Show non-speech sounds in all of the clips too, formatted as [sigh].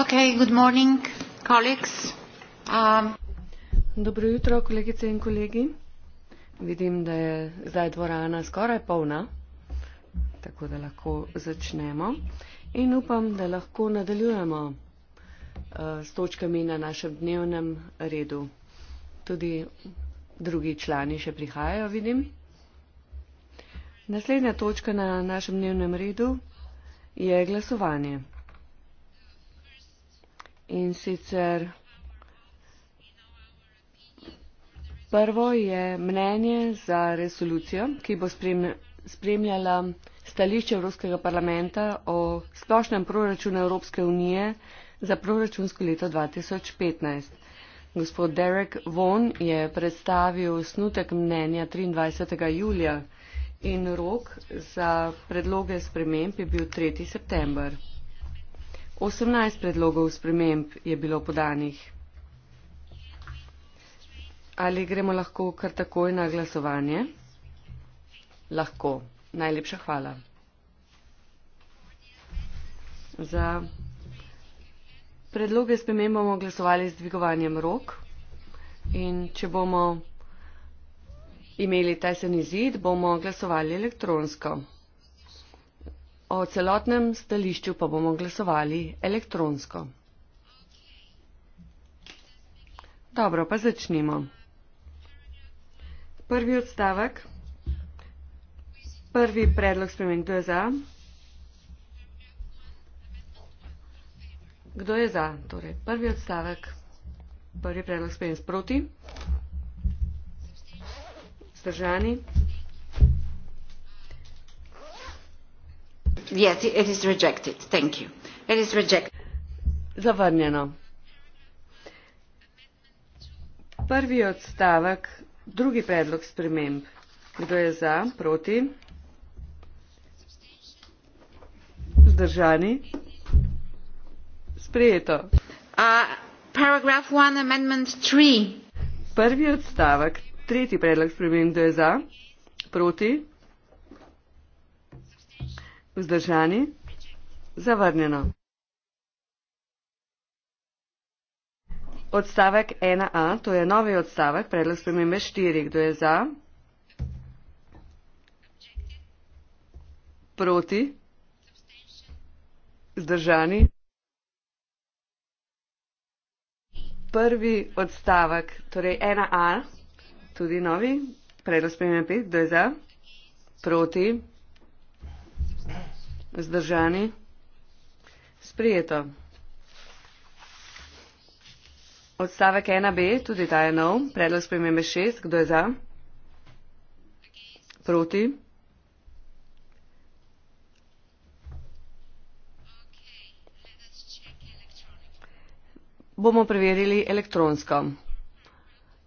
Okay, good morning, colleagues. Um. Dobro jutro, kolegice in kolegi. Vidim, da je zdaj dvorana skoraj polna, tako da lahko začnemo. In upam, da lahko nadaljujemo uh, s točkami na našem dnevnem redu. Tudi drugi člani še prihajajo, vidim. Naslednja točka na našem dnevnem redu je glasovanje in sicer prvo je mnenje za resolucijo, ki bo spremljala stališče Evropskega parlamenta o splošnem proračunu Evropske unije za proračunsko leto 2015. Gospod Derek Von je predstavil snutek mnenja 23. julija in rok za predloge sprememb je bil 3. september. 18 predlogov sprememb je bilo podanih. Ali gremo lahko kar takoj na glasovanje? Lahko. Najlepša hvala. Za predloge sprememb bomo glasovali z dvigovanjem rok in če bomo imeli tesen izid, bomo glasovali elektronsko. O celotnem stališču pa bomo glasovali elektronsko. Dobro, pa začnimo. Prvi odstavek. Prvi predlog spremenj. Kdo je za? Kdo je za? Torej, prvi odstavek. Prvi predlog spremenj. Proti? Zdržani? zavrnjeno prvi odstavek drugi predlog sprememb kdo je za proti zdržani sprejeto uh, one, prvi odstavek tretji predlog sprememb kdo je za proti Vzdržani? Zavrnjeno. Odstavek 1a, to je novi odstavek, predlog spremembe 4. Kdo je za? Proti? Zdržani? Prvi odstavek, torej 1a, tudi novi, predlog spremembe 5. Kdo je za? Proti? Proti? Zdržani? Sprijeto. Odstavek 1b, tudi ta je nov, predlog spremembe 6, kdo je za? Proti? Bomo preverili elektronsko.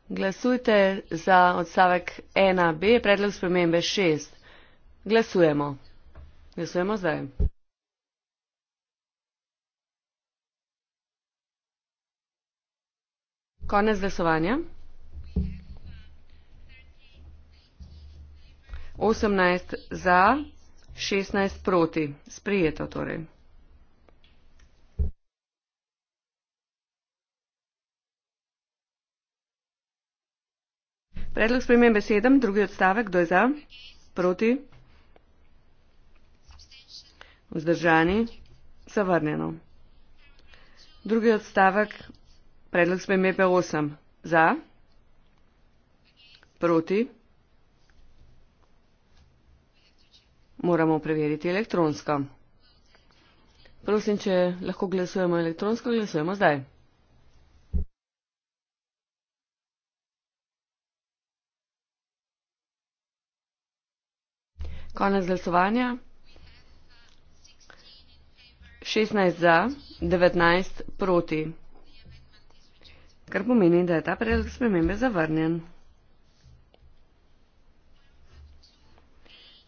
Glasujte za odstavek 1b, predlog spremembe 6. Glasujemo. Glasujemo zdaj. Konec glasovanja. 18 za, 16 proti. Sprijeto torej. Predlog spremembe 7, drugi odstavek, kdo je za? Proti vzdržani, zavrnjeno. Drugi odstavek, predlog spremembe 8. Za, proti, moramo preveriti elektronsko. Prosim, če lahko glasujemo elektronsko, glasujemo zdaj. Konec glasovanja. 16 za, 19 proti. Kar pomeni, da je ta predlog spremembe zavrnjen.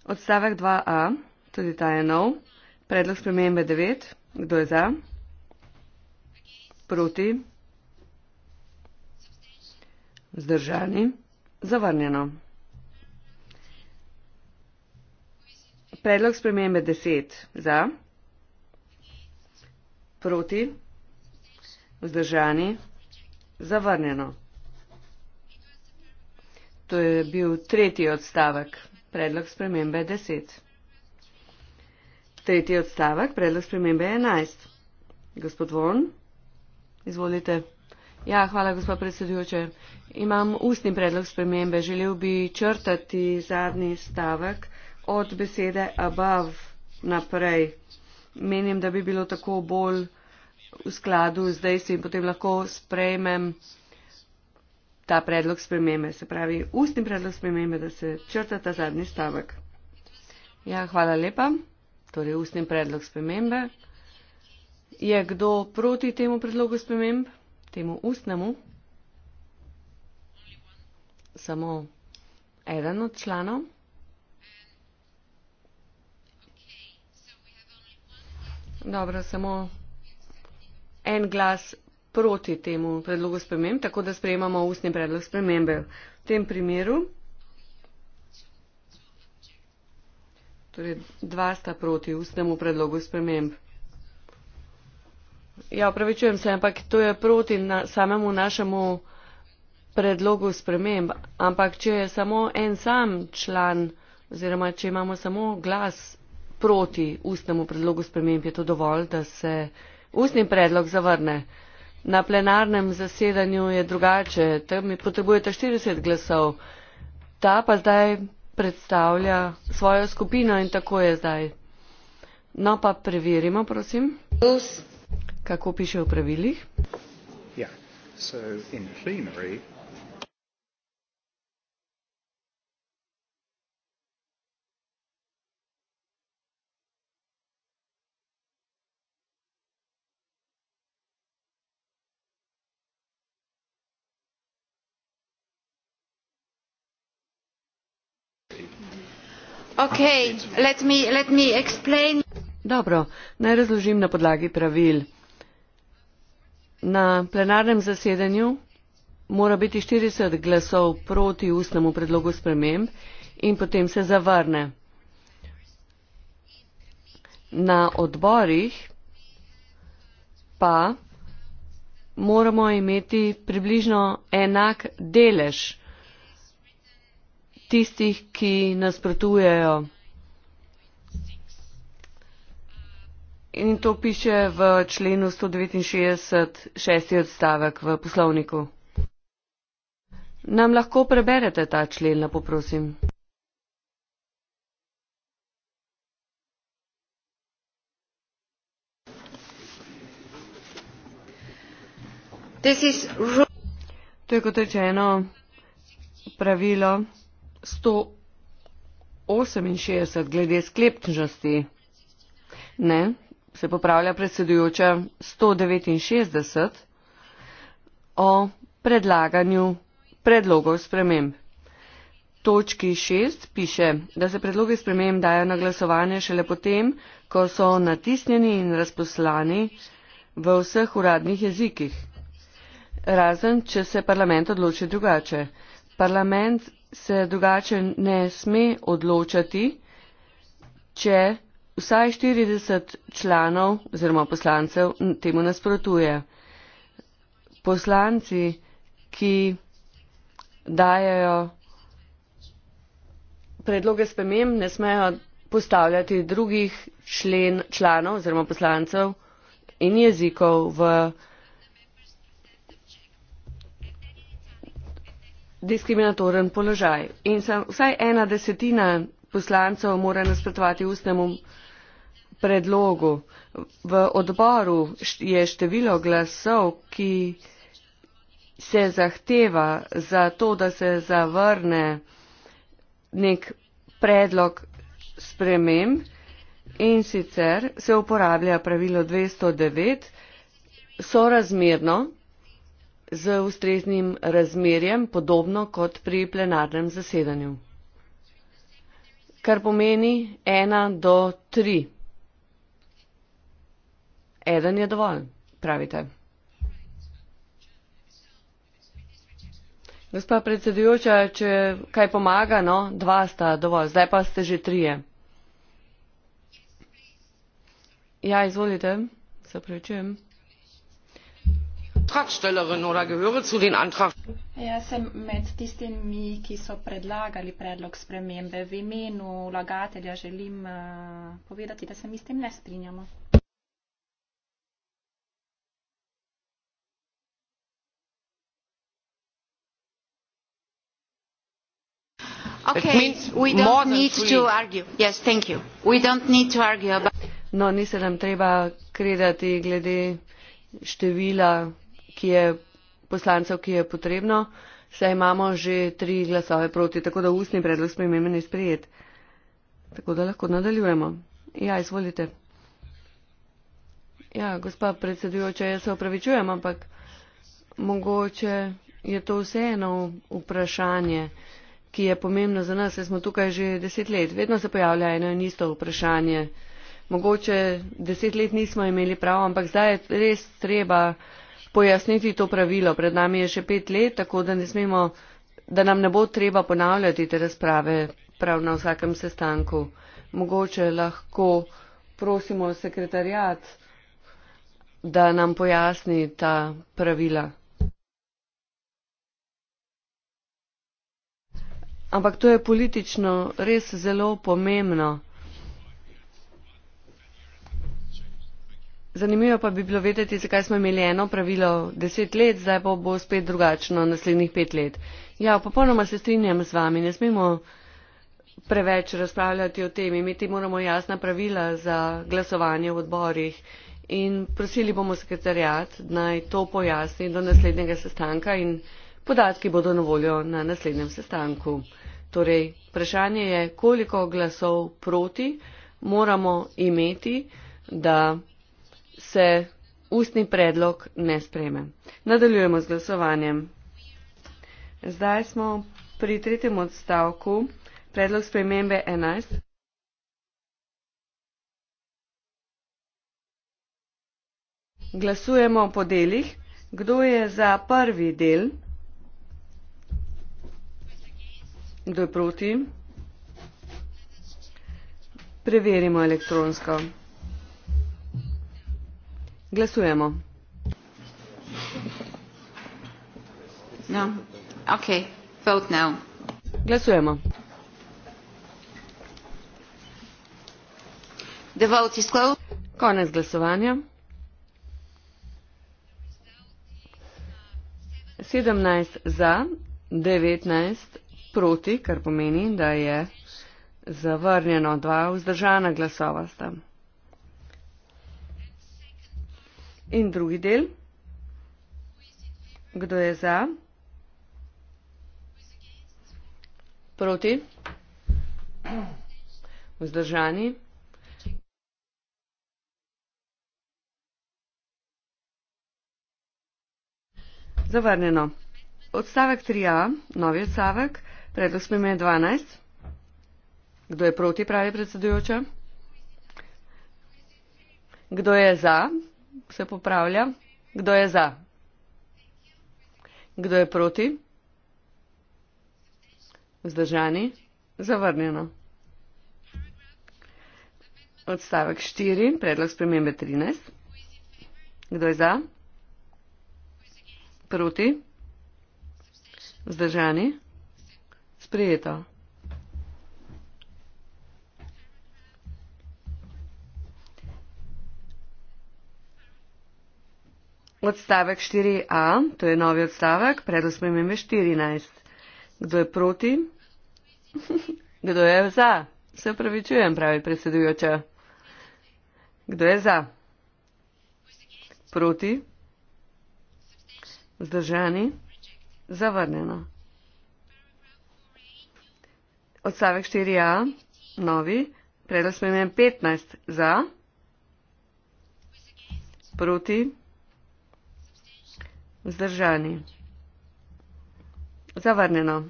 Odstavek 2a, tudi ta je nov. Predlog spremembe 9. Kdo je za? Proti. Zdržani. Zavrnjeno. Predlog spremembe 10 za. Proti. Vzdržani. Zavrnjeno. To je bil tretji odstavek. Predlog spremembe 10. Tretji odstavek. Predlog spremembe 11. Gospod Von. Izvolite. Ja, hvala, gospod predsedujoče. Imam ustni predlog spremembe. Želel bi črtati zadnji stavek od besede above naprej menim, da bi bilo tako bolj v skladu z dejstvi in potem lahko sprejmem ta predlog spremembe, se pravi ustni predlog spremembe, da se črta ta zadnji stavek. Ja, hvala lepa. Torej, ustni predlog spremembe. Je kdo proti temu predlogu sprememb, temu ustnemu? Samo eden od članov. Dobro, samo en glas proti temu predlogu sprememb, tako da sprejemamo ustni predlog spremembe. V tem primeru, torej dva sta proti ustnemu predlogu sprememb. Ja, upravičujem se, ampak to je proti na, samemu našemu predlogu sprememb. Ampak, če je samo en sam član oziroma, če imamo samo glas proti ustnemu predlogu sprememb, je to dovolj, da se ustni predlog zavrne. Na plenarnem zasedanju je drugače, tam potrebujete 40 glasov, ta pa zdaj predstavlja svojo skupino in tako je zdaj. No pa preverimo, prosim, kako piše v pravilih. Yeah. So in plenary Dobro, naj razložim na podlagi pravil. Na plenarnem zasedanju mora biti 40 glasov proti ustnemu predlogu sprememb in potem se zavrne. Na odborih pa moramo imeti približno enak delež tistih, ki nasprotujejo. In to piše v členu 169. šesti odstavek v poslovniku. Nam lahko preberete ta člen, lepo prosim. To je kot rečeno pravilo 168 glede sklepčnosti. Ne, se popravlja predsedujoča 169 o predlaganju predlogov sprememb. Točki 6 piše, da se predloge sprememb dajo na glasovanje šele potem, ko so natisnjeni in razposlani v vseh uradnih jezikih. Razen, če se parlament odloči drugače. Parlament se drugače ne sme odločati, če vsaj 40 članov oziroma poslancev temu nasprotuje. Poslanci, ki dajajo predloge spremem, ne smejo postavljati drugih člen, članov oziroma poslancev in jezikov v diskriminatoren položaj. In vsaj ena desetina poslancev mora nasprotovati ustnemu predlogu. V odboru je število glasov, ki se zahteva za to, da se zavrne nek predlog spremem in sicer se uporablja pravilo 209 sorazmerno z ustreznim razmerjem, podobno kot pri plenarnem zasedanju. Kar pomeni ena do tri. Eden je dovolj, pravite. Gospa predsedujoča, če kaj pomaga, no, dva sta dovolj, zdaj pa ste že trije. Ja, izvolite, se pravičujem. Antragstellerin oder gehöre zu den Antragstellern. Ja, eh, okay, we don't need to argue. Yes, thank you. We don't need to argue about... No, ni se nam treba kredati glede števila ki je poslancev, ki je potrebno, saj imamo že tri glasove proti, tako da ustni predlog spremembe ne sprejet. Tako da lahko nadaljujemo. Ja, izvolite. Ja, gospa predsedujoča, jaz se opravičujem, ampak mogoče je to vseeno vprašanje, ki je pomembno za nas, saj smo tukaj že deset let. Vedno se pojavlja eno in isto vprašanje. Mogoče deset let nismo imeli prav, ampak zdaj je res treba pojasniti to pravilo. Pred nami je še pet let, tako da, ne smemo, da nam ne bo treba ponavljati te razprave prav na vsakem sestanku. Mogoče lahko prosimo sekretarjat, da nam pojasni ta pravila. Ampak to je politično res zelo pomembno. Zanimivo pa bi bilo vedeti, zakaj smo imeli eno pravilo deset let, zdaj pa bo spet drugačno naslednjih pet let. Ja, popolnoma se strinjam z vami, ne smemo preveč razpravljati o tem, imeti moramo jasna pravila za glasovanje v odborih in prosili bomo sekretarjat naj to pojasni do naslednjega sestanka in podatki bodo na voljo na naslednjem sestanku. Torej, vprašanje je, koliko glasov proti moramo imeti, da se ustni predlog ne spreme. Nadaljujemo z glasovanjem. Zdaj smo pri tretjem odstavku. Predlog spremembe 11. Glasujemo po delih. Kdo je za prvi del? Kdo je proti? Preverimo elektronsko glasujemo no. glasujemo konec glasovanja sedemnajst za devetnajst proti kar pomeni da je zavrnjeno dva vzdržana glasova sta In drugi del. Kdo je za? Proti? Vzdržani? Zavrnjeno. Odstavek 3a, novi odstavek, predlog smeme 12. Kdo je proti, pravi predsedujoča? Kdo je za? se popravlja. Kdo je za? Kdo je proti? Vzdržani? Zavrnjeno. Odstavek 4, predlog spremembe 13. Kdo je za? Proti? Vzdržani? Sprijeto. Odstavek 4a, to je novi odstavek, predosmememe 14. Kdo je proti? [laughs] Kdo je za? Se upravičujem, pravi predsedujoča. Kdo je za? Proti? Zdržani? Zavrnjeno. Odstavek 4a, novi, predosmememe 15. Za? Proti? vzdržani. Zavrnjeno.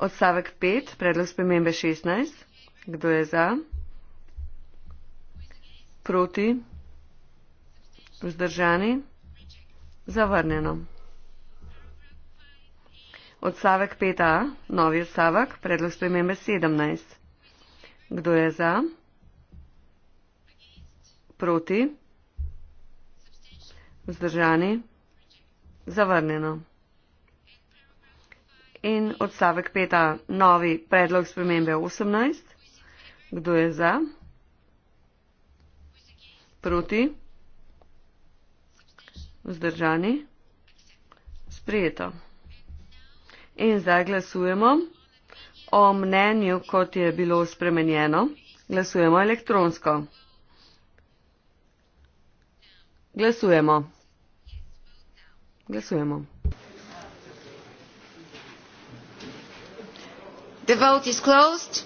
Odstavek 5, predlog spremembe 16. Kdo je za? Proti? Vzdržani? Zavrnjeno. Odstavek 5a, novi odstavek, predlog spremembe 17. Kdo je za? Proti? Vzdržani? zavrnjeno. In odstavek peta, novi predlog spremembe 18. Kdo je za? Proti? Vzdržani? Sprijeto. In zdaj glasujemo o mnenju, kot je bilo spremenjeno. Glasujemo elektronsko. Glasujemo. Glasujemo. The vote is closed.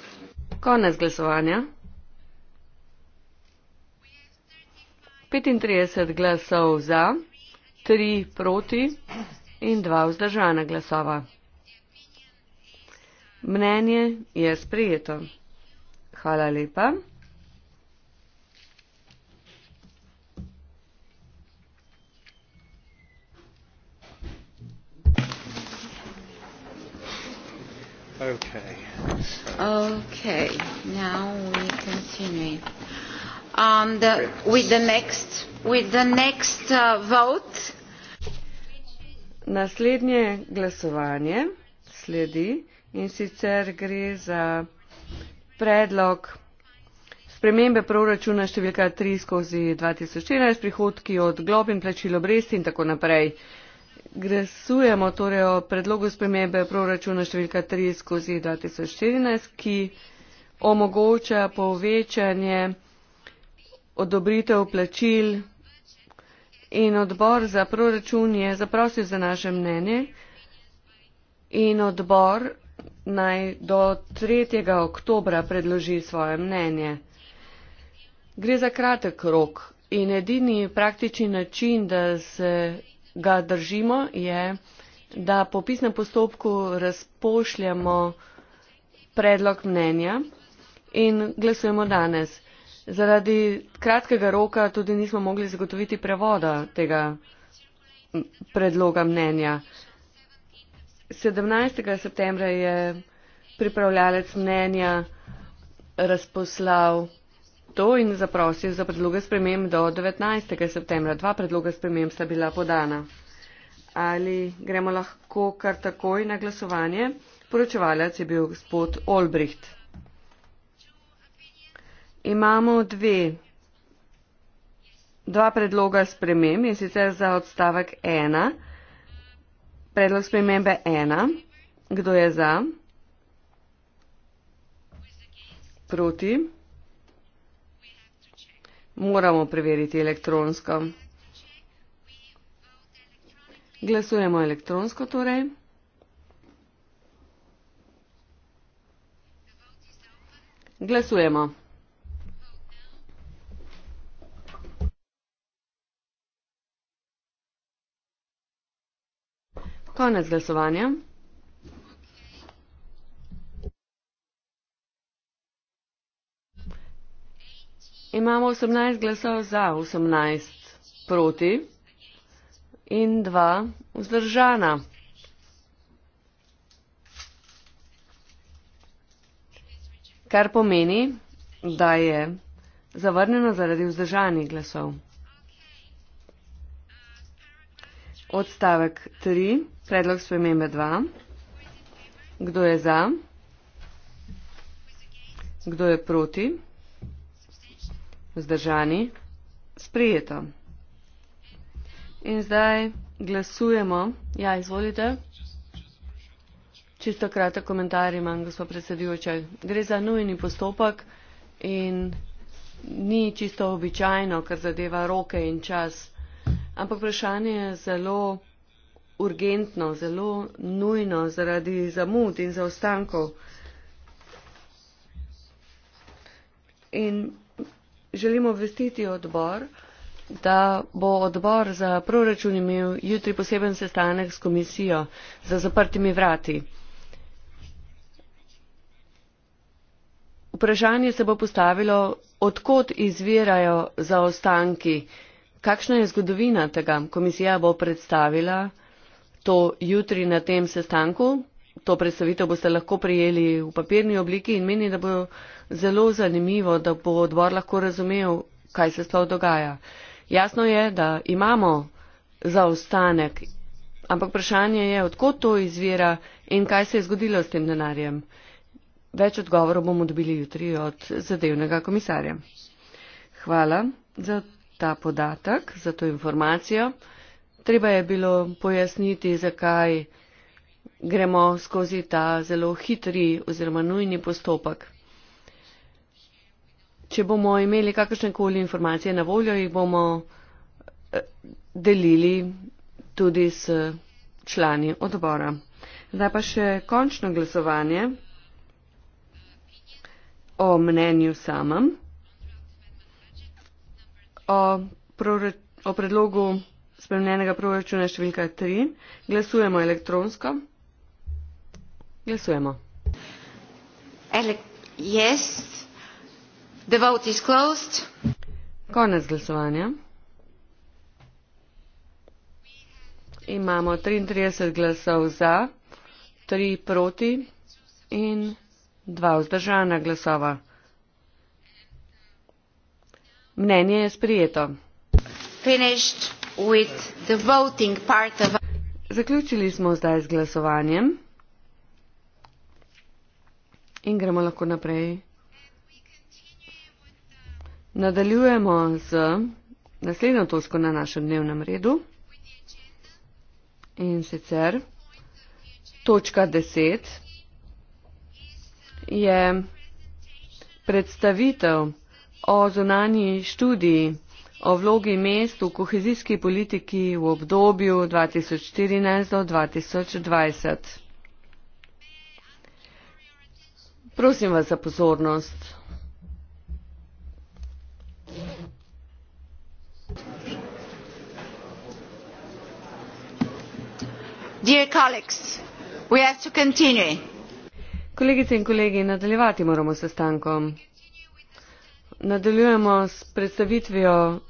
Konec glasovanja. 35 glasov za, 3 proti in 2 vzdržana glasova. Mnenje je sprejeto. Hvala lepa. Okay. Okay. Now we continue. Um, the, with the next, with the next uh, vote. Naslednje glasovanje sledi in sicer gre za predlog spremembe proračuna številka 3 skozi 2014, prihodki od glob in plačilo obresti in tako naprej. Uh, Gresujemo torej o predlogu spremembe proračuna številka 3 skozi 2014, ki omogoča povečanje odobritev plačil in odbor za proračun je zaprosil za naše mnenje in odbor naj do 3. oktobra predloži svoje mnenje. Gre za kratek rok in edini praktični način, da se ga držimo, je, da po pisnem postopku razpošljamo predlog mnenja in glasujemo danes. Zaradi kratkega roka tudi nismo mogli zagotoviti prevoda tega predloga mnenja. 17. septembra je pripravljalec mnenja razposlal to in zaprosil za predloge sprememb do 19. septembra. Dva predloga sprememb sta bila podana. Ali gremo lahko kar takoj na glasovanje? Poročevalec je bil gospod Olbricht. Imamo dve, dva predloga sprememb in sicer za odstavek 1. Predlog spremembe 1. Kdo je za? Proti moramo preveriti elektronsko. Glasujemo elektronsko torej. Glasujemo. Konec glasovanja. Imamo 18 glasov za, 18 proti in 2 vzdržana. Kar pomeni, da je zavrnjeno zaradi vzdržanih glasov. Odstavek 3, predlog spremembe 2. Kdo je za? Kdo je proti? Vzdržani. Sprijeto. In zdaj glasujemo. Ja, izvolite. Čisto kratek komentar imam, gospod predsedujoče. Gre za nujni postopek in ni čisto običajno, kar zadeva roke in čas. Ampak vprašanje je zelo urgentno, zelo nujno zaradi zamud in zaostankov. In želimo vestiti odbor, da bo odbor za proračun imel jutri poseben sestanek s komisijo za zaprtimi vrati. Vprašanje se bo postavilo, odkot izvirajo zaostanki, kakšna je zgodovina tega. Komisija bo predstavila to jutri na tem sestanku. To predstavitev boste lahko prijeli v papirni obliki in meni, da bo zelo zanimivo, da bo odbor lahko razumel, kaj se sploh dogaja. Jasno je, da imamo zaostanek, ampak vprašanje je, odkot to izvira in kaj se je zgodilo s tem denarjem. Več odgovorov bomo dobili jutri od zadevnega komisarja. Hvala za ta podatek, za to informacijo. Treba je bilo pojasniti, zakaj gremo skozi ta zelo hitri oziroma nujni postopek če bomo imeli kakršne koli informacije na voljo, jih bomo eh, delili tudi s člani odbora. Zdaj pa še končno glasovanje o mnenju samem, o, o predlogu spremenjenega proračuna številka 3. Glasujemo elektronsko. Glasujemo. Ele jaz konec glasovanja imamo triintrideset glasov za tri proti in dva vzdržana glasova mnenje je sprijeto zaključili smo zdaj z glasovanjem in gremo lahko naprej Nadaljujemo z naslednjo točko na našem dnevnem redu in sicer točka 10 je predstavitev o zunani študiji o vlogi mest v kohezijski politiki v obdobju 2014 do 2020. Prosim vas za pozornost. kolegice in kolegi nadaljevati moramo s sestankom. nadaljujemo s predstavitvijo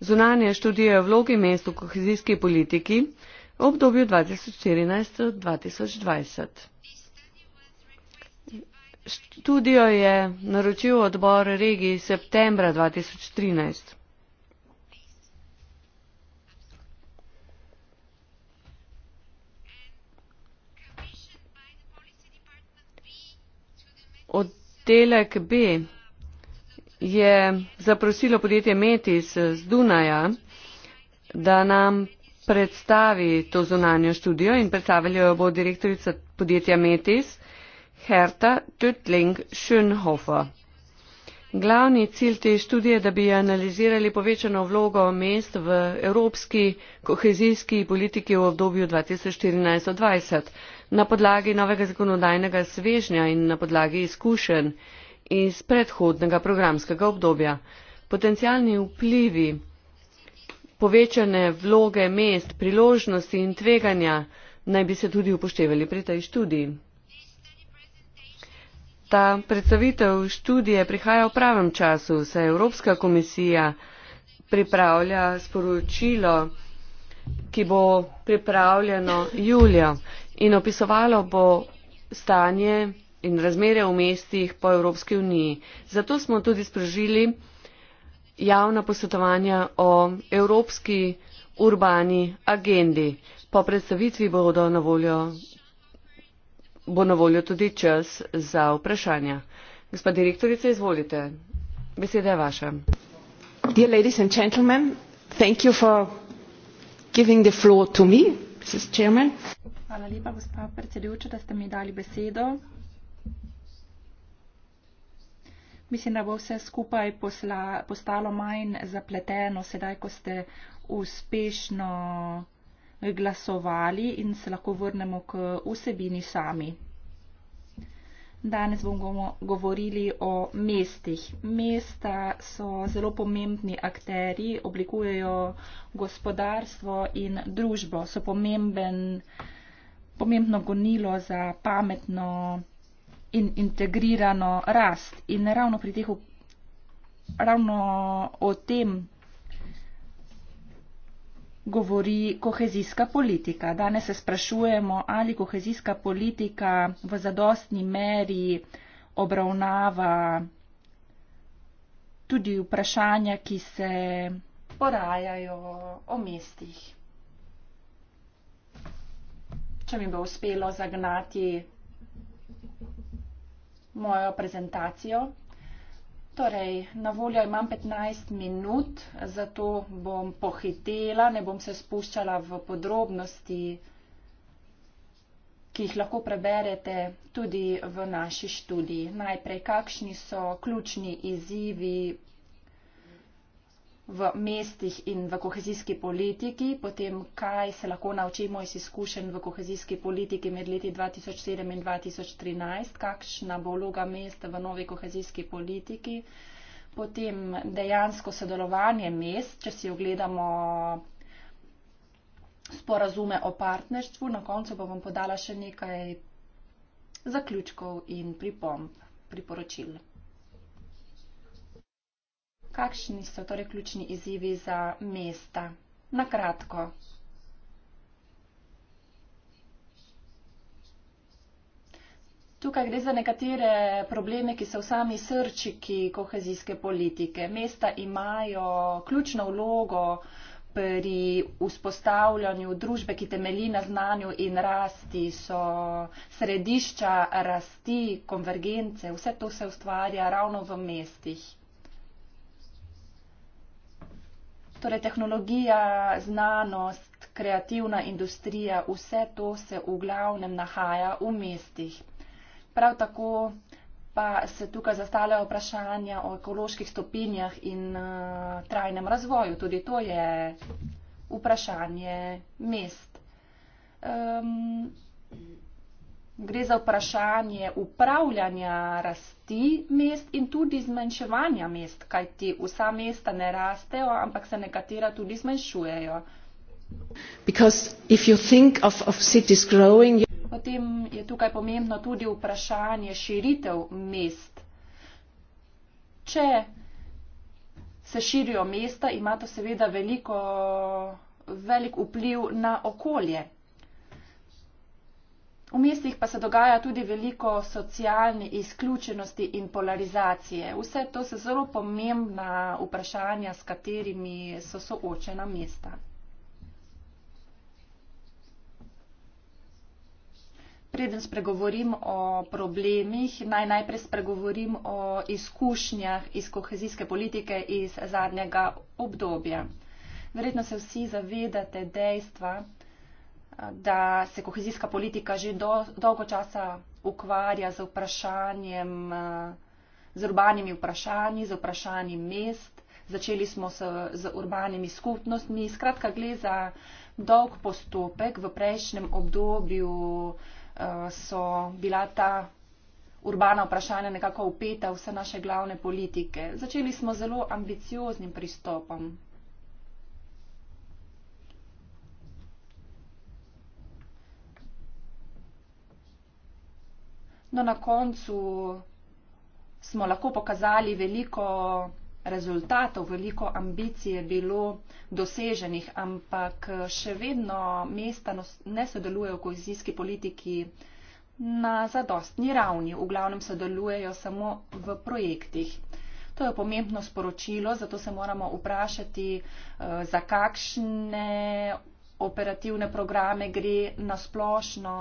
zunanje študije o vlogi mest v kohezijski politiki v obdobju. dva tisoč štirinajst dva tisoč dvajset študijo je naročil odbor regij septembra dva tisoč trinajst Telek B je zaprosilo podjetje Metis z Dunaja, da nam predstavi to zunanjo študijo in predstavljajo jo bo direktorica podjetja Metis, Herta Tütling Schönhofer. Glavni cilj te študije je, da bi analizirali povečano vlogo mest v evropski kohezijski politiki v obdobju 2014-2020 na podlagi novega zakonodajnega svežnja in na podlagi izkušenj iz predhodnega programskega obdobja. Potencijalni vplivi povečane vloge mest, priložnosti in tveganja naj bi se tudi upoštevali pri tej študiji. Ta predstavitev študije prihaja v pravem času, saj Evropska komisija pripravlja sporočilo, ki bo pripravljeno julija in opisovalo bo stanje in razmere v mestih po Evropski uniji. Zato smo tudi sprožili javna posvetovanja o Evropski urbani agendi. Po predstavitvi bodo na voljo, bo na voljo tudi čas za vprašanja. Gospa direktorica, izvolite. Beseda je vaša. Dear ladies and gentlemen, thank you for giving the floor to me, Mrs. Chairman. Hvala lepa, gospa predsedujoča, da ste mi dali besedo. Mislim, da bo vse skupaj posla, postalo manj zapleteno, sedaj, ko ste uspešno glasovali in se lahko vrnemo k vsebini sami. Danes bomo govorili o mestih. Mesta so zelo pomembni akteri, oblikujejo gospodarstvo in družbo, so pomemben pomembno gonilo za pametno in integrirano rast. In ravno pri teh, ravno o tem govori kohezijska politika. Danes se sprašujemo, ali kohezijska politika v zadostni meri obravnava tudi vprašanja, ki se porajajo o mestih če mi bo uspelo zagnati mojo prezentacijo. Torej, na voljo imam 15 minut, zato bom pohitela, ne bom se spuščala v podrobnosti, ki jih lahko preberete tudi v naši študiji. Najprej, kakšni so ključni izzivi v mestih in v kohezijski politiki, potem kaj se lahko naučimo iz izkušenj v kohezijski politiki med leti 2007 in 2013, kakšna bo vloga mest v novi kohezijski politiki, potem dejansko sodelovanje mest, če si ogledamo sporazume o partnerstvu, na koncu pa bom podala še nekaj zaključkov in pripomb, priporočil kakšni so torej ključni izzivi za mesta? Na kratko. Tukaj gre za nekatere probleme, ki so v sami srčiki kohezijske politike. Mesta imajo ključno vlogo pri vzpostavljanju družbe, ki temelji na znanju in rasti, so središča rasti, konvergence, vse to se ustvarja ravno v mestih. Torej, tehnologija, znanost, kreativna industrija, vse to se v glavnem nahaja v mestih. Prav tako pa se tukaj zastavljajo vprašanja o ekoloških stopinjah in uh, trajnem razvoju. Tudi to je vprašanje mest. Um, Gre za vprašanje upravljanja rasti mest in tudi zmanjševanja mest, kajti vsa mesta ne rastejo, ampak se nekatera tudi zmanjšujejo. Of, of growing, you... Potem je tukaj pomembno tudi vprašanje širitev mest. Če se širijo mesta, ima to seveda veliko, velik vpliv na okolje. V mestih pa se dogaja tudi veliko socialne izključenosti in polarizacije. Vse to so zelo pomembna vprašanja, s katerimi so soočena mesta. Preden spregovorim o problemih, naj najprej spregovorim o izkušnjah iz kohezijske politike iz zadnjega obdobja. Verjetno se vsi zavedate dejstva, da se kohezijska politika že do, dolgo časa ukvarja z vprašanjem, eh, z urbanimi vprašanji, z vprašanji mest. Začeli smo s, z urbanimi skupnostmi. Skratka, gre za dolg postopek. V prejšnjem obdobju eh, so bila ta urbana vprašanja nekako upeta vse naše glavne politike. Začeli smo zelo ambicioznim pristopom da no, na koncu smo lahko pokazali veliko rezultatov, veliko ambicije bilo doseženih, ampak še vedno mesta ne sodelujejo v kohezijski politiki na zadostni ravni, v glavnem sodelujejo samo v projektih. To je pomembno sporočilo, zato se moramo vprašati, eh, za kakšne operativne programe gre na splošno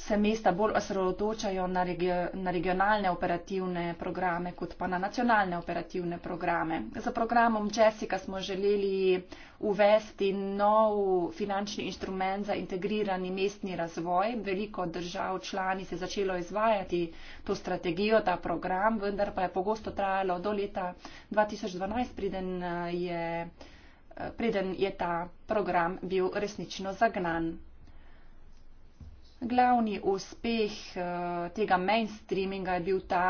se mesta bolj osredotočajo na, regio, na regionalne operativne programe, kot pa na nacionalne operativne programe. Za programom Jessica smo želeli uvesti nov finančni instrument za integrirani mestni razvoj. Veliko držav člani se začelo izvajati to strategijo, ta program, vendar pa je pogosto trajalo do leta 2012, preden eh, je, eh, preden je ta program bil resnično zagnan glavni uspeh eh, tega mainstreaminga je bil ta,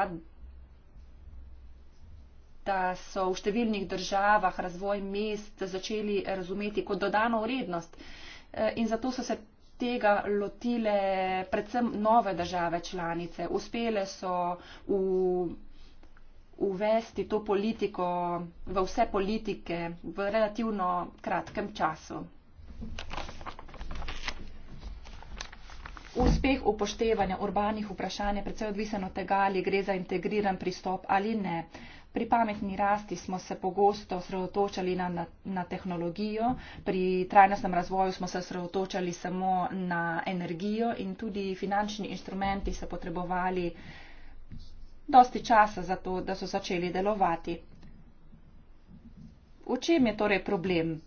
da so v številnih državah razvoj mest začeli razumeti kot dodano vrednost eh, in zato so se tega lotile predvsem nove države članice. Uspele so v, uvesti to politiko v vse politike v relativno kratkem času. Thank you uspeh upoštevanja urbanih vprašanj je predvsej odvisen od tega, ali gre za integriran pristop ali ne. Pri pametni rasti smo se pogosto sredotočali na, na, na tehnologijo, pri trajnostnem razvoju smo se sredotočali samo na energijo in tudi finančni instrumenti so potrebovali dosti časa za to, da so začeli delovati. V čem je torej problem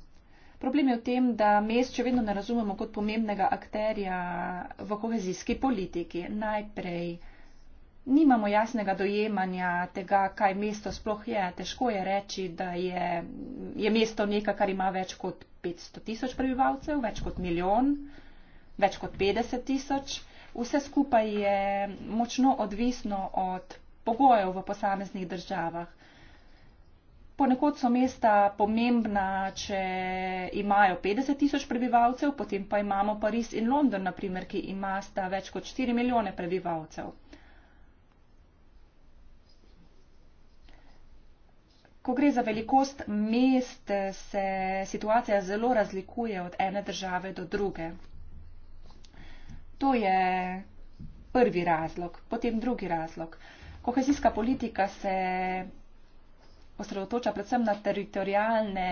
Problem je v tem, da mest še vedno ne razumemo kot pomembnega akterja v kohezijski politiki. Najprej nimamo jasnega dojemanja tega, kaj mesto sploh je. Težko je reči, da je, je mesto nekaj, kar ima več kot 500 tisoč prebivalcev, več kot milijon, več kot 50 tisoč. Vse skupaj je močno odvisno od pogojev v posameznih državah ponekod so mesta pomembna, če imajo 50 tisoč prebivalcev, potem pa imamo Pariz in London, naprimer, ki ima sta več kot 4 milijone prebivalcev. Ko gre za velikost mest, se situacija zelo razlikuje od ene države do druge. To je prvi razlog, potem drugi razlog. Kohezijska politika se osredotoča predvsem na teritorijalne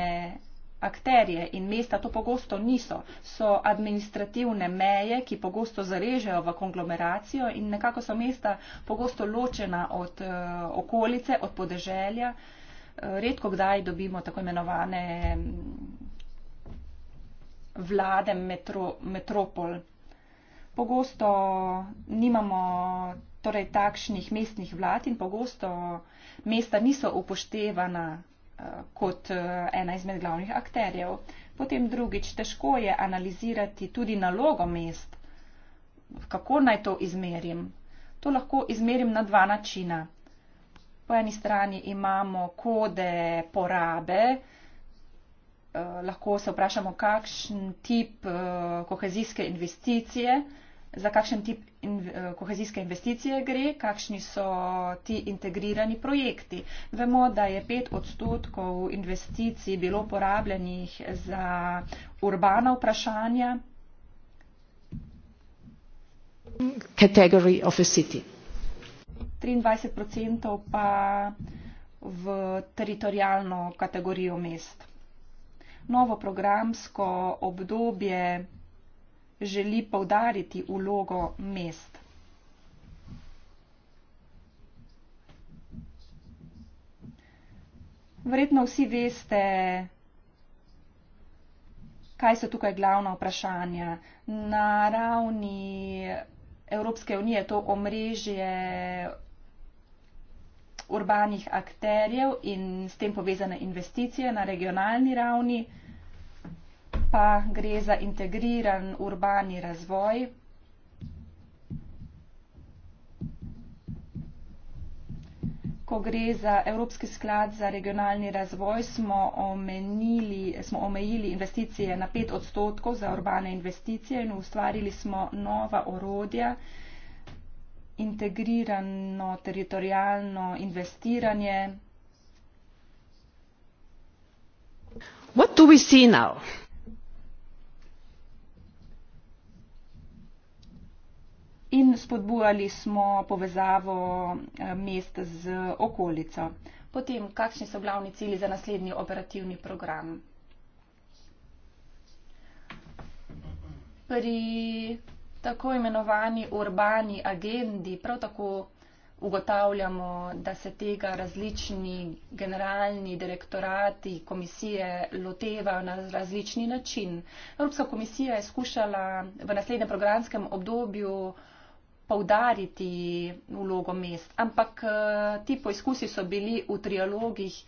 akterje in mesta to pogosto niso. So administrativne meje, ki pogosto zarežejo v konglomeracijo in nekako so mesta pogosto ločena od eh, okolice, od podeželja. Eh, redko kdaj dobimo tako imenovane mm, vlade metro, metropol. Pogosto nimamo torej takšnih mestnih vlad in pogosto mesta niso upoštevana eh, kot eh, ena izmed glavnih akterjev. Potem drugič, težko je analizirati tudi nalogo mest, kako naj to izmerim. To lahko izmerim na dva načina. Po eni strani imamo kode porabe, eh, lahko se vprašamo, kakšen tip eh, kohezijske investicije eh, za kakšen tip in, eh, kohezijske investicije gre, kakšni so ti integrirani projekti. Vemo, da je pet odstotkov investicij bilo porabljenih za urbana vprašanja. Category of a city. 23 odstotkov pa v teritorijalno kategorijo mest. Novo programsko obdobje želi povdariti vlogo mest. Verjetno vsi veste, kaj so tukaj glavna vprašanja. Na ravni Evropske unije to omrežje urbanih akterjev in s tem povezane investicije na regionalni ravni pa gre za integriran urbani razvoj. Ko gre za Evropski sklad za regionalni razvoj, smo, omenili, smo omejili investicije na 5 odstotkov za urbane investicije in ustvarili smo nova orodja, integrirano teritorijalno investiranje. What do we see now? in spodbujali smo povezavo eh, mest z okolico. Potem, kakšni so glavni cili za naslednji operativni program? Pri tako imenovani urbani agendi prav tako ugotavljamo, da se tega različni generalni direktorati komisije lotevajo na različni način. Evropska komisija je skušala v naslednjem programskem obdobju uh, poudariti vlogo mest. Ampak eh, ti poizkusi so bili v trialogih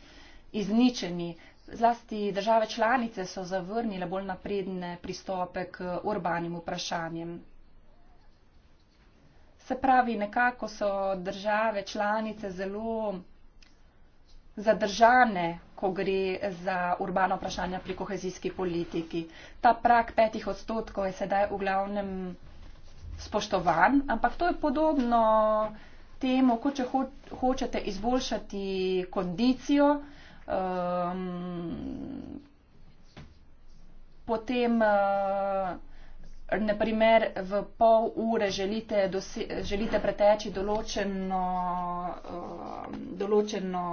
izničeni. Zlasti države članice so zavrnile bolj napredne pristope k urbanim vprašanjem. Se pravi, nekako so države članice zelo zadržane, ko gre za urbano vprašanje pri kohezijski politiki. Ta prak petih odstotkov je sedaj v glavnem spoštovan, ampak to je podobno temu, kot če ho hočete izboljšati kondicijo, um, potem uh, naprimer v pol ure želite, želite preteči določeno, uh, določeno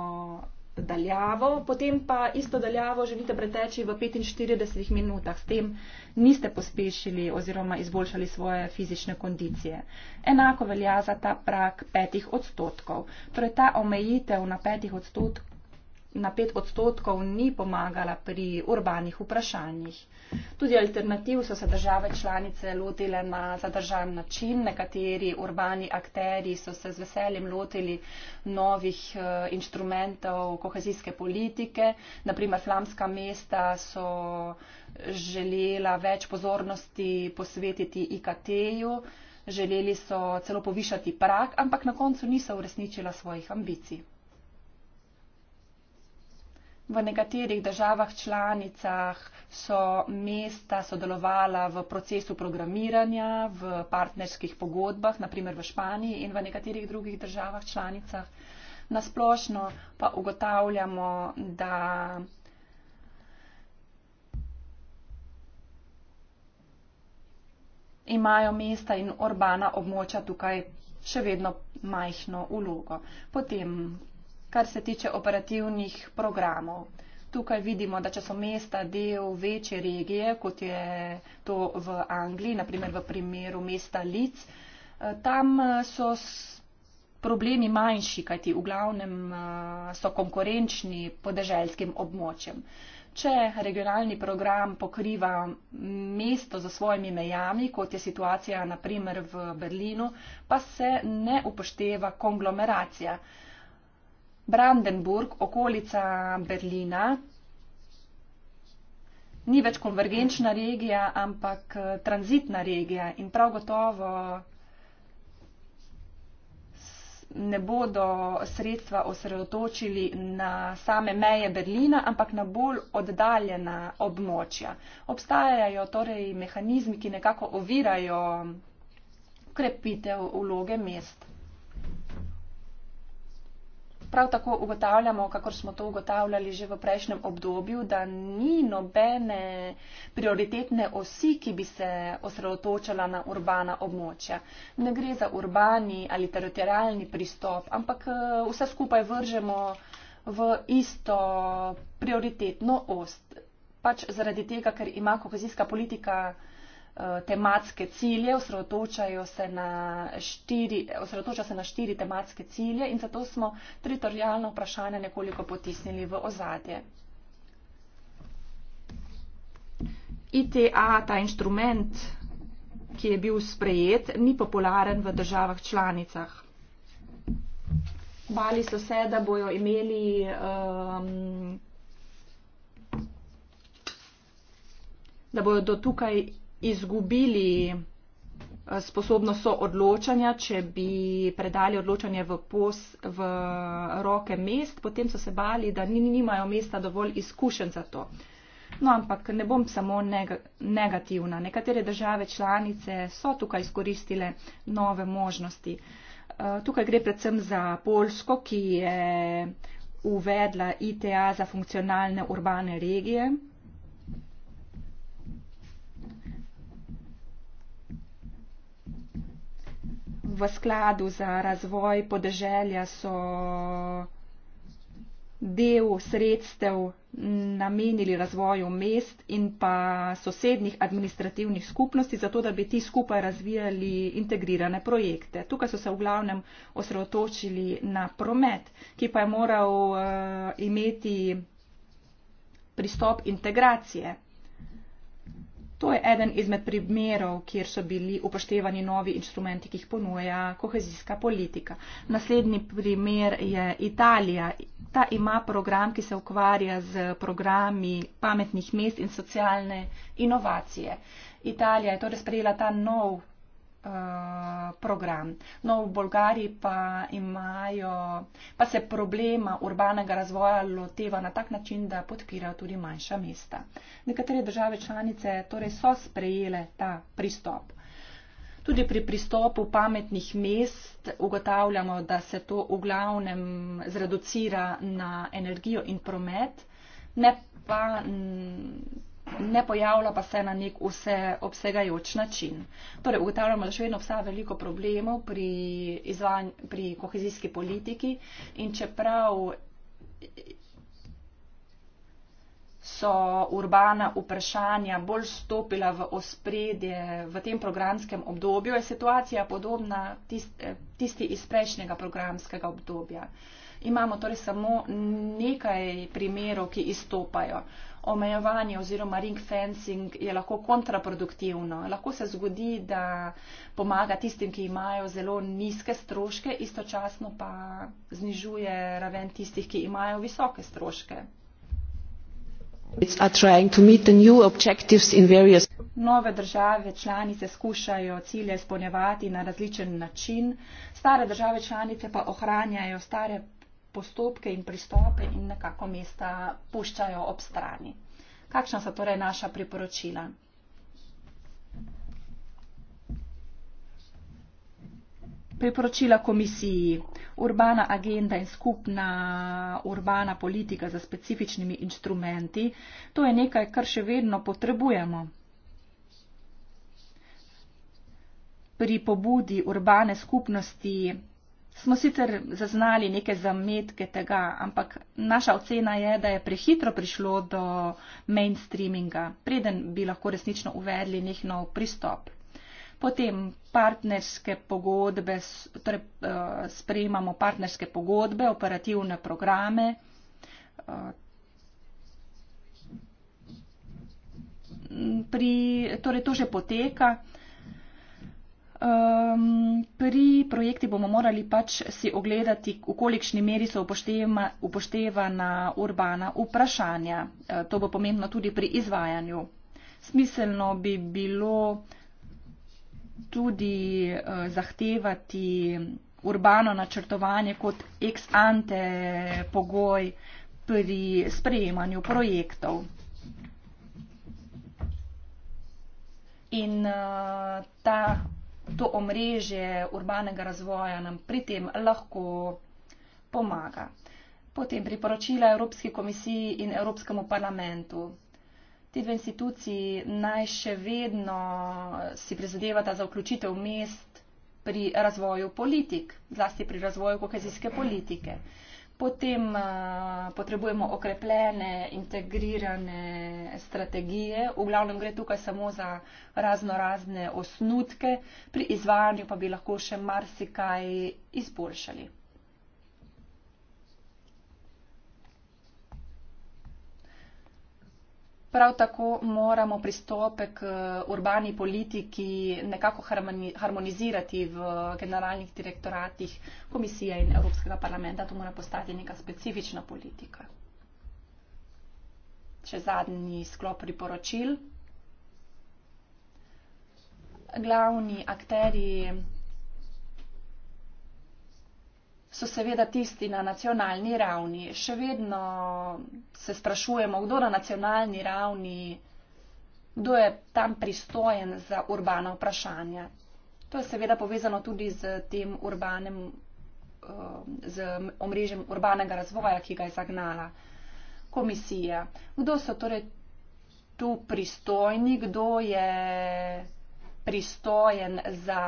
daljavo, potem pa isto daljavo želite preteči v 45 minutah. S tem niste pospešili oziroma izboljšali svoje fizične kondicije. Enako velja za ta prak petih odstotkov. Torej ta omejitev na petih odstotkov na pet odstotkov ni pomagala pri urbanih vprašanjih. Tudi alternativ so se države članice lotile na zadržan način. Nekateri urbani akteri so se z veseljem lotili novih eh, inštrumentov kohezijske politike. Naprimer, flamska mesta so želela več pozornosti posvetiti IKT-ju, želeli so celo povišati prak, ampak na koncu niso uresničila svojih ambicij. V nekaterih državah članicah so mesta sodelovala v procesu programiranja, v partnerskih pogodbah, naprimer v Španiji in v nekaterih drugih državah članicah. Nasplošno pa ugotavljamo, da imajo mesta in urbana območja tukaj še vedno majhno ulogo. Potem kar se tiče operativnih programov. Tukaj vidimo, da če so mesta del večje regije, kot je to v Angliji, naprimer v primeru mesta Lic, eh, tam eh, so problemi manjši, kajti v glavnem eh, so konkurenčni podeželskim območjem. Če regionalni program pokriva mesto za svojimi mejami, kot je situacija naprimer v Berlinu, pa se ne upošteva konglomeracija. Brandenburg, okolica Berlina, ni več konvergenčna regija, ampak eh, tranzitna regija in prav gotovo ne bodo sredstva osredotočili na same meje Berlina, ampak na bolj oddaljena območja. Obstajajo torej mehanizmi, ki nekako ovirajo krepitev vloge mest. Prav tako ugotavljamo, kakor smo to ugotavljali že v prejšnjem obdobju, da ni nobene prioritetne osi, ki bi se osredotočala na urbana območja. Ne gre za urbani ali teritorijalni pristop, ampak eh, vse skupaj vržemo v isto prioritetno ost. Pač zaradi tega, ker ima kohezijska politika. Eh, tematske cilje, osredotočajo se na štiri, osredotoča se na štiri tematske cilje in zato smo teritorijalno vprašanje nekoliko potisnili v ozadje. ITA, ta inštrument, ki je bil sprejet, ni popularen v državah članicah. Bali so se, da bojo imeli um, da bodo tukaj izgubili eh, sposobnost soodločanja, če bi predali odločanje v, pos, v roke mest, potem so se bali, da nimajo mesta dovolj izkušen za to. No, ampak ne bom samo negativna. Nekatere države članice so tukaj izkoristile nove možnosti. Eh, tukaj gre predvsem za Polsko, ki je uvedla ITA za funkcionalne urbane regije. v skladu za razvoj podeželja so del sredstev namenili razvoju mest in pa sosednjih administrativnih skupnosti, zato da bi ti skupaj razvijali integrirane projekte. Tukaj so se v glavnem osredotočili na promet, ki pa je moral uh, imeti pristop integracije. To je eden izmed primerov, kjer so bili upoštevani novi inštrumenti, ki jih ponuja kohezijska politika. Naslednji primer je Italija. Ta ima program, ki se ukvarja z programi pametnih mest in socialne inovacije. Italija je torej sprejela ta nov Eh, program. No, v Bolgariji pa imajo, pa se problema urbanega razvoja loteva na tak način, da podpirajo tudi manjša mesta. Nekatere države članice torej so sprejele ta pristop. Tudi pri pristopu pametnih mest ugotavljamo, da se to v glavnem zreducira na energijo in promet, ne pa ne pojavlja pa se na nek vseobsegajoč način. Torej, ugotavljamo, da še vedno obstaja veliko problemov pri, izvan, pri kohezijski politiki in čeprav so urbana vprašanja bolj stopila v ospredje v tem programskem obdobju, je situacija podobna eh, tisti iz prejšnjega programskega obdobja. Imamo torej samo nekaj primerov, ki izstopajo omejevanje oziroma ring fencing je lahko kontraproduktivno. Lahko se zgodi, da pomaga tistim, ki imajo zelo nizke stroške, istočasno pa znižuje raven tistih, ki imajo visoke stroške. Nove države članice skušajo cilje izpolnjevati na različen način, stare države članice pa ohranjajo stare postopke in pristope in nekako mesta puščajo ob strani. Kakšna so torej naša priporočila? Priporočila komisiji. Urbana agenda in skupna urbana politika za specifičnimi instrumenti. To je nekaj, kar še vedno potrebujemo. Pri pobudi urbane skupnosti smo sicer zaznali neke zametke tega, ampak naša ocena je, da je prehitro prišlo do mainstreaminga, preden bi lahko resnično uvedli nek nov pristop. Potem partnerske pogodbe, torej eh, sprejemamo partnerske pogodbe, operativne programe. Eh, pri, torej to že poteka. Um, pri projekti bomo morali pač si ogledati, v kolikšni meri so upošteva, upoštevana urbana vprašanja. E, to bo pomembno tudi pri izvajanju. Smiselno bi bilo tudi e, zahtevati urbano načrtovanje kot ex ante pogoj pri sprejemanju projektov. In e, ta to omrežje urbanega razvoja nam pri tem lahko pomaga. Potem priporočila Evropski komisiji in Evropskemu parlamentu. Ti dve instituciji naj še vedno si prizadevata za vključitev mest pri razvoju politik, zlasti pri razvoju kohezijske politike. Uh, Potem uh, potrebujemo okrepljene, integrirane strategije. V glavnem gre tukaj samo za razno razne osnutke, pri izvajanju pa bi lahko še marsikaj izboljšali. Prav tako moramo pristope k eh, urbani politiki nekako harmonizirati v generalnih direktoratih komisije in Evropskega parlamenta. To mora postati neka specifična politika. Še zadnji sklop priporočil. Glavni akteri so seveda tisti na nacionalni ravni. Še vedno se sprašujemo, kdo na nacionalni ravni, kdo je tam pristojen za urbana vprašanja. To je seveda povezano tudi z tem urbanem, eh, z omrežjem urbanega razvoja, ki ga je zagnala komisija. Kdo so torej tu pristojni, kdo je pristojen za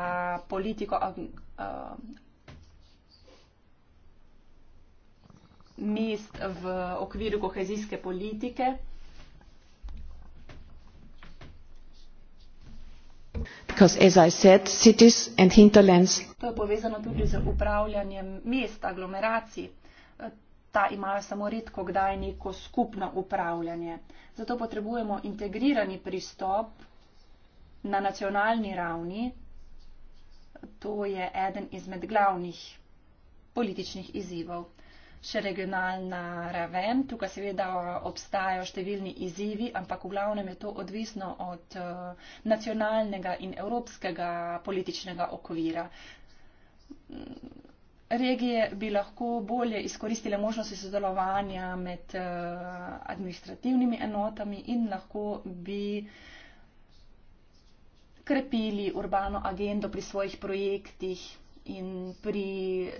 politiko eh, mest v okviru kohezijske politike. Because, said, hinterlands... To je povezano tudi z upravljanjem mest, aglomeracij. Ta imajo samo redko kdaj neko skupno upravljanje. Zato potrebujemo integrirani pristop na nacionalni ravni. To je eden izmed glavnih političnih izzivov še regionalna raven. Tukaj seveda obstajajo številni izzivi, ampak v glavnem je to odvisno od eh, nacionalnega in evropskega političnega okvira. Regije bi lahko bolje izkoristile možnosti sodelovanja med eh, administrativnimi enotami in lahko bi krepili urbano agendo pri svojih projektih in pri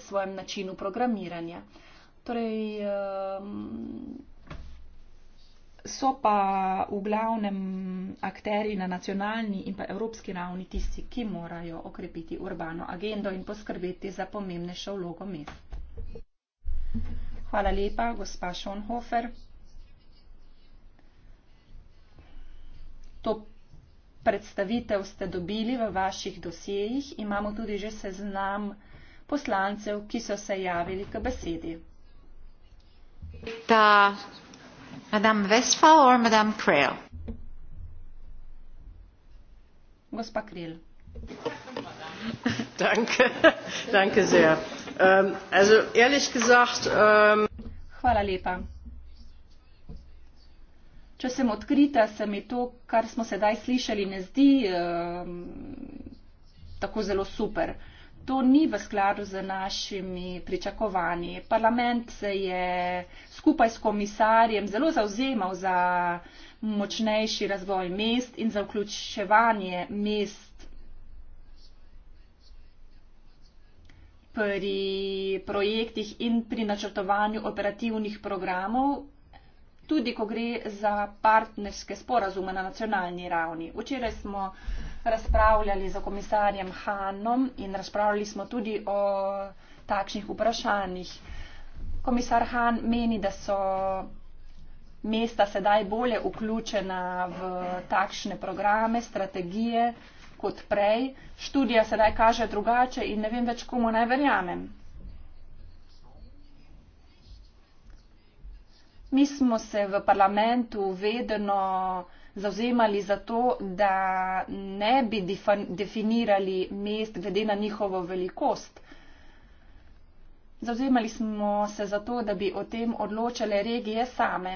svojem načinu programiranja. Torej, ehm, so pa v glavnem akteri na nacionalni in pa evropski ravni tisti, ki morajo okrepiti urbano agendo in poskrbeti za pomembnejšo vlogo mest. Hvala lepa, gospa Schoenhofer. To predstavitev ste dobili v vaših dosjejih. Imamo tudi že seznam poslancev, ki so se javili k besedi da madam Westphal or madam Krell? Gospa Krell. [laughs] danke, danke sehr. Ähm, also ehrlich gesagt. Ähm Hvala lepa. Če sem odkrita, se mi to, kar smo sedaj slišali, ne zdi um, tako zelo super. Uh, To ni v skladu z našimi pričakovanji. Parlament se je skupaj s komisarjem zelo zauzemal za močnejši razvoj mest in za vključevanje mest pri projektih in pri načrtovanju operativnih programov tudi ko gre za partnerske sporazume na nacionalni ravni. Včeraj smo razpravljali z komisarjem Hanom in razpravljali smo tudi o takšnih vprašanjih. Komisar Han meni, da so mesta sedaj bolje vključena v takšne programe, strategije kot prej. Študija sedaj kaže drugače in ne vem več, komu naj verjamem. Mi smo se v parlamentu vedno zauzemali za to, da ne bi definirali mest glede na njihovo velikost. Zauzemali smo se za to, da bi o tem odločale regije same.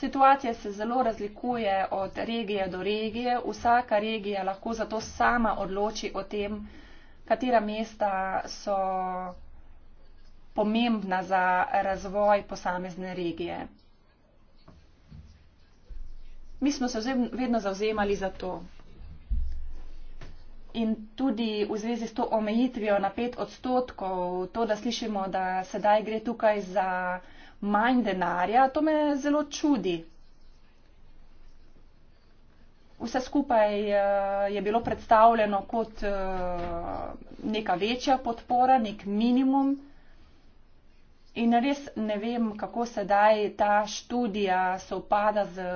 Situacija se zelo razlikuje od regije do regije. Vsaka regija lahko zato sama odloči o tem, katera mesta so pomembna za razvoj posamezne regije. Mi smo se vedno zauzemali za to. In tudi v zvezi s to omejitvijo na pet odstotkov, to, da slišimo, da sedaj gre tukaj za manj denarja, to me zelo čudi. Vse skupaj eh, je bilo predstavljeno kot eh, neka večja podpora, nek minimum. In res ne vem, kako sedaj ta študija se opada z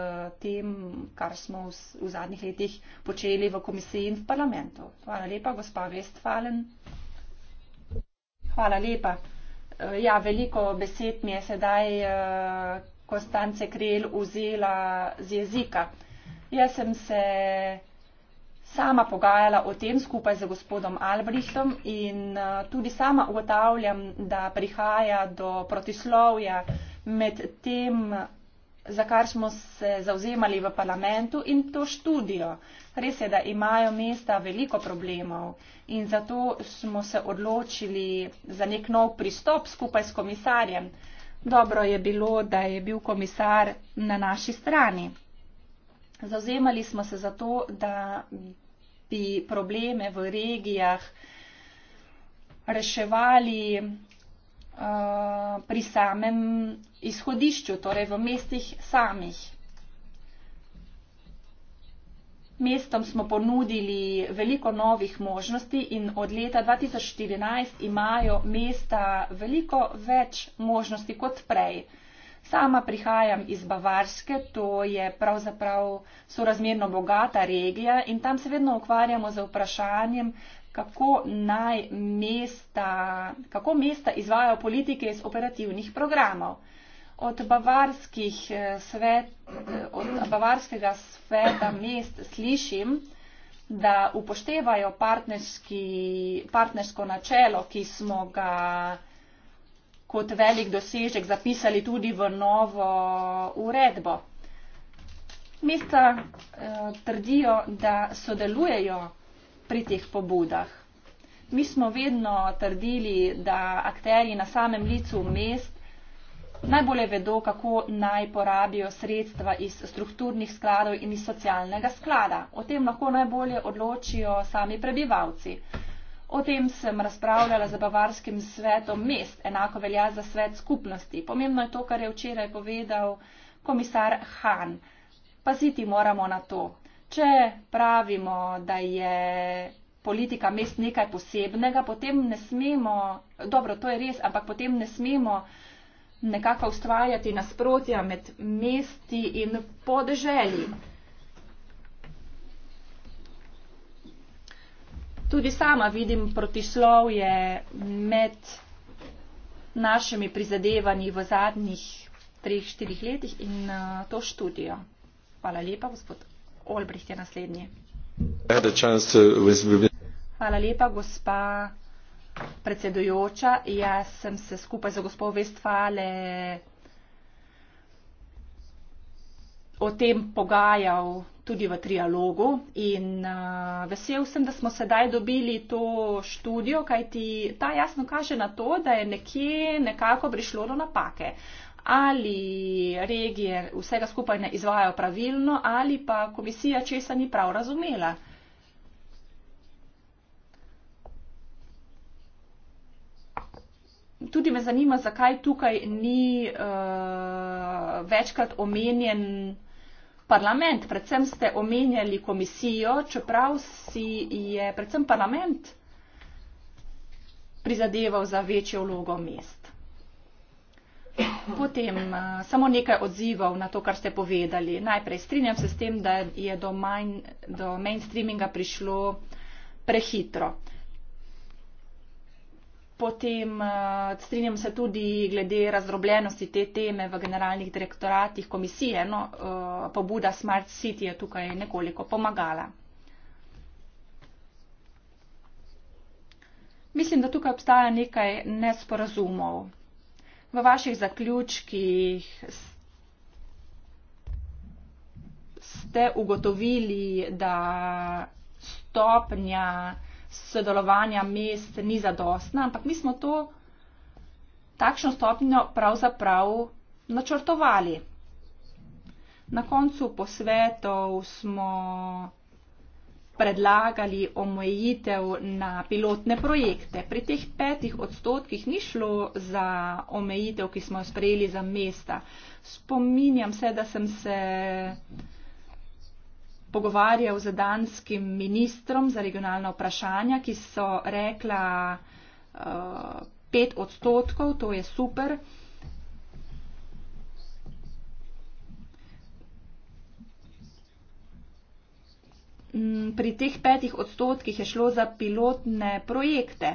tem, kar smo v, v zadnjih letih počeli v komisiji in v parlamentu. Hvala lepa, gospa Westfalen. Hvala lepa. Eh, ja, veliko besed mi je sedaj eh, Konstance Krel vzela z jezika. Jaz sem se sama pogajala o tem skupaj z gospodom Albrichtom in eh, tudi sama ugotavljam, da prihaja do protislovja med tem, za kar smo se zauzemali v parlamentu in to študijo. Res je, da imajo mesta veliko problemov in zato smo se odločili za nek nov pristop skupaj s komisarjem. Dobro je bilo, da je bil komisar na naši strani. Zauzemali smo se za to, da skupnosti, probleme v regijah reševali uh, pri samem izhodišču, torej v mestih samih. Mestom smo ponudili veliko novih možnosti in od leta 2014 imajo mesta veliko več možnosti kot prej. Sama prihajam iz Bavarske, to je pravzaprav sorazmerno bogata regija in tam se vedno ukvarjamo z vprašanjem, kako naj mesta, kako mesta izvajajo politike iz operativnih programov. Od, eh, svet, eh, od bavarskega sveta mest slišim, da upoštevajo partnersko načelo, ki smo ga kot velik dosežek zapisali tudi v novo uredbo. Mesta eh, trdijo, da sodelujejo pri teh pobudah. Mi smo vedno trdili, da akteri na samem licu mest najbolje vedo, kako naj porabijo sredstva iz strukturnih skladov in iz socialnega sklada. O tem lahko najbolje odločijo sami prebivalci. Eh, O tem sem razpravljala z Bavarskim svetom mest, enako velja za svet skupnosti. Pomembno je to, kar je včeraj povedal komisar Han. Paziti moramo na to. Če pravimo, da je politika mest nekaj posebnega, potem ne smemo, dobro, to je res, ampak potem ne smemo nekako ustvarjati nasprotja med mesti in podeželji. tudi sama vidim protislovje med našimi prizadevanji v zadnjih treh, štirih letih in uh, to študijo. Hvala lepa, gospod Olbricht je naslednji. Hvala lepa, gospa predsedujoča. Jaz sem se skupaj za gospod Vestfale o tem pogajal tudi v trialogu in uh, vesel sem, da smo sedaj dobili to študijo, kajti ta jasno kaže na to, da je nekje nekako prišlo do napake. Ali regije vsega skupaj ne izvajo pravilno, ali pa komisija česa ni prav razumela. Tudi me zanima, zakaj tukaj ni uh, večkrat omenjen parlament, predvsem ste omenjali komisijo, čeprav si je predvsem parlament prizadeval za večjo vlogo mest. Potem eh, samo nekaj odzivov na to, kar ste povedali. Najprej strinjam se s tem, da je do, main, do mainstreaminga prišlo prehitro. Potem eh, strinjam se tudi glede razdrobljenosti te teme v generalnih direktoratih komisije. No, eh, pobuda Smart City je tukaj nekoliko pomagala. Mislim, da tukaj obstaja nekaj nesporazumov. V vaših zaključkih ste ugotovili, da stopnja sodelovanja mest ni zadostna, ampak mi smo to takšno stopnjo pravzaprav načrtovali. Na koncu posvetov smo predlagali omejitev na pilotne projekte. Pri teh petih odstotkih ni šlo za omejitev, ki smo jo sprejeli za mesta. Spominjam se, da sem se pogovarjal z danskim ministrom za regionalna vprašanja, ki so rekla uh, eh, 5 odstotkov, to je super. Mm, pri teh petih odstotkih je šlo za pilotne projekte.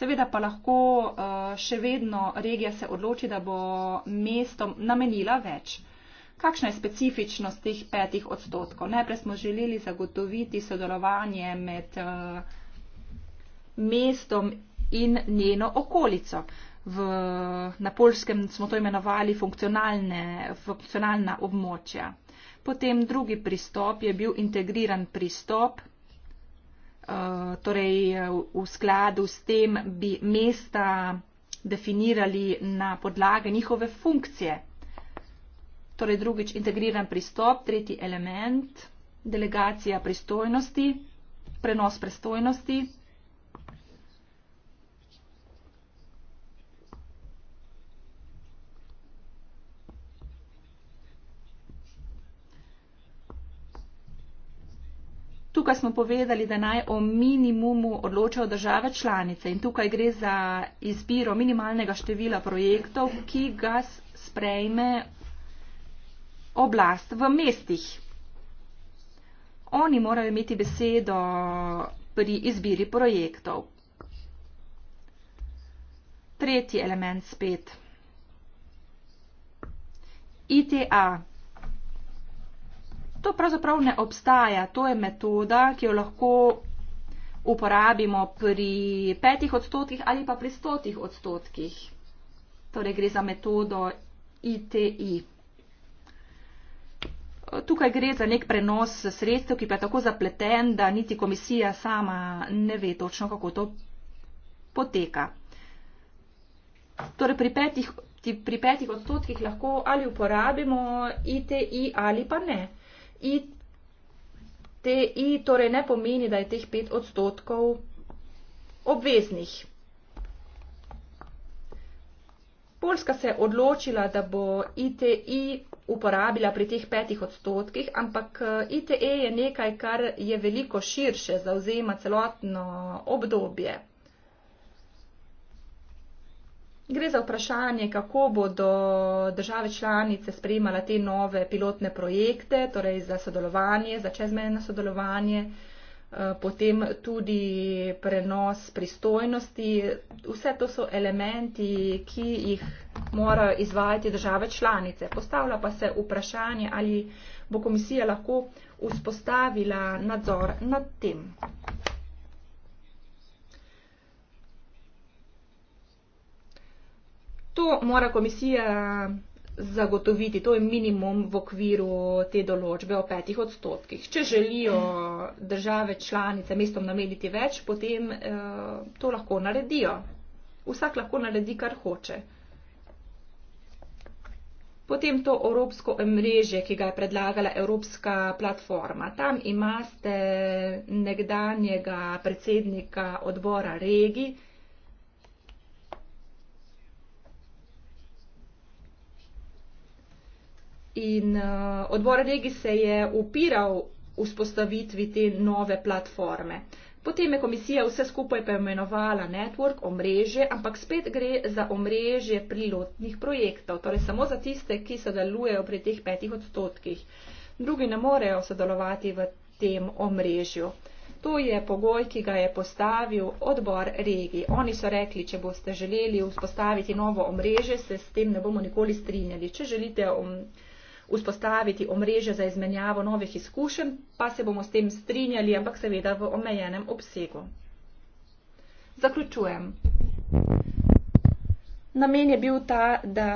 Seveda pa lahko eh, še vedno regija se odloči, da bo mestom namenila več kakšna je specifičnost teh petih odstotkov. Najprej smo želeli zagotoviti sodelovanje med eh, mestom in njeno okolico. V, na polskem smo to imenovali funkcionalna območja. Potem drugi pristop je bil integriran pristop, eh, torej v skladu s tem bi mesta definirali na podlage njihove funkcije, Torej drugič integriran pristop, tretji element, delegacija pristojnosti, prenos pristojnosti. Tukaj smo povedali, da naj o minimumu odločajo države članice in tukaj gre za izbiro minimalnega števila projektov, ki ga sprejme oblast v mestih. Oni morajo imeti besedo pri izbiri projektov. Tretji element spet. ITA. To pravzaprav ne obstaja. To je metoda, ki jo lahko uporabimo pri petih odstotkih ali pa pri stotih odstotkih. Torej gre za metodo ITI tukaj gre za nek prenos sredstev, ki pa je tako zapleten, da niti komisija sama ne ve točno, kako to poteka. Torej, pri petih, ti, pri petih odstotkih lahko ali uporabimo ITI ali pa ne. ITI torej ne pomeni, da je teh pet odstotkov obveznih. Poljska se je odločila, da bo ITI uporabila pri teh petih odstotkih, ampak eh, ITE je nekaj, kar je veliko širše, zauzema celotno obdobje. Gre za vprašanje, kako bodo države članice sprejemala te nove pilotne projekte, torej za sodelovanje, za čezmejno sodelovanje. Eh, potem tudi prenos pristojnosti. Vse to so elementi, ki jih morajo izvajati države članice. Postavlja pa se vprašanje, ali bo komisija lahko vzpostavila nadzor nad tem. To mora komisija zagotoviti. To je minimum v okviru te določbe o petih odstotkih. Če želijo države članice mestom nameniti več, potem eh, to lahko naredijo. Vsak lahko naredi, kar hoče. Potem to evropsko mrežje, ki ga je predlagala Evropska platforma. Tam imate nekdanjega predsednika odbora regij, In uh, odbor regi se je upiral vzpostavitvi te nove platforme. Potem je komisija vse skupaj pa imenovala network, omrežje, ampak spet gre za omrežje pilotnih projektov, torej samo za tiste, ki sodelujejo pri teh petih odstotkih. Drugi ne morejo sodelovati v tem omrežju. To je pogoj, ki ga je postavil odbor regij. Oni so rekli, če boste želeli vzpostaviti novo omrežje, se s tem ne bomo nikoli strinjali. Če želite omrežje, um, vzpostaviti omrežje za izmenjavo novih izkušenj, pa se bomo s tem strinjali, ampak seveda v omejenem obsegu. Zaključujem. Namen je bil ta, da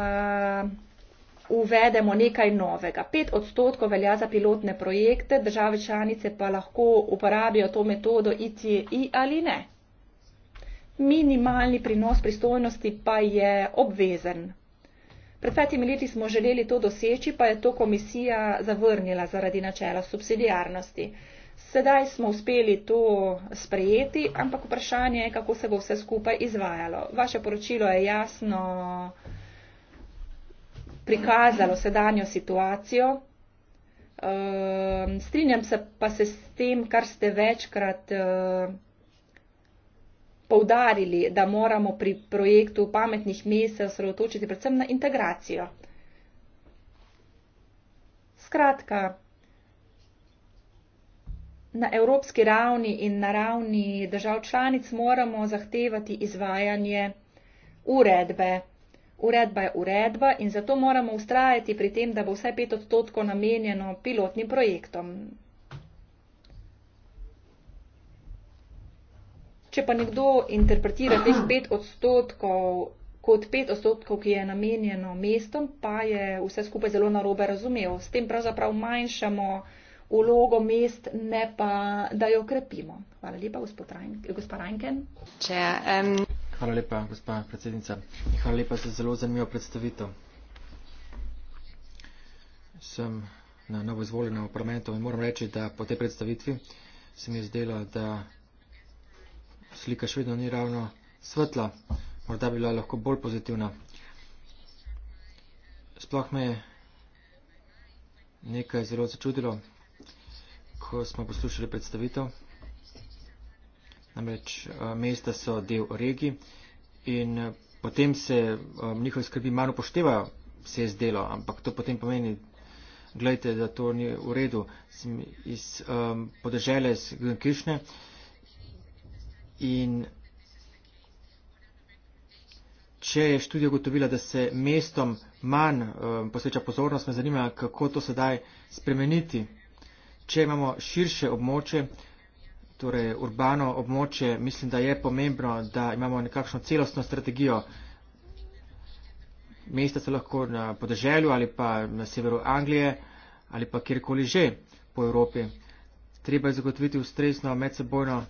uvedemo nekaj novega. Pet odstotkov velja za pilotne projekte, države članice pa lahko uporabijo to metodo ICI ali ne. Minimalni prinos pristojnosti pa je obvezen. Pred petimi leti smo želeli to doseči, pa je to komisija zavrnila zaradi načela subsidijarnosti. Sedaj smo uspeli to sprejeti, ampak vprašanje je, kako se bo vse skupaj izvajalo. Vaše poročilo je jasno prikazalo sedanjo situacijo. Ehm, strinjam se pa se s tem, kar ste večkrat ehm, poudarili, da moramo pri projektu pametnih mest se osredotočiti predvsem na integracijo. Skratka, na evropski ravni in na ravni držav članic moramo zahtevati izvajanje uredbe. Uredba je uredba in zato moramo ustrajati pri tem, da bo vse pet odstotkov namenjeno pilotnim projektom. če pa nekdo interpretira teh pet odstotkov kot pet odstotkov, ki je namenjeno mestom, pa je vse skupaj zelo narobe razumev. S tem pravzaprav manjšamo ulogo mest, ne pa, da jo krepimo. Hvala lepa, gospod Rajnken. Um... Hvala lepa, gospa predsednica. Hvala lepa za zelo zanimivo predstavitev. Sem na novo izvoljena v parlamentu in moram reči, da po tej predstavitvi se mi je zdelo, da slika še vedno ni ravno svetla, morda bi bila lahko bolj pozitivna. Sploh me je nekaj zelo začudilo, ko smo poslušali predstavitev. Namreč eh, mesta so del regij in eh, potem se um, njihove skrbi manj upoštevajo, se je zdelo, ampak to potem pomeni, gledajte, da to ni v redu. Sem iz um, podeželja, iz Gankišne. Um, In če je študija gotovila, da se mestom manj eh, posveča pozornost, me zanima, kako to sedaj spremeniti. Če imamo širše območje, torej urbano območje, mislim, da je pomembno, da imamo nekakšno celostno strategijo. Mesta so lahko na podeželju ali pa na severu Anglije ali pa kjerkoli že po Evropi. Treba je zagotoviti ustrezno medsebojno.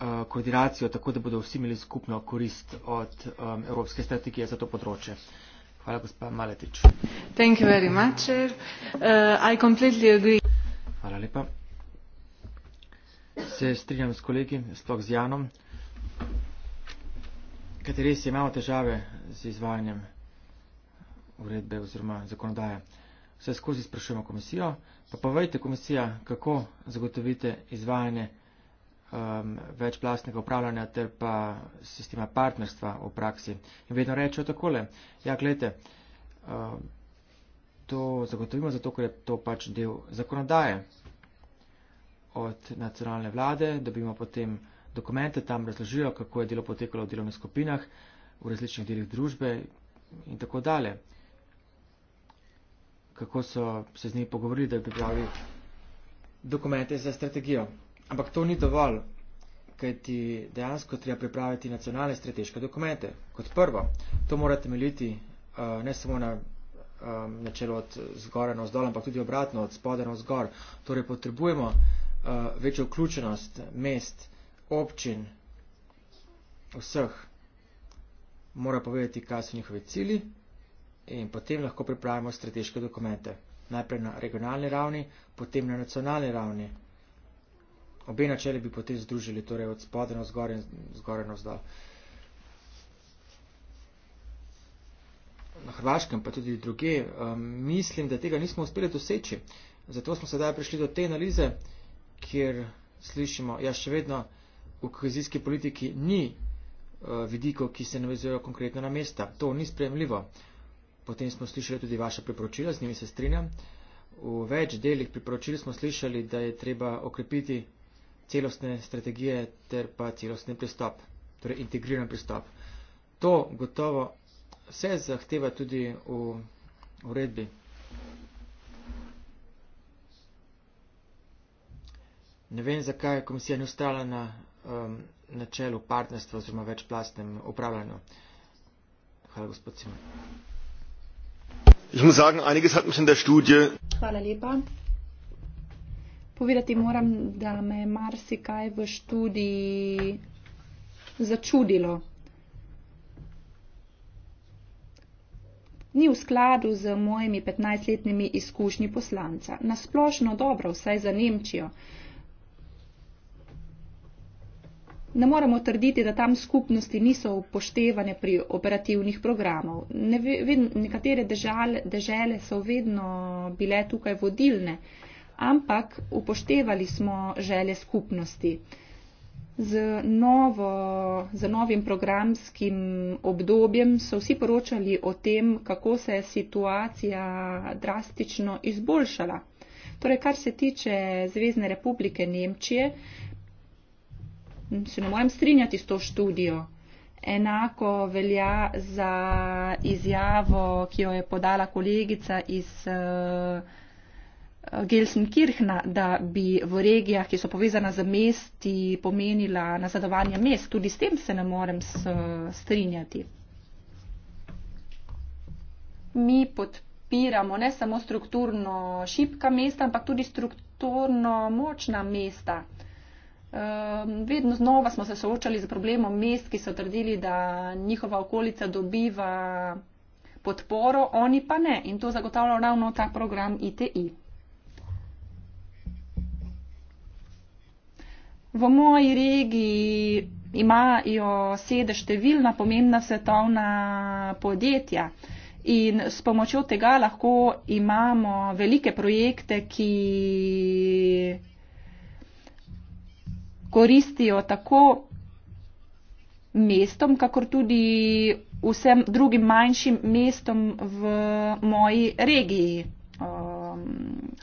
Eh, koordinacijo, tako da bodo vsi imeli skupno korist od um, evropske strategije za to področje. Hvala, gospa Maletič. Thank you very much, sir. Uh, eh, I completely agree. Hvala lepa. Se strinjam s kolegi, sploh z Janom, kateri si imamo težave z izvajanjem uredbe oziroma zakonodaje. Vse skozi sprašujemo komisijo, pa povejte komisija, kako zagotovite izvajanje um, večplastnega upravljanja ter pa sistema partnerstva v praksi. In vedno rečejo takole, ja, gledajte, um, to zagotovimo zato, ker je to pač del zakonodaje od nacionalne vlade, dobimo potem dokumente, tam razložijo, kako je delo potekalo v delovnih skupinah, v različnih delih družbe in tako dalje. Kako so se z njimi pogovorili, da bi pripravili dokumente za strategijo. Ampak to ni dovolj, kaj ti dejansko treba pripraviti nacionalne strateške dokumente. Kot prvo, to mora temeljiti uh, ne samo na um, eh, načelu od zgora na vzdolj, ampak tudi obratno, od spoda na vzgor. Torej potrebujemo uh, večjo vključenost mest, občin, vseh mora povedati, kaj so njihovi cili in potem lahko pripravimo strateške dokumente. Najprej na regionalni ravni, potem na nacionalni ravni obe načeli bi potem združili, torej od spode na vzgor in zgore na vzdolj. Na Hrvaškem, pa tudi druge, um, mislim, da tega nismo uspeli doseči. Zato smo sedaj prišli do te analize, kjer slišimo, ja še vedno v kohezijski politiki ni uh, vidikov, ki se navezujejo konkretno na mesta. To ni sprejemljivo. Potem smo slišali tudi vaše priporočila, z njimi se strinjam. V več delih priporočil smo slišali, da je treba okrepiti celostne strategije ter pa celostni pristop, torej integriran pristop. To gotovo vse zahteva tudi v uredbi. Ne vem, zakaj je komisija ni ustala na um, načelu partnerstva oziroma večplastnem upravljanju. Hvala, gospod Simon. Ich muss sagen, einiges hat mich in der Studie. Hvala lepa. Povedati moram, da me je marsikaj v študiji začudilo. Ni v skladu z mojimi 15-letnimi izkušnji poslanca. Nasplošno dobro, vsaj za Nemčijo. Ne moremo trditi, da tam skupnosti niso upoštevane pri operativnih programov. Ne, ved, nekatere dežale, dežele so vedno bile tukaj vodilne. Uh, ampak upoštevali smo želje skupnosti. Z, novo, z novim programskim obdobjem so vsi poročali o tem, kako se je situacija drastično izboljšala. Torej, kar se tiče Zvezdne republike Nemčije, se ne morem strinjati s to študijo. Enako velja za izjavo, ki jo je podala kolegica iz. Uh, Gelsenkirchna, da bi v regijah, ki so povezana z mesti, pomenila nazadovanje mest. Tudi s tem se ne morem strinjati. Mi podpiramo ne samo strukturno šipka mesta, ampak tudi strukturno močna mesta. Ehm, vedno znova smo se soočali z problemom mest, ki so trdili, da njihova okolica dobiva podporo, oni pa ne. In to zagotavlja ravno ta program ITI. V moji regiji imajo sede številna pomembna svetovna podjetja in s pomočjo tega lahko imamo velike projekte, ki koristijo tako mestom, kakor tudi vsem drugim manjšim mestom v moji regiji. Um,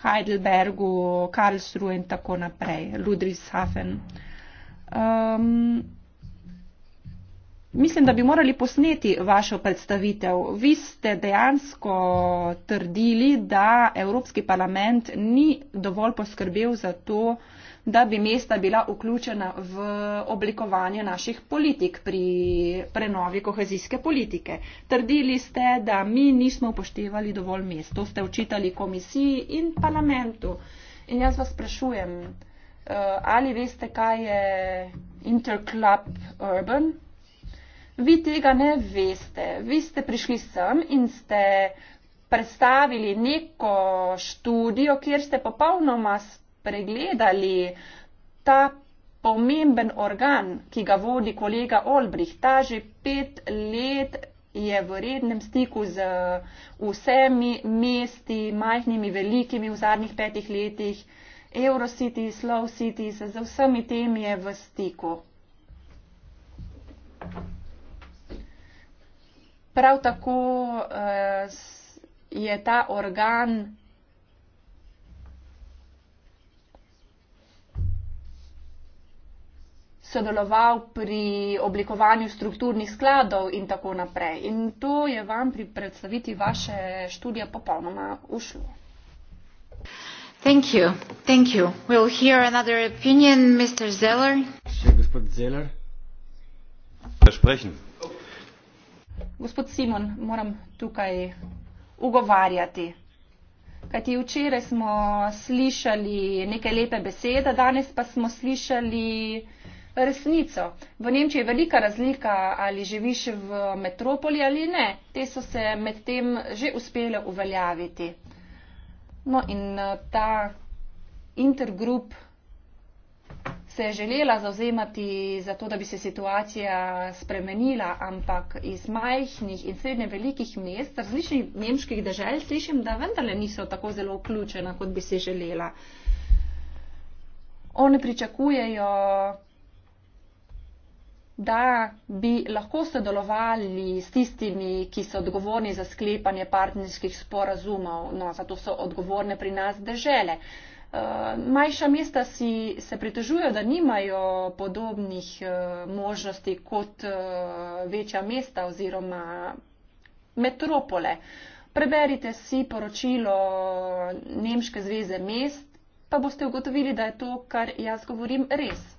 Heidelbergu, Karlsruhe in tako naprej, Ludwigshafen. Um, mislim, da bi morali posneti vašo predstavitev. Vi ste dejansko trdili, da Evropski parlament ni dovolj poskrbel za to, uh, da bi mesta bila vključena v oblikovanje naših politik pri prenovi kohezijske politike. Trdili ste, da mi nismo upoštevali dovolj mest. To ste očitali komisiji in parlamentu. In jaz vas sprašujem, eh, ali veste, kaj je Interclub Urban? Vi tega ne veste. Vi ste prišli sem in ste predstavili neko študijo, kjer ste popolnoma pregledali ta pomemben organ, ki ga vodi kolega Olbrih. Ta že pet let je v rednem stiku z vsemi mesti, majhnimi, velikimi v zadnjih petih letih. Eurocity, Slow City, z vsemi temi je v stiku. Prav tako eh, je ta organ sodeloval pri oblikovanju strukturnih skladov in tako naprej. In to je vam pri predstaviti vaše študije popolnoma ušlo. Hvala. Gospod Simon, moram tukaj ugovarjati. Kajti včeraj smo slišali neke lepe besede, danes pa smo slišali resnico. V Nemčiji je velika razlika, ali živiš v metropoli ali ne. Te so se medtem že uspele uveljaviti. No in eh, ta intergrup se je želela zauzemati za to, da bi se situacija spremenila, ampak iz majhnih in srednje velikih mest različnih nemških dežel slišim, da vendarle niso tako zelo vključena, kot bi se želela. One pričakujejo da bi lahko sodelovali s tistimi, ki so odgovorni za sklepanje partnerskih sporazumov. No, zato so odgovorne pri nas države. Eh, majša mesta si se pritožujo, da nimajo podobnih eh, možnosti kot eh, večja mesta oziroma metropole. Preberite si poročilo Nemške zveze mest, pa boste ugotovili, da je to, kar jaz govorim, res.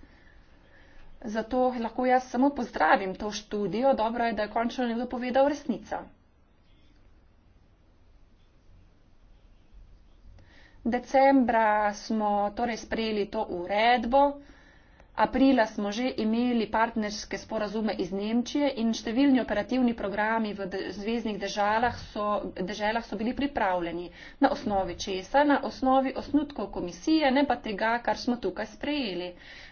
Zato lahko jaz samo pozdravim to študijo. Dobro je, da je končno nekdo povedal resnico. Decembra smo torej sprejeli to uredbo, Aprila smo že imeli partnerske sporazume iz Nemčije in številni operativni programi v zvezdnih državah so, državah so bili pripravljeni na osnovi česa, na osnovi osnutkov komisije, ne pa tega, kar smo tukaj sprejeli.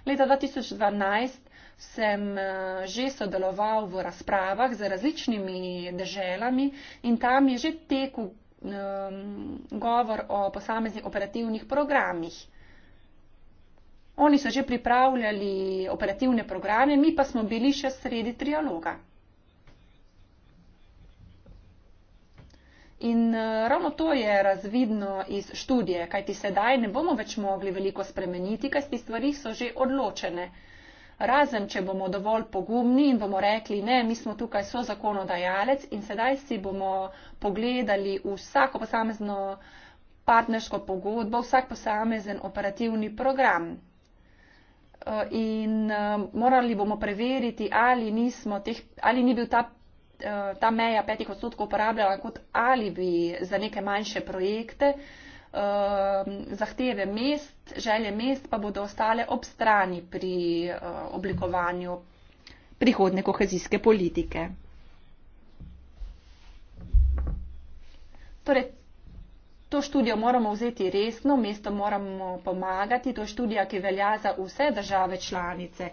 Leta 2012 sem eh, že sodeloval v razpravah z različnimi državami in tam je že tekel um, govor o posameznih operativnih programih. Oni so že pripravljali operativne programe, mi pa smo bili še sredi trialoga. In eh, ravno to je razvidno iz študije, kaj ti sedaj ne bomo več mogli veliko spremeniti, kaj ti stvari so že odločene. Razen, če bomo dovolj pogumni in bomo rekli, ne, mi smo tukaj so zakonodajalec in sedaj si bomo pogledali vsako posamezno partnersko pogodbo, vsak posamezen operativni program. Eh, in eh, morali bomo preveriti, ali, nismo, teh, ali ni bil ta, eh, ta meja petih odstotkov uporabljala kot ali bi za neke manjše projekte. Zahteve mest, želje mest pa bodo ostale ob strani pri oblikovanju prihodne kohezijske politike. Torej, to študijo moramo vzeti resno, mesto moramo pomagati, to je študija, ki velja za vse države članice.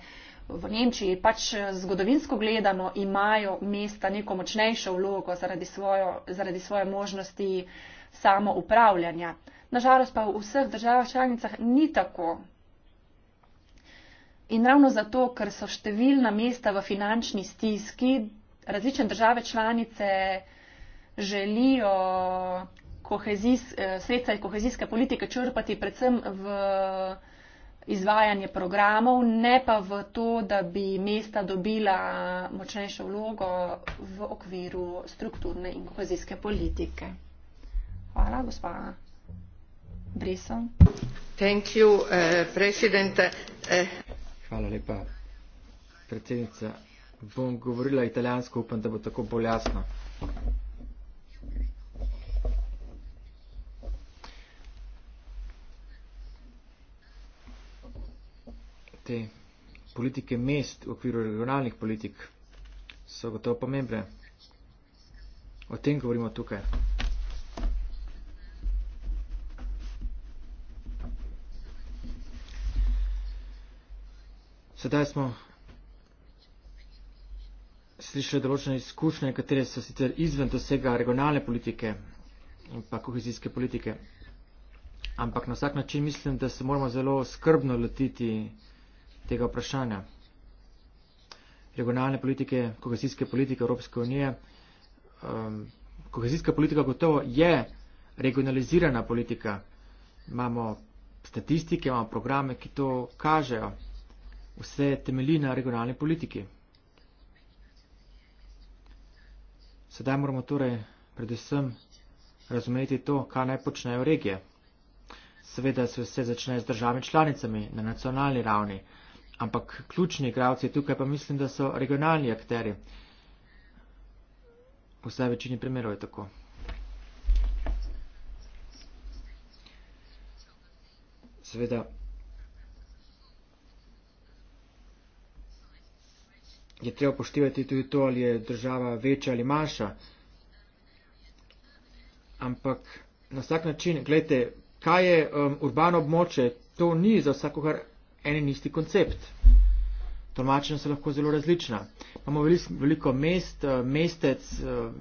V Nemčiji pač eh, zgodovinsko gledano imajo mesta neko močnejšo vlogo zaradi, svojo, zaradi svoje možnosti samo upravljanja. Nažalost pa v vseh državah članicah ni tako. In ravno zato, ker so številna mesta v finančni stiski, različne države članice želijo kohezijs, eh, sredstva iz kohezijske politike črpati predvsem v eh, izvajanje programov, ne pa v to, da bi mesta dobila močnejšo vlogo v okviru strukturne in kohezijske politike. Hvala, gospa Breson. Thank you, uh, president. Uh. Hvala lepa, predsednica. Bom govorila italijansko, upam, da bo tako bolj jasno. te politike mest v okviru regionalnih politik so gotovo pomembne. O tem govorimo tukaj. Sedaj smo slišali določene izkušnje, katere so sicer izven dosega regionalne politike in pa kohezijske politike. Ampak na vsak način mislim, da se moramo zelo skrbno lotiti tega vprašanja. Regionalne politike, kohezijske politike Evropske unije. Um, kohezijska politika gotovo je regionalizirana politika. Imamo statistike, imamo programe, ki to kažejo. Vse temelji na regionalni politiki. Sedaj moramo torej predvsem razumeti to, kaj naj počnejo regije. Seveda se vse začne z državi članicami na nacionalni ravni ampak ključni igravci tukaj pa mislim, da so regionalni akteri. V vsaj večini primerov je tako. Seveda, je treba poštivati tudi to, ali je država večja ali manjša. Ampak na vsak način, gledajte, kaj je um, urbano območje, to ni za vsakogar en in isti koncept. Tolmačenja so lahko zelo različna. Imamo veliko mest, eh, mestec eh,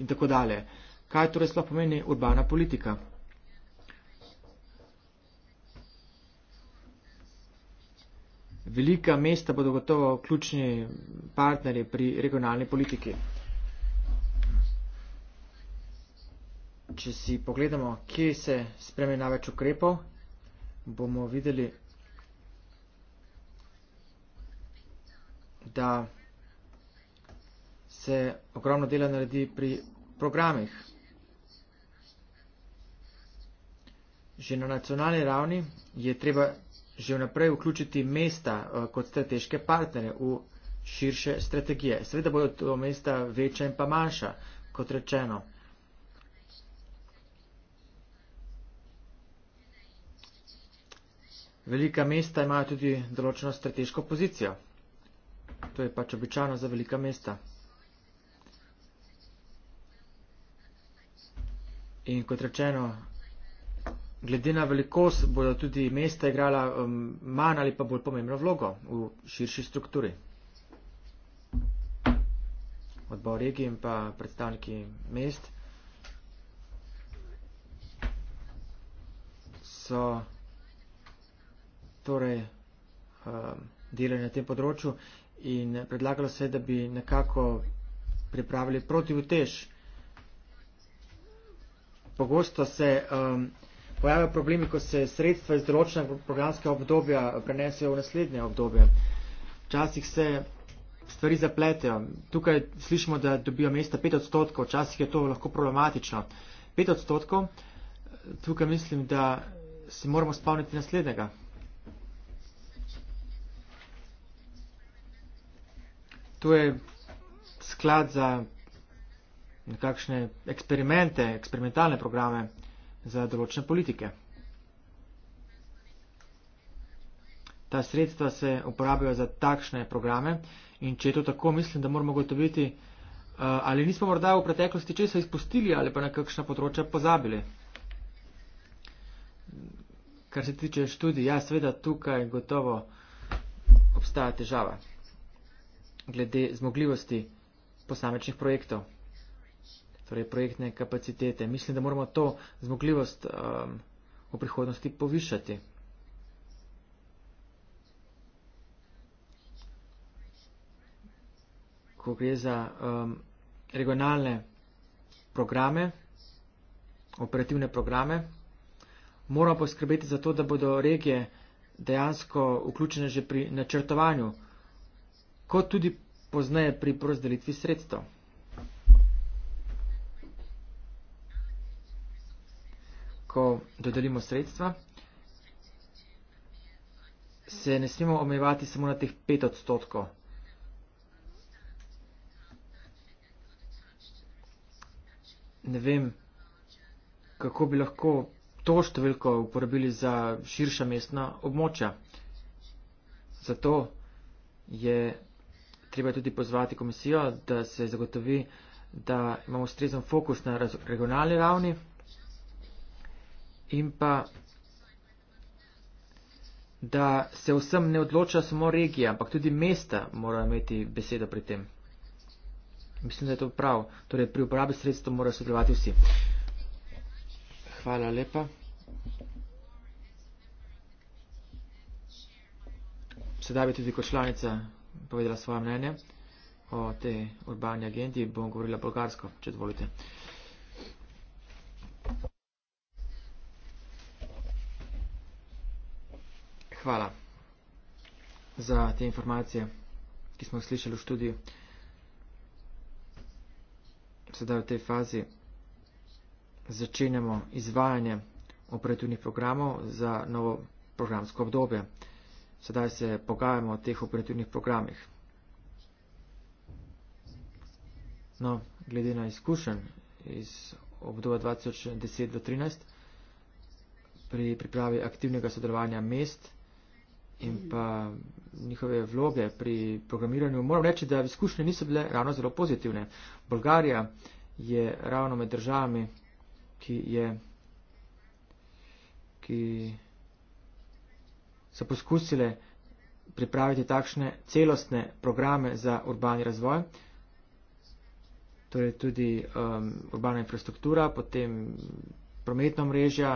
in tako dalje. Kaj torej sploh pomeni urbana politika? Velika mesta bodo gotovo ključni partnerji pri regionalni politiki. Če si pogledamo, kje se spreme največ ukrepov, bomo videli da se ogromno dela naredi pri programih. Že na nacionalni ravni je treba že vnaprej vključiti mesta eh, kot strateške partnere v širše strategije. Seveda bodo to mesta večja in pa manjša, kot rečeno. Velika mesta imajo tudi določeno strateško pozicijo. To je pač običajno za velika mesta. In kot rečeno, glede na velikost bodo tudi mesta igrala um, manj ali pa bolj pomembno vlogo v širši strukturi. Odbor regij in pa predstavniki mest so torej um, delali na tem področju in predlagalo se je, da bi nekako pripravili protivtež. Pogosto se um, pojavijo problemi, ko se sredstva iz določenega programskega obdobja prenesejo v naslednje obdobje. Včasih se stvari zapletejo. Tukaj slišimo, da dobijo mesta 5 odstotkov, včasih je to lahko problematično. 5 odstotkov, tukaj mislim, da se moramo spomniti naslednjega. to je sklad za nekakšne eksperimente, eksperimentalne programe za določene politike. Ta sredstva se uporabljajo za takšne programe in če je to tako, mislim, da moramo gotoviti, eh, ali nismo morda v preteklosti česa izpustili ali pa na kakšna področja pozabili. Kar se tiče študij, ja, seveda tukaj gotovo obstaja težava glede zmogljivosti posamečnih projektov, torej projektne kapacitete. Mislim, da moramo to zmogljivost um, v prihodnosti povišati. Ko gre za um, regionalne programe, operativne programe, moramo poskrbeti za to, da bodo regije dejansko vključene že pri načrtovanju kot tudi pozneje pri prozdelitvi sredstev. Ko dodelimo sredstva, se ne smemo omejevati samo na teh pet odstotkov. Ne vem, kako bi lahko to številko uporabili za širša mestna območja. Zato je treba tudi pozvati komisijo, da se zagotovi, da imamo ustrezen fokus na regionalni ravni in pa, da se vsem ne odloča samo regija, ampak tudi mesta morajo imeti besedo pri tem. Mislim, da je to prav. Torej, pri uporabi sredstva morajo sodelovati vsi. Hvala lepa. Sedaj bi tudi kot članica povedala svoje mnenje o tej urbani agendi, bom govorila bolgarsko, če dovolite. Hvala za te informacije, ki smo slišali v študiju. Sedaj v tej fazi začenjamo izvajanje operativnih programov za novo programsko obdobje sedaj se pogajamo o teh operativnih programih. No, glede na izkušen iz obdobja 2010 do 2013 pri pripravi aktivnega sodelovanja mest in pa njihove vloge pri programiranju, moram reči, da izkušnje niso bile ravno zelo pozitivne. Bolgarija je ravno med državami, ki je. Ki so poskusile pripraviti takšne celostne programe za urbani razvoj, torej tudi um, urbana infrastruktura, potem prometna mrežja,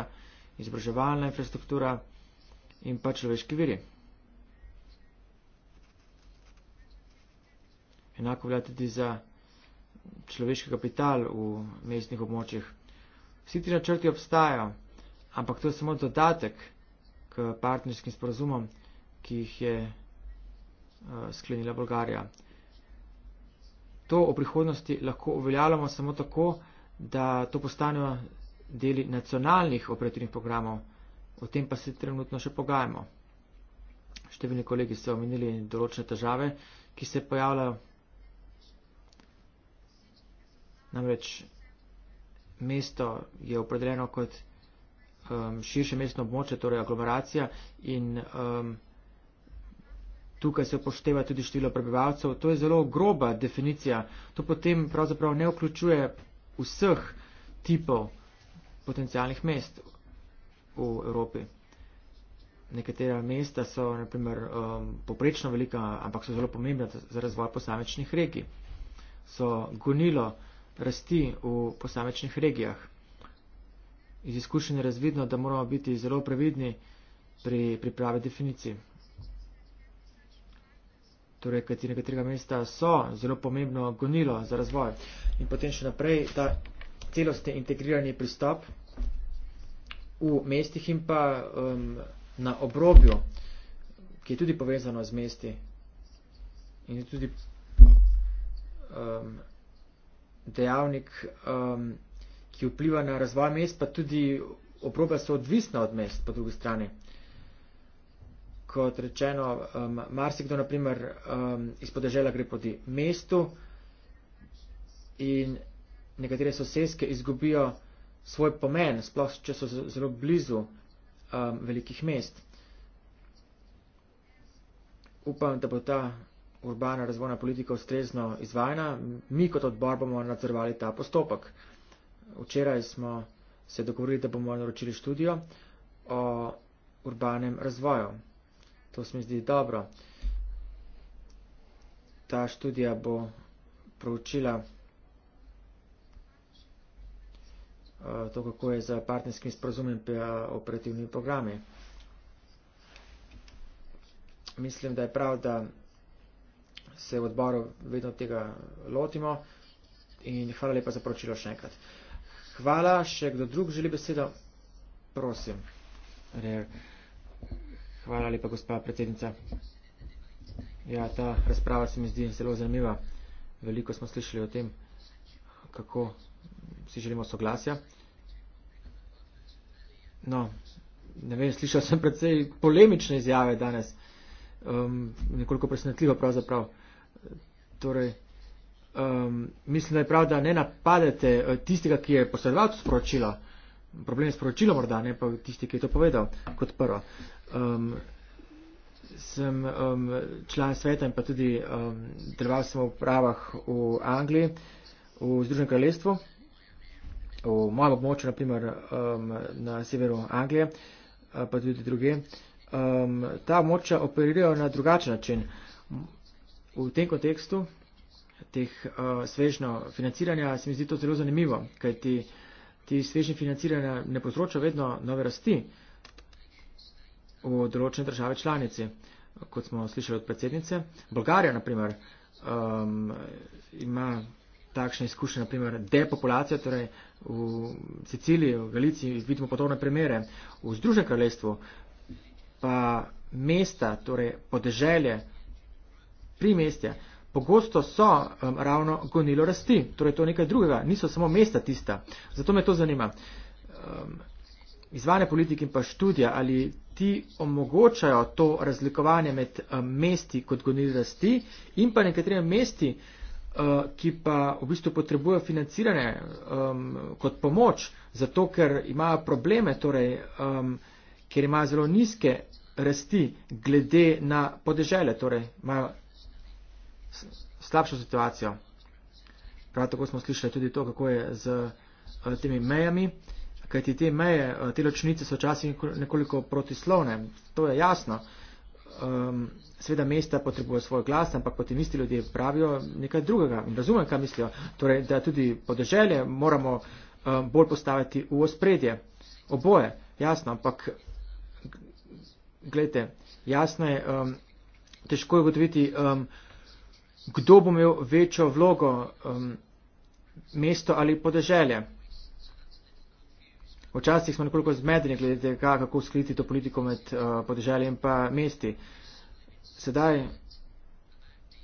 izobraževalna infrastruktura in pa človeški viri. Enako velja tudi za človeški kapital v mestnih območjih. Vsi ti načrti obstajajo, ampak to je samo dodatek k partnerskim sporazumom, ki jih je uh, sklenila Bolgarija. To o prihodnosti lahko uveljavljamo samo tako, da to postanejo deli nacionalnih operativnih programov, o tem pa se trenutno še pogajamo. Številni kolegi so omenili določene težave, ki se pojavljajo. Namreč mesto je opredeljeno kot um, širše mestno območje, torej aglomeracija in um, tukaj se upošteva tudi število prebivalcev. To je zelo groba definicija. To potem pravzaprav ne vključuje vseh tipov potencijalnih mest v Evropi. Nekatera mesta so naprimer um, poprečno velika, ampak so zelo pomembna za razvoj posamečnih regij. So gonilo rasti v posamečnih regijah iz izkušnje razvidno, da moramo biti zelo previdni pri pripravi definicij. Torej, kajti nekaterega mesta so zelo pomembno gonilo za razvoj. In potem še naprej ta celostni integrirani pristop v mestih in pa um, na obrobju, ki je tudi povezano z mesti in je tudi um, dejavnik um, ki vpliva na razvoj mest, pa tudi obroba so odvisna od mest po drugi strani. Kot rečeno, um, marsikdo naprimer um, iz podežela gre proti mestu in nekatere sosedske izgubijo svoj pomen, sploh če so zelo blizu um, velikih mest. Upam, da bo ta urbana razvojna politika ustrezno izvajana. Mi kot odbor bomo nadzorovali ta postopek včeraj smo se dogovorili, da bomo naročili študijo o urbanem razvoju. To se mi zdi dobro. Ta študija bo proučila eh, to, kako je za partnerskim sporozumem pa eh, operativnimi programi. Mislim, da je prav, da se v odboru vedno tega lotimo in hvala lepa za poročilo še enkrat. Hvala. Še kdo drug želi besedo? Prosim. Hvala lepa, gospa predsednica. Ja, ta razprava se mi zdi zelo zanimiva. Veliko smo slišali o tem, kako si želimo soglasja. No, ne vem, slišal sem predvsej polemične izjave danes. Um, nekoliko presenetljivo pravzaprav. Torej, um, mislim, da je prav, da ne napadete eh, tistega, ki je posredoval sporočilo. Problem je sporočilo morda, ne pa tisti, ki je to povedal kot prvo. Um, sem um, član sveta in pa tudi um, deloval sem v pravah v Angliji, v Združenem kraljestvu, v mojem območju, naprimer um, na severu Anglije, eh, pa tudi druge. Um, ta območja operirajo na drugačen način. V tem kontekstu teh uh, eh, svežnjo financiranja, se mi zdi to zelo zanimivo, kaj ti, ti svežnji financiranja ne povzroča vedno nove rasti v določene države članici, kot smo slišali od predsednice. Bolgarija, na primer, um, ima takšne izkušnje, na primer, depopulacija, torej v Siciliji, v Galiciji vidimo podobne primere, v Združenem kraljestvu pa mesta, torej podeželje, primestja, pogosto so um, ravno gonilo rasti, torej to je nekaj drugega, niso samo mesta tista. Zato me to zanima. Um, izvane politike in pa študija, ali ti omogočajo to razlikovanje med um, mesti kot gonilo rasti in pa nekaterimi mesti, uh, ki pa v bistvu potrebujejo financiranje um, kot pomoč, zato ker imajo probleme, torej, um, ker imajo zelo nizke rasti glede na podeželje, torej imajo slabšo situacijo. Prav tako smo slišali tudi to, kako je z eh, temi mejami, kajti te meje, eh, te ločnice so včasih nekoliko protislovne, to je jasno. Um, ehm, Sveda mesta potrebujejo svoj glas, ampak potem isti ljudje pravijo nekaj drugega in razumem, kaj mislijo. Torej, da tudi podeželje moramo um, bolj postaviti v ospredje. Oboje, jasno, ampak gledajte, jasno je, um, težko je ugotoviti. Um, kdo bo imel večjo vlogo, um, mesto ali podeželje. Včasih smo nekoliko zmedeni glede tega, kako skriti to politiko med uh, podeželjem in pa mesti. Sedaj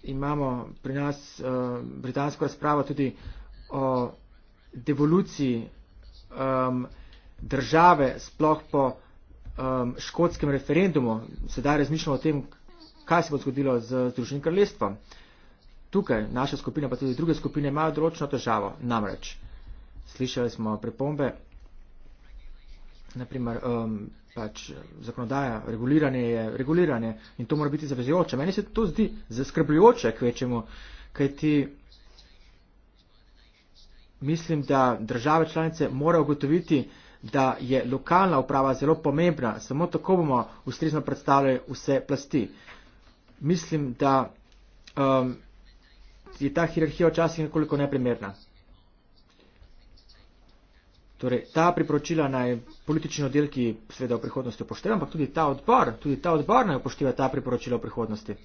imamo pri nas uh, britansko razpravo tudi o devoluciji um, države sploh po um, škotskem referendumu. Sedaj razmišljamo o tem, kaj se bo zgodilo z Združenim kraljestvom tukaj, naša skupina, pa tudi druge skupine, imajo določeno težavo. Namreč, slišali smo pripombe, naprimer, um, pač zakonodaja, reguliranje je reguliranje in to mora biti zavezujoče. Meni se to zdi zaskrbljujoče, kvečemu, kajti mislim, da države članice morajo ugotoviti, da je lokalna uprava zelo pomembna, samo tako bomo ustrezno predstavljali vse plasti. Mislim, da um, je ta hierarhija včasih nekoliko neprimerna. Torej, ta priporočila naj politični oddelki sveda v prihodnosti upošteva, ampak tudi ta odbor, tudi ta odbor naj upošteva ta priporočila v prihodnosti.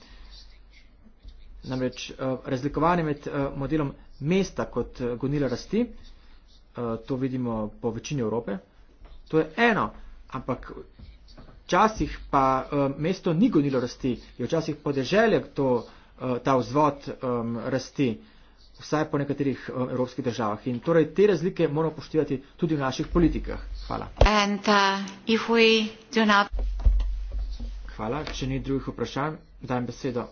Namreč eh, razlikovanje med eh, modelom mesta kot eh, gonila rasti, to vidimo po večini Evrope, to je eno, ampak včasih pa mesto ni gonilo rasti, je včasih podeželje to. Eh, ta vzvod um, rasti, vsaj po nekaterih um, evropskih državah. In torej te razlike moramo poštivati tudi v naših politikah. Hvala. And, uh, not... Hvala. Če ni drugih vprašanj, dajem besedo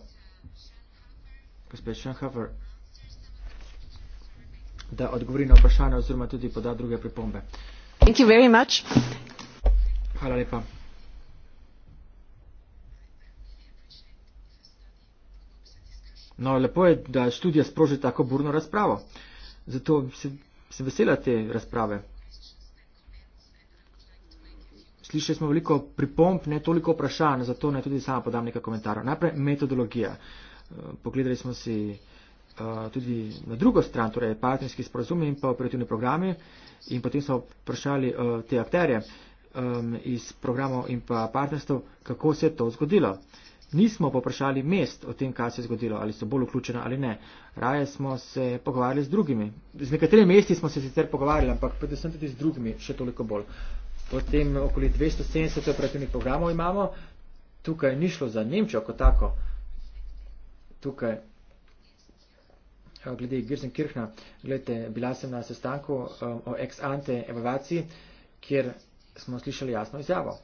gospod Schoenhofer, da odgovori na vprašanje oziroma tudi poda druge pripombe. Hvala lepa. No, lepo je, da študija sproži tako burno razpravo. Zato se, se vesela te razprave. Slišali smo veliko pripomp, ne toliko vprašanj, zato naj tudi sama podam nekaj komentarjev. Najprej metodologija. Eh, pogledali smo si eh, tudi na drugo stran, torej partnerski sporozumi in pa operativni programi in potem smo vprašali eh, te akterje iz programov in pa partnerstv, kako se je to zgodilo. Nismo poprašali mest o tem, kaj se je zgodilo, ali so bolj vključene ali ne. Raje smo se pogovarjali z drugimi. Z nekaterimi mesti smo se sicer pogovarjali, ampak predvsem tudi z drugimi, še toliko bolj. Potem okoli 270 operativnih programov imamo. Tukaj ni šlo za Nemčijo kot tako. Tukaj, eh, glede Girsenkirchna, gledajte, bila sem na sestanku um, o ex ante evaluaciji, kjer smo slišali jasno izjavo.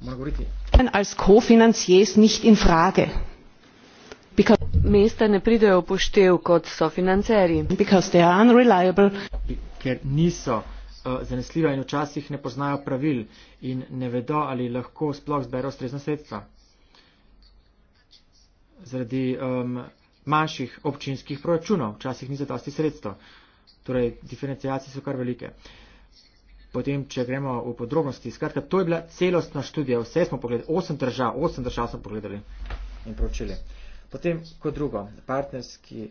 Moram govoriti, kommen als ko financiers nicht in frage. mesta ne pridejo v poštev kot sofinancerji. ker niso eh, zanesljiva in včasih ne poznajo pravil in ne vedo ali lahko sploh zberejo ustrezna sredstva zaradi um, manjših občinskih proračunov včasih ni zadosti sredstev torej diferenciacije so kar velike potem, če gremo v podrobnosti. Skratka, to je bila celostna študija, vse smo pogledali, osem držav, osem držav smo pogledali in pročili. Potem, kot drugo, partnerski,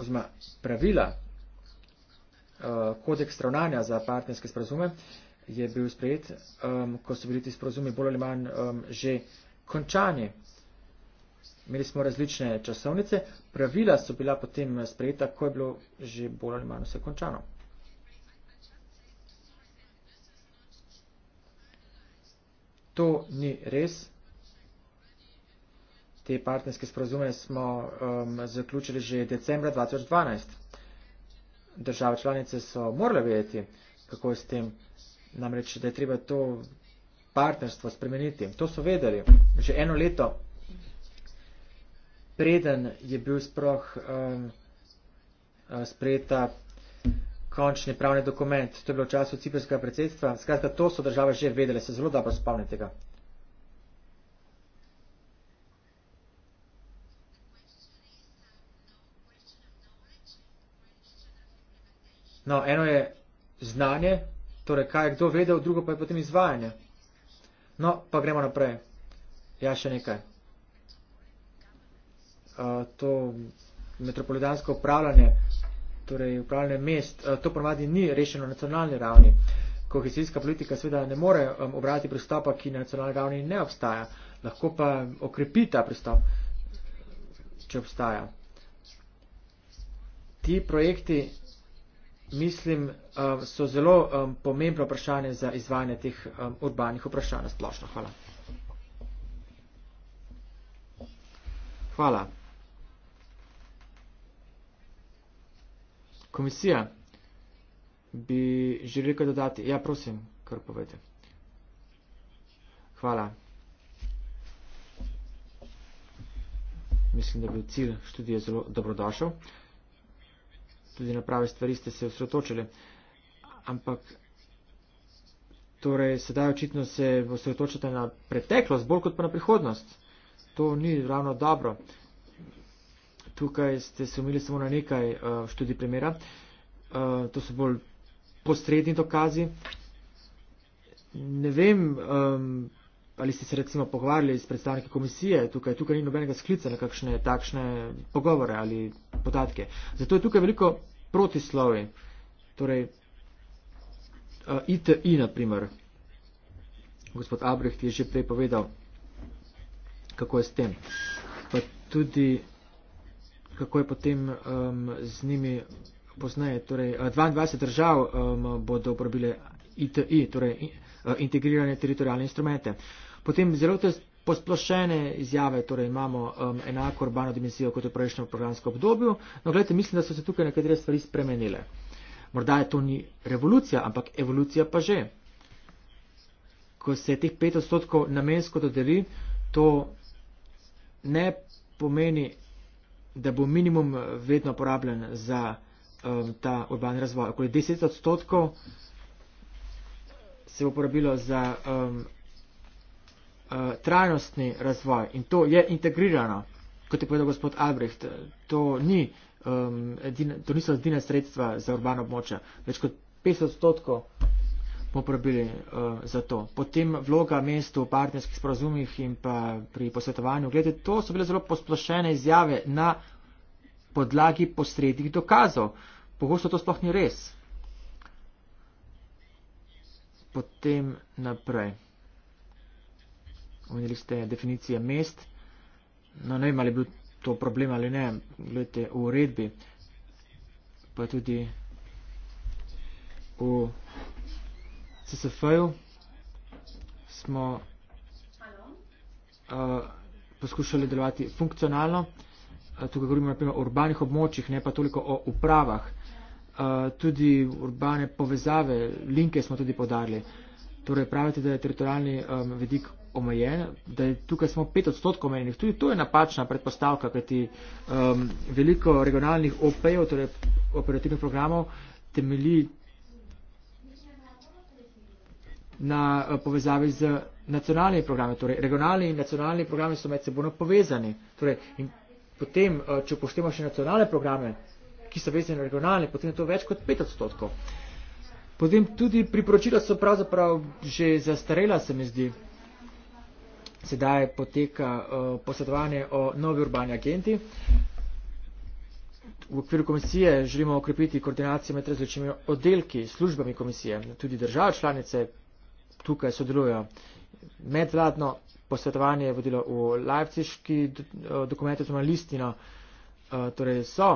oziroma pravila, eh, kodeks ravnanja za partnerske sprazume je bil sprejet, ko so bili ti sprazumi bolj ali manj že končani. Imeli smo različne časovnice, pravila so bila potem eh, sprejeta, ko je bilo že bolj ali manj vse končano. to ni res. Te partnerske sporozume smo um, zaključili že decembra 2012. Države članice so morale vedeti, kako je s tem, namreč, da je treba to partnerstvo spremeniti. To so vedeli že eno leto, preden je bil sproh um, uh, sprejeta končni pravni dokument. To je bilo v času ciprskega predsedstva. Skratka, to so države že vedele, se zelo dobro spomnite ga. No, eno je znanje, torej kaj je kdo vedel, drugo pa je potem izvajanje. No, pa gremo naprej. Ja, še nekaj. Uh, to metropolitansko upravljanje, torej upravljanje mest, eh, to ponavadi ni rešeno na nacionalni ravni. Kohezijska politika seveda ne more um, obrati pristopa, ki na nacionalni ravni ne obstaja, lahko pa okrepi ta pristop, če obstaja. Ti projekti, mislim, um, so zelo um, pomembno vprašanje za izvajanje teh um, urbanih vprašanj. Splošno hvala. Hvala. komisija, bi želeli kaj dodati? Ja, prosim, kar povete. Hvala. Mislim, da bi cilj študije zelo dobrodošel. Tudi na prave stvari ste se osredotočili. Ampak, torej, sedaj očitno se osredotočate na preteklost, bolj kot pa na prihodnost. To ni ravno dobro tukaj ste se umili samo na nekaj uh, študij primera. Uh, to so bolj posredni dokazi. Ne vem, um, ali ste se recimo pogovarjali s predstavniki komisije, tukaj, tukaj ni nobenega sklica na kakšne takšne pogovore ali podatke. Zato je tukaj veliko protislovi, torej uh, eh, ITI naprimer. Gospod Abreht je že prej povedal, kako je s tem. Pa tudi kako je potem um, z njimi poznaje. Torej, 22 eh, držav um, bodo uporabile ITI, torej eh, integrirane teritorijalne instrumente. Potem zelo te posplošene izjave, torej imamo um, enako urbano dimenzijo kot v prejšnjem programskem obdobju. No, gledajte, mislim, da so se tukaj nekatere stvari spremenile. Morda je to ni revolucija, ampak evolucija pa že. Ko se teh pet odstotkov namensko dodeli, to ne pomeni da bo minimum eh, vedno porabljen za um, ta urbani razvoj. Okoli 10 odstotkov se bo porabilo za um, uh, trajnostni razvoj in to je integrirano, kot je povedal gospod Albrecht. To, ni, um, edine, to niso edine sredstva za urbano območje. Več kot 50 odstotkov uporabili uh, eh, za to. Potem vloga mesta v partnerskih sporazumih in pa pri posvetovanju. Glede, to so bile zelo posplošene izjave na podlagi posrednih dokazov. Pogosto to sploh ni res. Potem naprej. Omenili ste definicije mest. No, ne vem, ali je bil to problem ali ne. Gledajte, v uredbi pa tudi v CSF-ju smo uh, poskušali delovati funkcionalno. Uh, tukaj govorimo naprimer o urbanih območjih, ne pa toliko o upravah. Uh, tudi urbane povezave, linke smo tudi podarili. Torej pravite, da je teritorijalni um, vedik omejen, da je tukaj samo 5 odstotkov omejenih. Tudi to je napačna predpostavka, kajti um, veliko regionalnih OP-jev, torej operativnih programov, temelji na eh, povezavi z nacionalnimi programi. Torej, regionalni in nacionalni programi so med seboj povezani. Torej, in potem, eh, če poštemo še nacionalne programe, ki so vezani na regionalne, potem je to več kot 5 odstotkov. Potem tudi priporočila so pravzaprav že zastarela, se mi zdi. Sedaj poteka uh, eh, posredovanje o novi urbani agenti. V okviru komisije želimo okrepiti koordinacijo med različnimi oddelki, službami komisije. Tudi države članice tukaj sodelujejo. Medvladno posvetovanje je vodilo v lajpciški eh, dokument, oziroma listino. Eh, torej so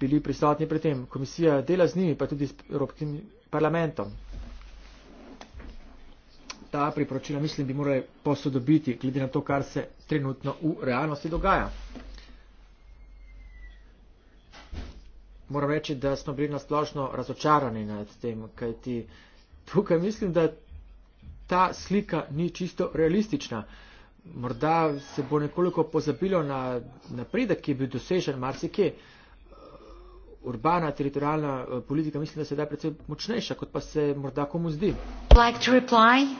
bili prisotni pri tem. Komisija dela z njimi, pa tudi s Evropskim parlamentom. Ta priporočila, mislim, bi morali posodobiti, glede na to, kar se trenutno v realnosti dogaja. Moram reči, da smo bili nasplošno razočarani nad tem, kaj ti tukaj mislim, da ta slika ni čisto realistična. Morda se bo nekoliko pozabilo na napredek, ki je bil dosežen marsikje. Urbana teritorijalna eh, politika mislim, da se da predvsem močnejša, kot pa se morda komu zdi. Like reply,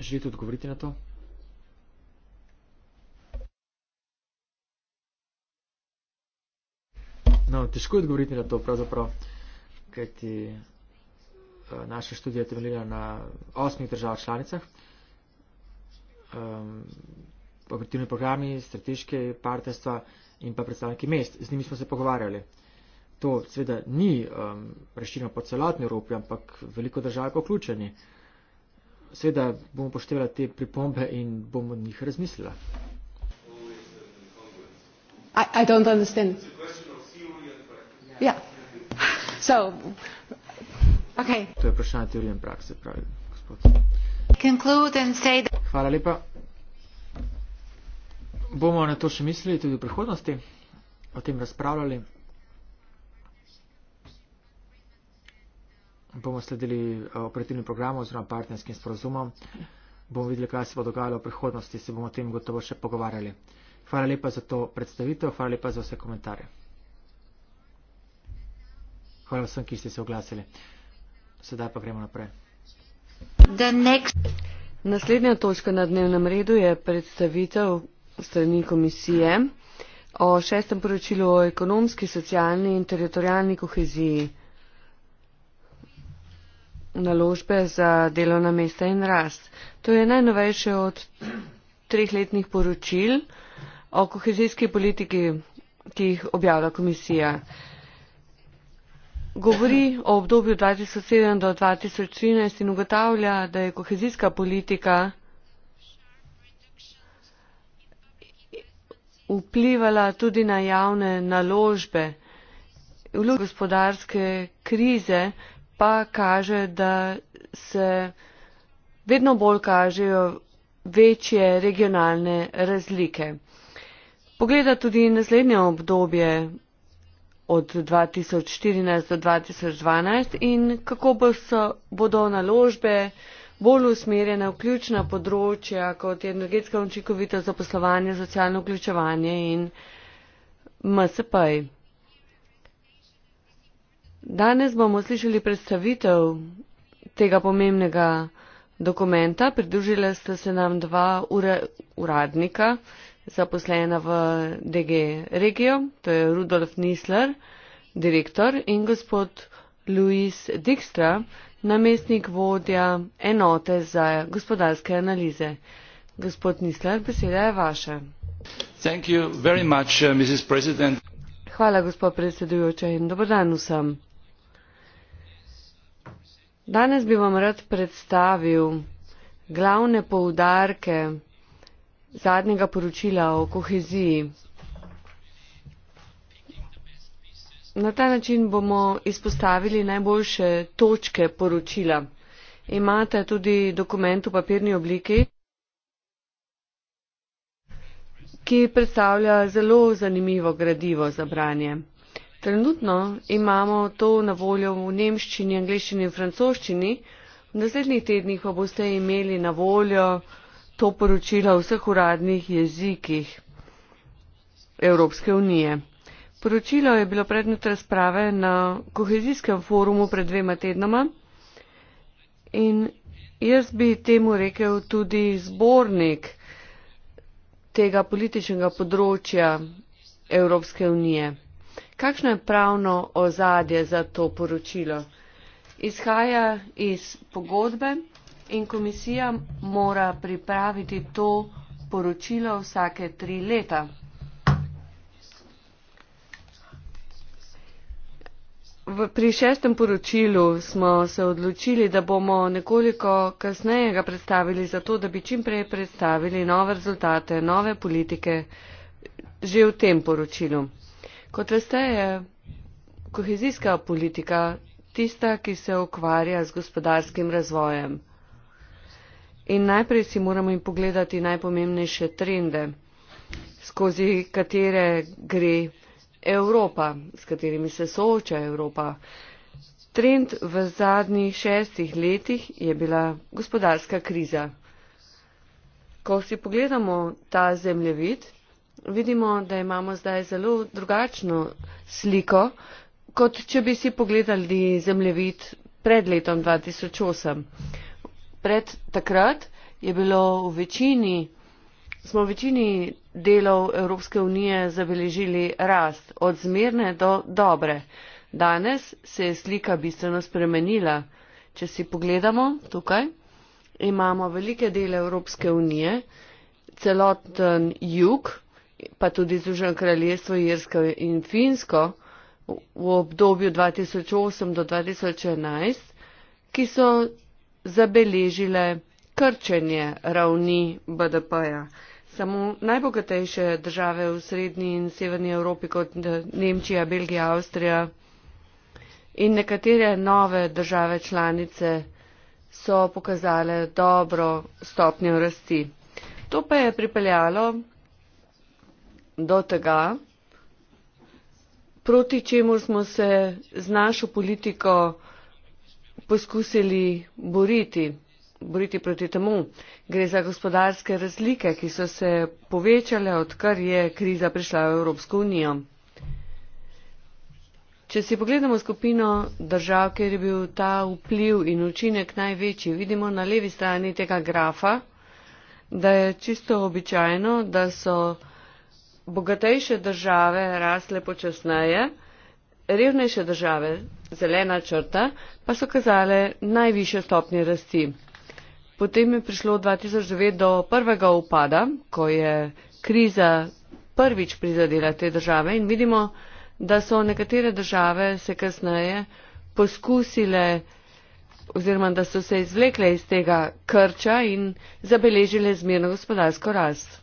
Želite odgovoriti na to? No, težko je odgovoriti na to, pravzaprav, kajti Eh, naša študija temeljila na osmih držav članicah. Um, operativni programi, strateške partnerstva in pa predstavniki mest. Z njimi smo se pogovarjali. To seveda ni um, rešitev po celotni Evropi, ampak veliko držav je vključeni. Seveda bomo poštevali te pripombe in bomo njih razmislili. I, I don't understand. It's a question of theory and practice. Yeah. yeah. So. Okay. To je vprašanje teorije in prakse, pravi gospod. Hvala lepa. Bomo na to še mislili tudi v prihodnosti, o tem razpravljali. Bomo sledili eh, operativnim programom oziroma partnerskim sporozumom. Bomo videli, kaj se bo dogajalo v prihodnosti, se bomo o tem gotovo še pogovarjali. Hvala lepa za to predstavitev, hvala lepa za vse komentarje. Hvala vsem, ki ste se oglasili. Sedaj pa gremo naprej. Naslednja točka na dnevnem redu je predstavitev strani komisije o šestem poročilu o ekonomski, socialni in teritorijalni koheziji naložbe za delovna mesta in rast. To je najnovejše od treh letnih poročil o kohezijski politiki, ki jih objavlja komisija. Uh, govori o obdobju 2007 do 2013 in ugotavlja, da je kohezijska politika vplivala tudi na javne naložbe. Vlog gospodarske krize pa kaže, da se vedno bolj kažejo večje regionalne razlike. Pogleda tudi naslednje obdobje od 2014 do 2012 in kako bo so, bodo naložbe bolj usmerjene v ključna področja, kot je energetska učinkovita zaposlovanje, socialno vključevanje in MSP. -ji. Danes bomo slišali predstavitev tega pomembnega dokumenta. Pridružile ste se nam dva ura, uradnika, zaposlena v DG Regio, to je Rudolf Nisler, direktor, in gospod Luis Dijkstra, namestnik vodja enote za gospodarske analize. Gospod Nisler, beseda je vaša. Much, uh, Hvala, gospod predsedujoča, in dobrodan vsem. Danes bi vam rad predstavil glavne poudarke zadnjega poročila o koheziji. Na ta način bomo izpostavili najboljše točke poročila. Imate tudi dokument v papirni obliki, ki predstavlja zelo zanimivo gradivo za branje. Trenutno imamo to na voljo v nemščini, angliščini in francoščini, v naslednjih tednih pa boste imeli na voljo to poročilo v vseh uradnih jezikih Evropske unije. Poročilo je bilo predmet razprave na kohezijskem forumu pred dvema tednoma in jaz bi temu rekel tudi zbornik tega političnega področja Evropske unije. Kakšno je pravno ozadje za to poročilo? Izhaja iz pogodbe in komisija mora pripraviti to poročilo vsake tri leta. V, pri šestem poročilu smo se odločili, da bomo nekoliko kasneje ga predstavili, zato da bi čimprej predstavili nove rezultate, nove politike že v tem poročilu. Kot veste, je kohezijska politika tista, ki se ukvarja z gospodarskim razvojem. In najprej si moramo in pogledati najpomembnejše trende, skozi katere gre Evropa, s katerimi se sooča Evropa. Trend v zadnjih šestih letih je bila gospodarska kriza. Ko si pogledamo ta zemljevid, vidimo, da imamo zdaj zelo drugačno sliko, kot če bi si pogledali zemljevid pred letom 2008 pred takrat je bilo v večini, smo v večini delov Evropske unije zabeležili rast od zmerne do dobre. Danes se je slika bistveno spremenila. Če si pogledamo tukaj, imamo velike dele Evropske unije, celoten jug, pa tudi Združeno kraljestvo, Jersko in Finsko v obdobju 2008 do 2011, ki so zabeležile krčenje ravni BDP-ja. Samo najbogatejše države v srednji in severni Evropi, kot Nemčija, Belgija, Avstrija in nekatere nove države članice so pokazale dobro stopnjo rasti. To pa je pripeljalo do tega, proti čemu smo se z našo politiko poskusili boriti, boriti proti temu. Gre za gospodarske razlike, ki so se povečale, odkar je kriza prišla v Evropsko unijo. Če si pogledamo skupino držav, kjer je bil ta vpliv in učinek največji, vidimo na levi strani tega grafa, da je čisto običajno, da so bogatejše države rasle počasneje revnejše države zelena črta pa so kazale najviše stopnje rasti. Potem je prišlo 2009 do prvega upada, ko je kriza prvič prizadela te države in vidimo, da so nekatere države se kasneje poskusile oziroma da so se izvlekle iz tega krča in zabeležile zmerno gospodarsko rast.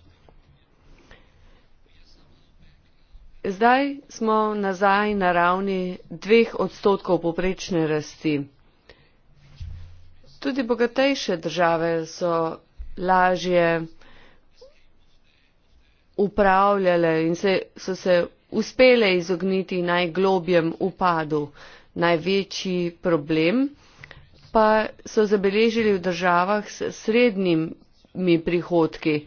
zdaj smo nazaj na ravni dveh odstotkov poprečne rasti. Tudi bogatejše države so lažje upravljale in se, so se uspele izogniti najglobjem upadu. Največji problem pa so zabeležili v državah s srednjimi prihodki.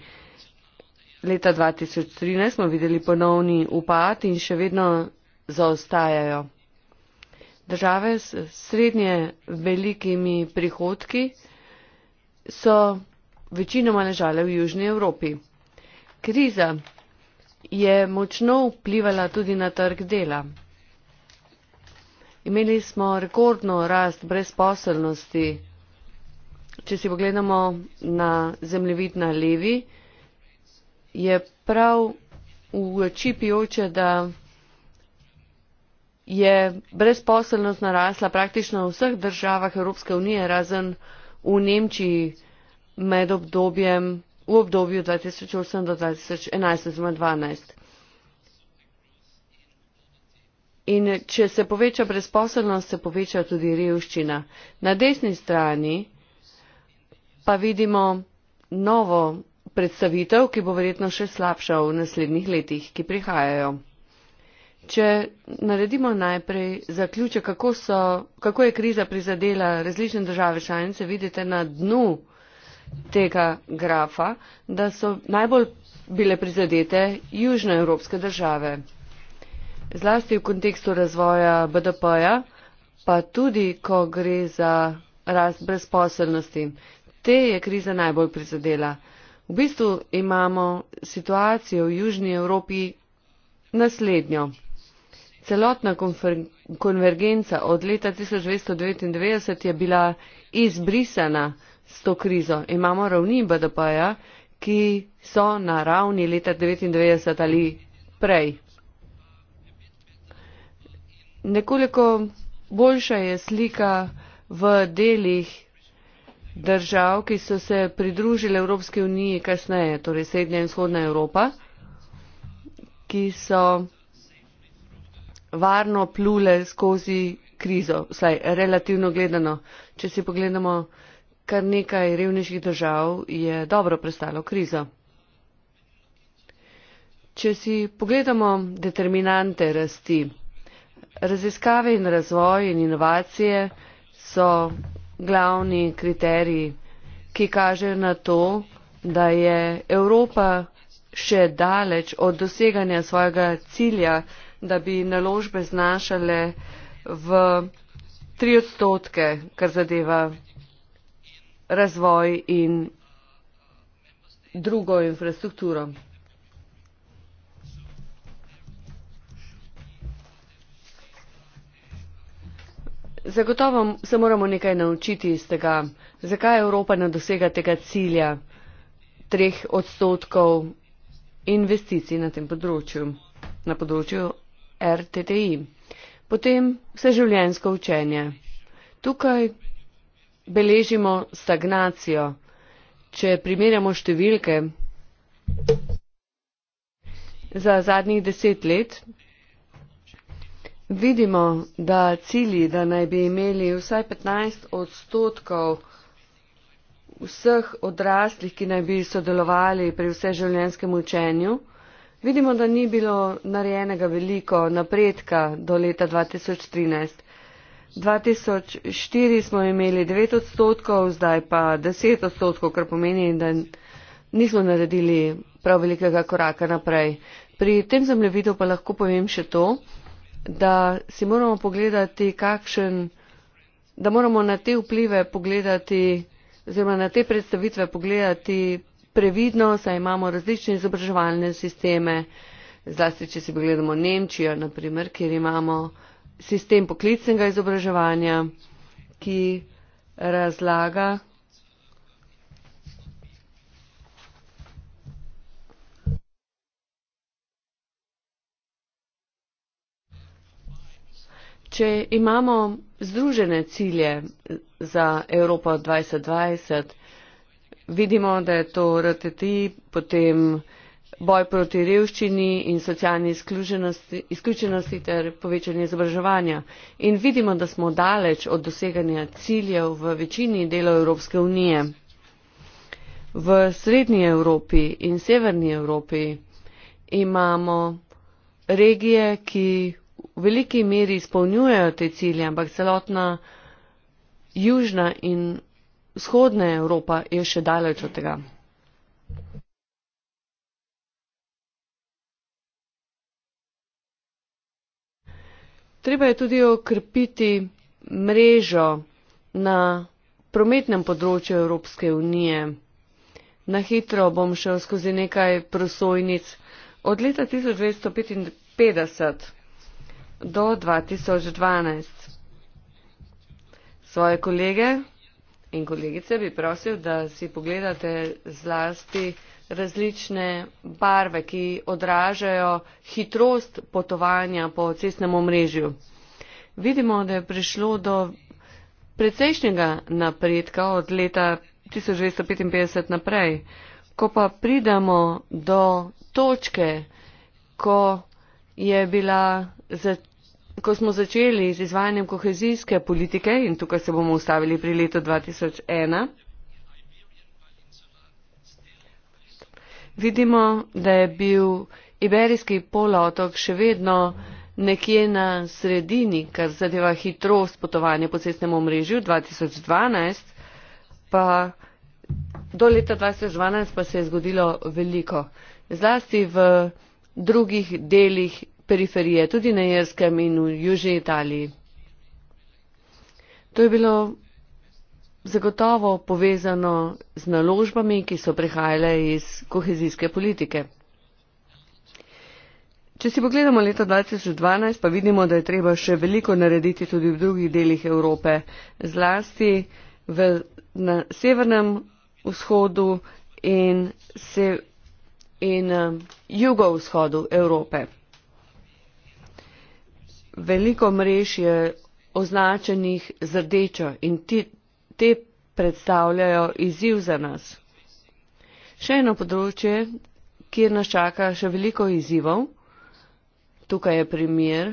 Leta 2013 smo videli ponovni upad in še vedno zaostajajo. Države s srednje velikimi prihodki so večinoma ležale v Južni Evropi. Kriza je močno vplivala tudi na trg dela. Imeli smo rekordno rast brezposelnosti. Če si pogledamo na zemljevid na levi, je prav v oči pijoče, da je brezposelnost narasla praktično v vseh državah Evropske unije, razen v Nemčiji med obdobjem v obdobju 2008 do 2011 In če se poveča brezposelnost, se poveča tudi revščina. Na desni strani pa vidimo novo predstavitev, ki bo verjetno še slabša v naslednjih letih, ki prihajajo. Če naredimo najprej zaključek, kako, so, kako je kriza prizadela različne države članice, vidite na dnu tega grafa, da so najbolj bile prizadete južnoevropske države. Zlasti v kontekstu razvoja BDP-ja, pa tudi, ko gre za rast brezposelnosti. Te je kriza najbolj prizadela. V bistvu imamo situacijo v Južni Evropi naslednjo. Celotna konvergenca od leta 1999 je bila izbrisana s to krizo. Imamo ravni BDP-ja, ki so na ravni leta 1999 ali prej. Nekoliko boljša je slika v delih držav, ki so se pridružile Evropske unije kasneje, torej Srednja in Vzhodna Evropa, ki so varno plule skozi krizo, vsaj relativno gledano. Če si pogledamo, kar nekaj revnejših držav je dobro prestalo krizo. Če si pogledamo determinante rasti, raziskave in razvoj in inovacije so glavni kriteriji, ki kažejo na to, da je Evropa še daleč od doseganja svojega cilja, da bi naložbe znašale v tri odstotke, kar zadeva razvoj in drugo infrastrukturo. Zagotovo se moramo nekaj naučiti iz tega, zakaj Evropa ne dosega tega cilja treh odstotkov investicij na tem področju, na področju RTTI. Potem vse življensko učenje. Tukaj beležimo stagnacijo. Če primerjamo številke, za zadnjih deset let Vidimo, da cilji, da naj bi imeli vsaj 15 odstotkov vseh odraslih, ki naj bi sodelovali pri vseživljenjskem učenju, vidimo, da ni bilo narejenega veliko napredka do leta 2013. 2004 smo imeli 9 odstotkov, zdaj pa 10 odstotkov, kar pomeni, da nismo naredili prav velikega koraka naprej. Pri tem zemljevidu pa lahko povem še to, da si moramo pogledati, kakšen, da moramo na te vplive pogledati, oziroma na te predstavitve pogledati previdno, saj imamo različne izobraževalne sisteme, zlasti če si pogledamo Nemčijo, naprimer, kjer imamo sistem poklicnega izobraževanja, ki razlaga Če imamo združene cilje za Evropo 2020, vidimo, da je to RTTI, potem boj proti revščini in socialni izključenosti, izključenosti ter povečanje izobraževanja. In vidimo, da smo daleč od doseganja ciljev v večini delov Evropske unije. V srednji Evropi in severni Evropi imamo regije, ki v veliki meri izpolnjujejo te cilje, ampak celotna južna in vzhodna Evropa je še daleč od tega. Treba je tudi okrepiti mrežo na prometnem področju Evropske unije. Na hitro bom šel skozi nekaj prosojnic. Od leta 1955 do 2012. Svoje kolege in kolegice bi prosil, da si pogledate zlasti različne barve, ki odražajo hitrost potovanja po cestnem omrežju. Vidimo, da je prišlo do precejšnjega napredka od leta 1955 naprej. Ko pa pridemo do točke, ko je bila začetka, ko smo začeli z izvajanjem kohezijske politike in tukaj se bomo ustavili pri letu 2001, vidimo, da je bil Iberijski polotok še vedno nekje na sredini, kar zadeva hitrost potovanja po cestnem omrežju 2012, pa do leta 2012 pa se je zgodilo veliko. Zlasti v drugih delih periferije, tudi na Jerskem in v Južni Italiji. To je bilo zagotovo povezano z naložbami, ki so prihajale iz kohezijske politike. Če si pogledamo leto 2012, pa vidimo, da je treba še veliko narediti tudi v drugih delih Evrope, zlasti v, na severnem vzhodu in, se, in uh, jugovzhodu Evrope veliko mrež je označenih z rdečo in ti, te predstavljajo izziv za nas. Še eno področje, kjer nas čaka še veliko izzivov, tukaj je primer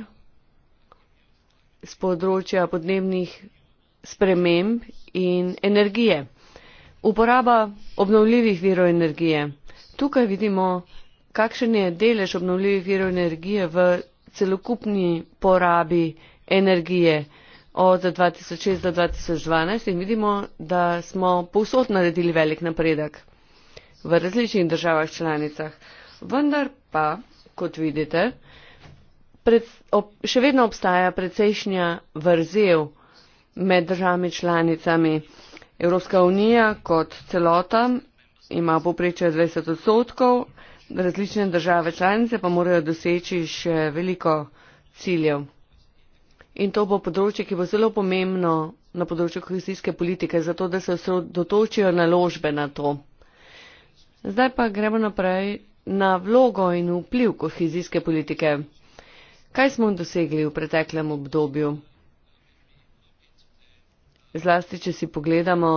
z področja podnebnih sprememb in energije. Uporaba obnovljivih virov energije. Tukaj vidimo, kakšen je delež obnovljivih virov energije v celokupni porabi energije od 2006 do 2012 in vidimo, da smo povsod naredili velik napredek v različnih državah članicah. Vendar pa, kot vidite, pred, ob, še vedno obstaja precejšnja vrzel med državami članicami. Evropska unija kot celota ima poprečje 20 odstotkov, različne države članice pa morajo doseči še veliko ciljev. In to bo področje, ki bo zelo pomembno na področju kohezijske politike, zato da se osredotočijo naložbe na to. Zdaj pa gremo naprej na vlogo in vpliv kohezijske politike. Kaj smo dosegli v preteklem obdobju? Zlasti, če si pogledamo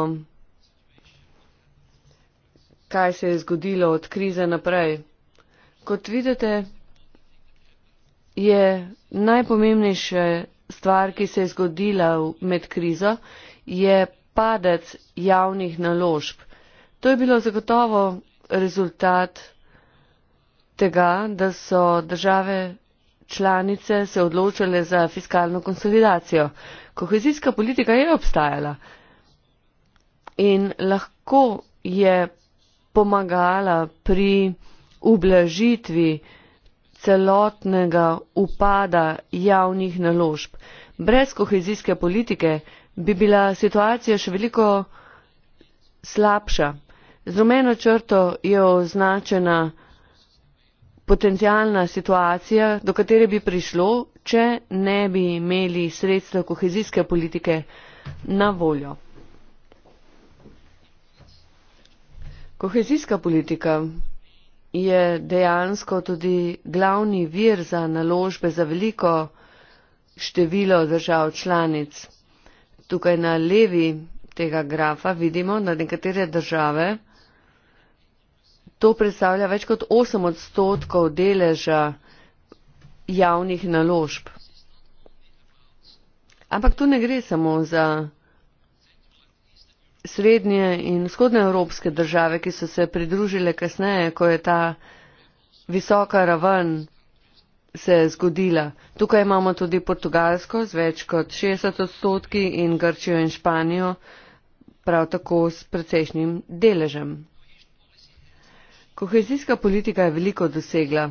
kaj se je zgodilo od krize naprej. Kot vidite, je najpomembnejša stvar, ki se je zgodila med krizo, je padec javnih naložb. To je bilo zagotovo rezultat tega, da so države članice se odločile za fiskalno konsolidacijo. Kohezijska politika je obstajala in lahko je pomagala pri ublažitvi celotnega upada javnih naložb. Brez kohezijske politike bi bila situacija še veliko slabša. Z rumeno črto je označena potencijalna situacija, do katere bi prišlo, če ne bi imeli sredstva kohezijske politike na voljo. Kohezijska politika je dejansko tudi glavni vir za naložbe za veliko število držav članic. Tukaj na levi tega grafa vidimo, da nekatere države to predstavlja več kot 8 odstotkov deleža javnih naložb. Ampak tu ne gre samo za srednje in vzhodnoevropske države, ki so se pridružile kasneje, ko je ta visoka raven se zgodila. Tukaj imamo tudi Portugalsko z več kot 60 odstotki in Grčijo in Španijo prav tako s precejšnjim deležem. Kohezijska politika je veliko dosegla.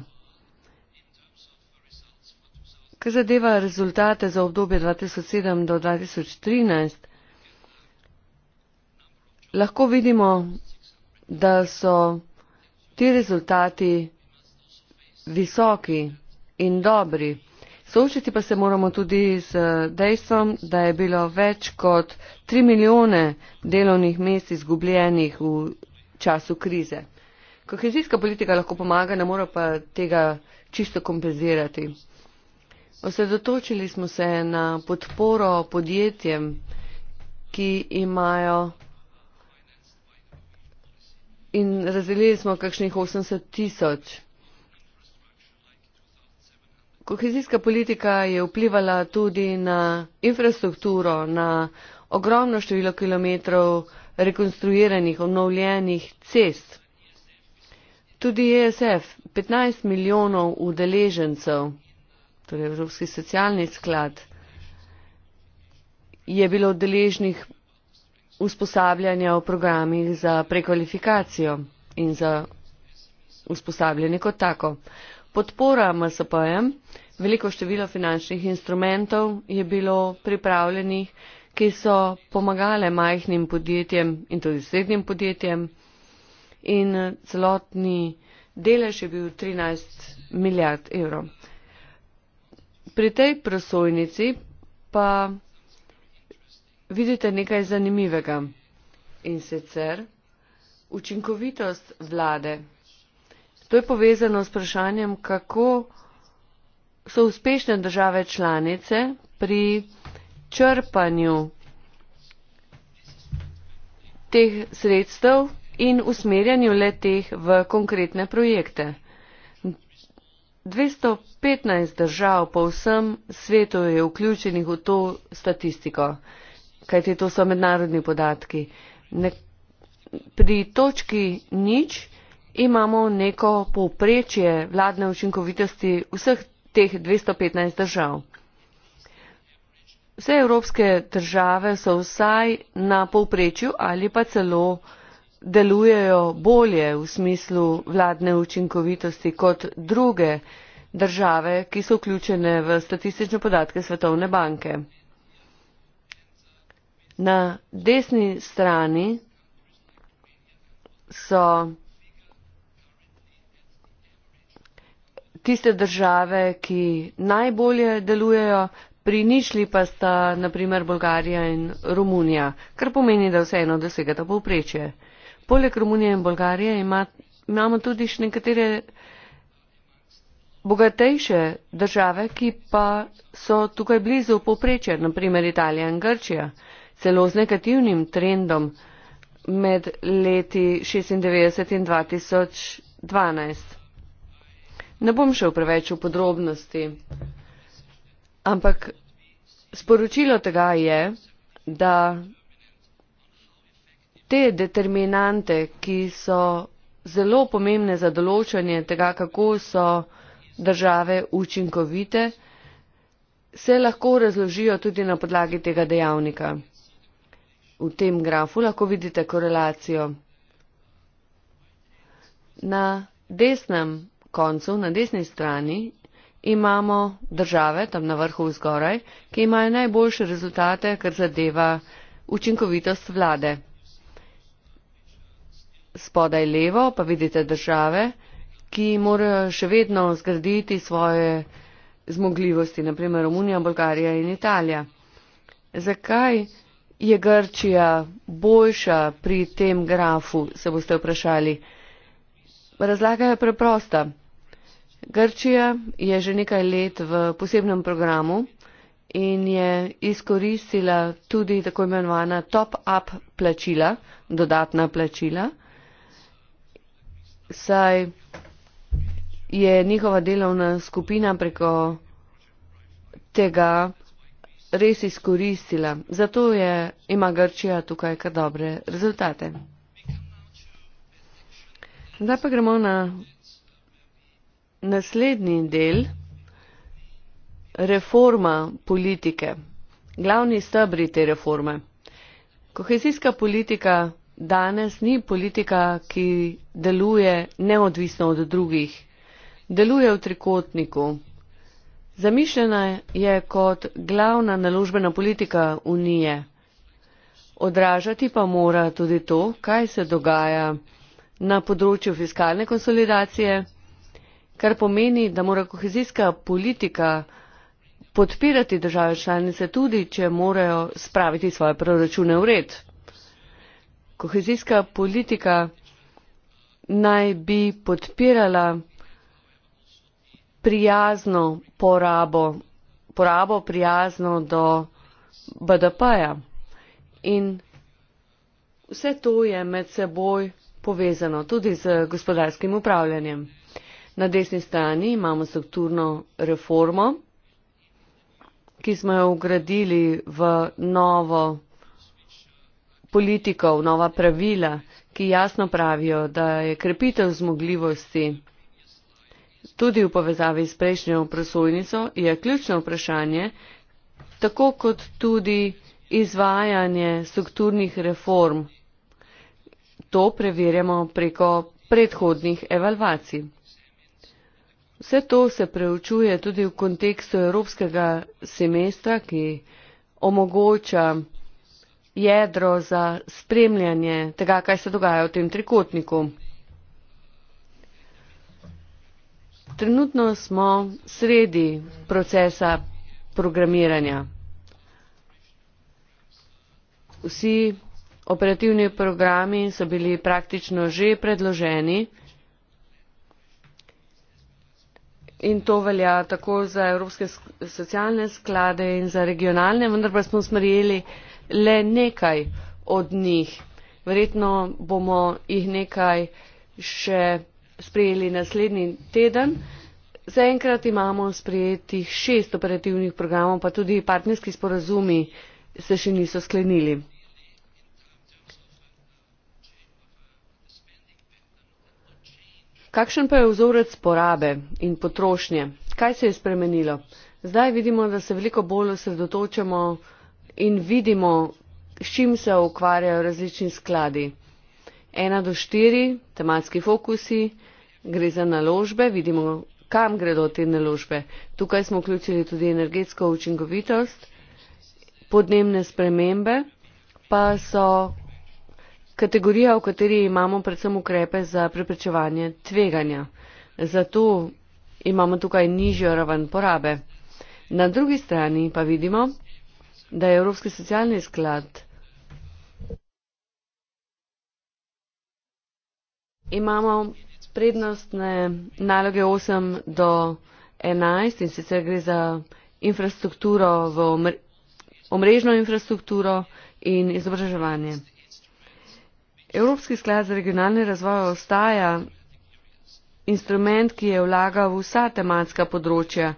Kar zadeva rezultate za obdobje 2007 do 2013, lahko vidimo, da so ti rezultati visoki in dobri. Soočiti pa se moramo tudi z eh, dejstvom, da je bilo več kot 3 milijone delovnih mest izgubljenih v času krize. Kohezijska politika lahko pomaga, ne mora pa tega čisto kompenzirati. Osredotočili smo se na podporo podjetjem, ki imajo in razdelili smo kakšnih 80 tisoč. Kohezijska politika je vplivala tudi na infrastrukturo, na ogromno število kilometrov rekonstruiranih, obnovljenih cest. Tudi ESF, 15 milijonov udeležencev, torej Evropski socialni sklad, je bilo udeležnih usposabljanja v programih za prekvalifikacijo in za usposabljanje kot tako. Podpora MSP-jem, veliko število finančnih instrumentov je bilo pripravljenih, ki so pomagale majhnim podjetjem in tudi srednjim podjetjem in celotni delež je bil 13 milijard evrov. Pri tej prosojnici pa vidite nekaj zanimivega in sicer učinkovitost vlade. To je povezano s vprašanjem, kako so uspešne države članice pri črpanju teh sredstev in usmerjanju letih v konkretne projekte. 215 držav po vsem svetu je vključenih v to statistiko kajti to so mednarodni podatki. Ne, pri točki nič imamo neko povprečje vladne učinkovitosti vseh teh 215 držav. Vse evropske države so vsaj na povprečju ali pa celo delujejo bolje v smislu vladne učinkovitosti kot druge države, ki so vključene v statistične podatke Svetovne banke na desni strani so tiste države, ki najbolje delujejo, pri ničli pa sta naprimer Bolgarija in Romunija, kar pomeni, da vseeno dosegata povprečje. Poleg Romunije in Bolgarije ima, imamo tudi še nekatere bogatejše države, ki pa so tukaj blizu povprečja, naprimer Italija in Grčija celo z negativnim trendom med leti 96 in 2012. Ne bom šel preveč v podrobnosti, ampak sporočilo tega je, da te determinante, ki so zelo pomembne za določanje tega, kako so države učinkovite, se lahko razložijo tudi na podlagi tega dejavnika v tem grafu lahko vidite korelacijo. Na desnem koncu, na desni strani imamo države, tam na vrhu vzgoraj, ki imajo najboljše rezultate, kar zadeva učinkovitost vlade. Spodaj levo pa vidite države, ki morajo še vedno zgraditi svoje zmogljivosti, naprimer Romunija, Bolgarija in Italija. Zakaj? je Grčija boljša pri tem grafu, se boste vprašali. Razlaga je preprosta. Grčija je že nekaj let v posebnem programu in je izkoristila tudi tako imenovana top-up plačila, dodatna plačila, saj je njihova delovna skupina preko tega res izkoristila. Zato je, ima Grčija tukaj kar dobre rezultate. Zdaj pa gremo na naslednji del. Reforma politike. Glavni stabri te reforme. Kohezijska politika danes ni politika, ki deluje neodvisno od drugih. Deluje v trikotniku. Zamišljena je kot glavna naložbena politika unije. Odražati pa mora tudi to, kaj se dogaja na področju fiskalne konsolidacije, kar pomeni, da mora kohezijska politika podpirati države članice tudi, če morajo spraviti svoje proračune v red. Kohezijska politika naj bi podpirala prijazno porabo, porabo prijazno do BDP-ja. In vse to je med seboj povezano tudi z gospodarskim upravljanjem. Na desni strani imamo strukturno reformo, ki smo jo ugradili v novo politiko, v nova pravila, ki jasno pravijo, da je krepitev zmogljivosti tudi v povezavi s prejšnjo prosojnico, je ključno vprašanje, tako kot tudi izvajanje strukturnih reform. To preverjamo preko predhodnih evalvacij. Vse to se preučuje tudi v kontekstu evropskega semestra, ki omogoča jedro za spremljanje tega, kaj se dogaja v tem trikotniku. Trenutno smo sredi procesa programiranja. Vsi operativni programi so bili praktično že predloženi in to velja tako za evropske socialne sklade in za regionalne, vendar pa smo smrjeli le nekaj od njih. Verjetno bomo jih nekaj še sprejeli naslednji teden. Zaenkrat imamo sprejetih šest operativnih programov, pa tudi partnerski sporazumi se še niso sklenili. Kakšen pa je vzorec porabe in potrošnje? Kaj se je spremenilo? Zdaj vidimo, da se veliko bolj osredotočamo in vidimo, s čim se ukvarjajo različni skladi. 1 do 4, tematski fokusi, gre za naložbe, vidimo, kam gredo te naložbe. Tukaj smo vključili tudi energetsko učinkovitost, podnebne spremembe pa so kategorija, v kateri imamo predvsem ukrepe za preprečevanje tveganja. Zato imamo tukaj nižjo raven porabe. Na drugi strani pa vidimo, da je Evropski socialni sklad imamo prednostne naloge 8 do 11 in sicer gre za infrastrukturo v omrežno infrastrukturo in izobraževanje. Evropski sklad za regionalni razvoj ostaja instrument, ki je vlagal v vsa tematska področja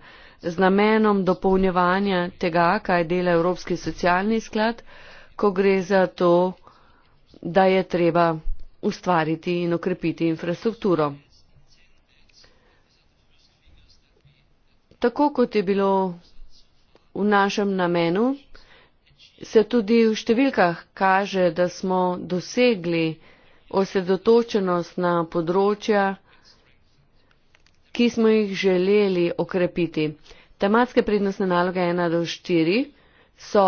z namenom dopolnjevanja tega, kaj dela Evropski socialni sklad, ko gre za to, da je treba ustvariti in okrepiti infrastrukturo. Tako kot je bilo v našem namenu, se tudi v številkah kaže, da smo dosegli osredotočenost na področja, ki smo jih želeli okrepiti. Tematske prednostne naloge 1 do 4 so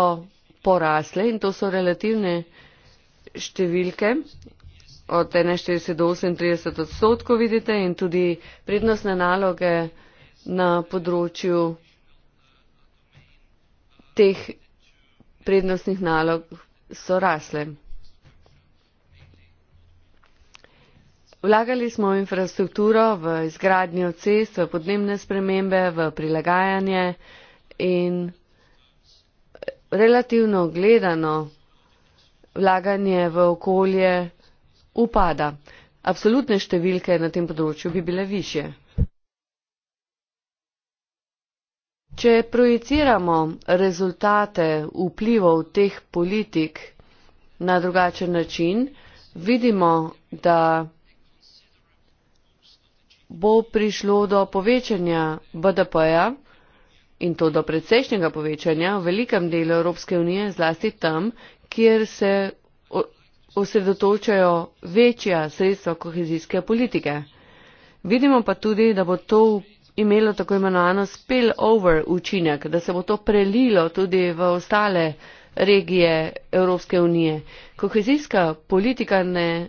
porasle in to so relativne številke od 41 do 38 odstotkov vidite in tudi prednostne naloge na področju teh prednostnih nalog so rasle. Vlagali smo v infrastrukturo, v izgradnjo cest, v podnebne spremembe, v prilagajanje in relativno gledano vlaganje v okolje upada absolutne številke na tem področju bi bile višje če projiciramo rezultate vplivov teh politik na drugačen način vidimo da bo prišlo do povečanja BDP-ja in to do precejšnjega povečanja v velikem delu Evropske unije, zlasti tam, kjer se osredotočajo večja sredstva kohezijske politike. Vidimo pa tudi, da bo to imelo tako imenovano spillover učinek, da se bo to prelilo tudi v ostale regije Evropske unije. Kohezijska politika ne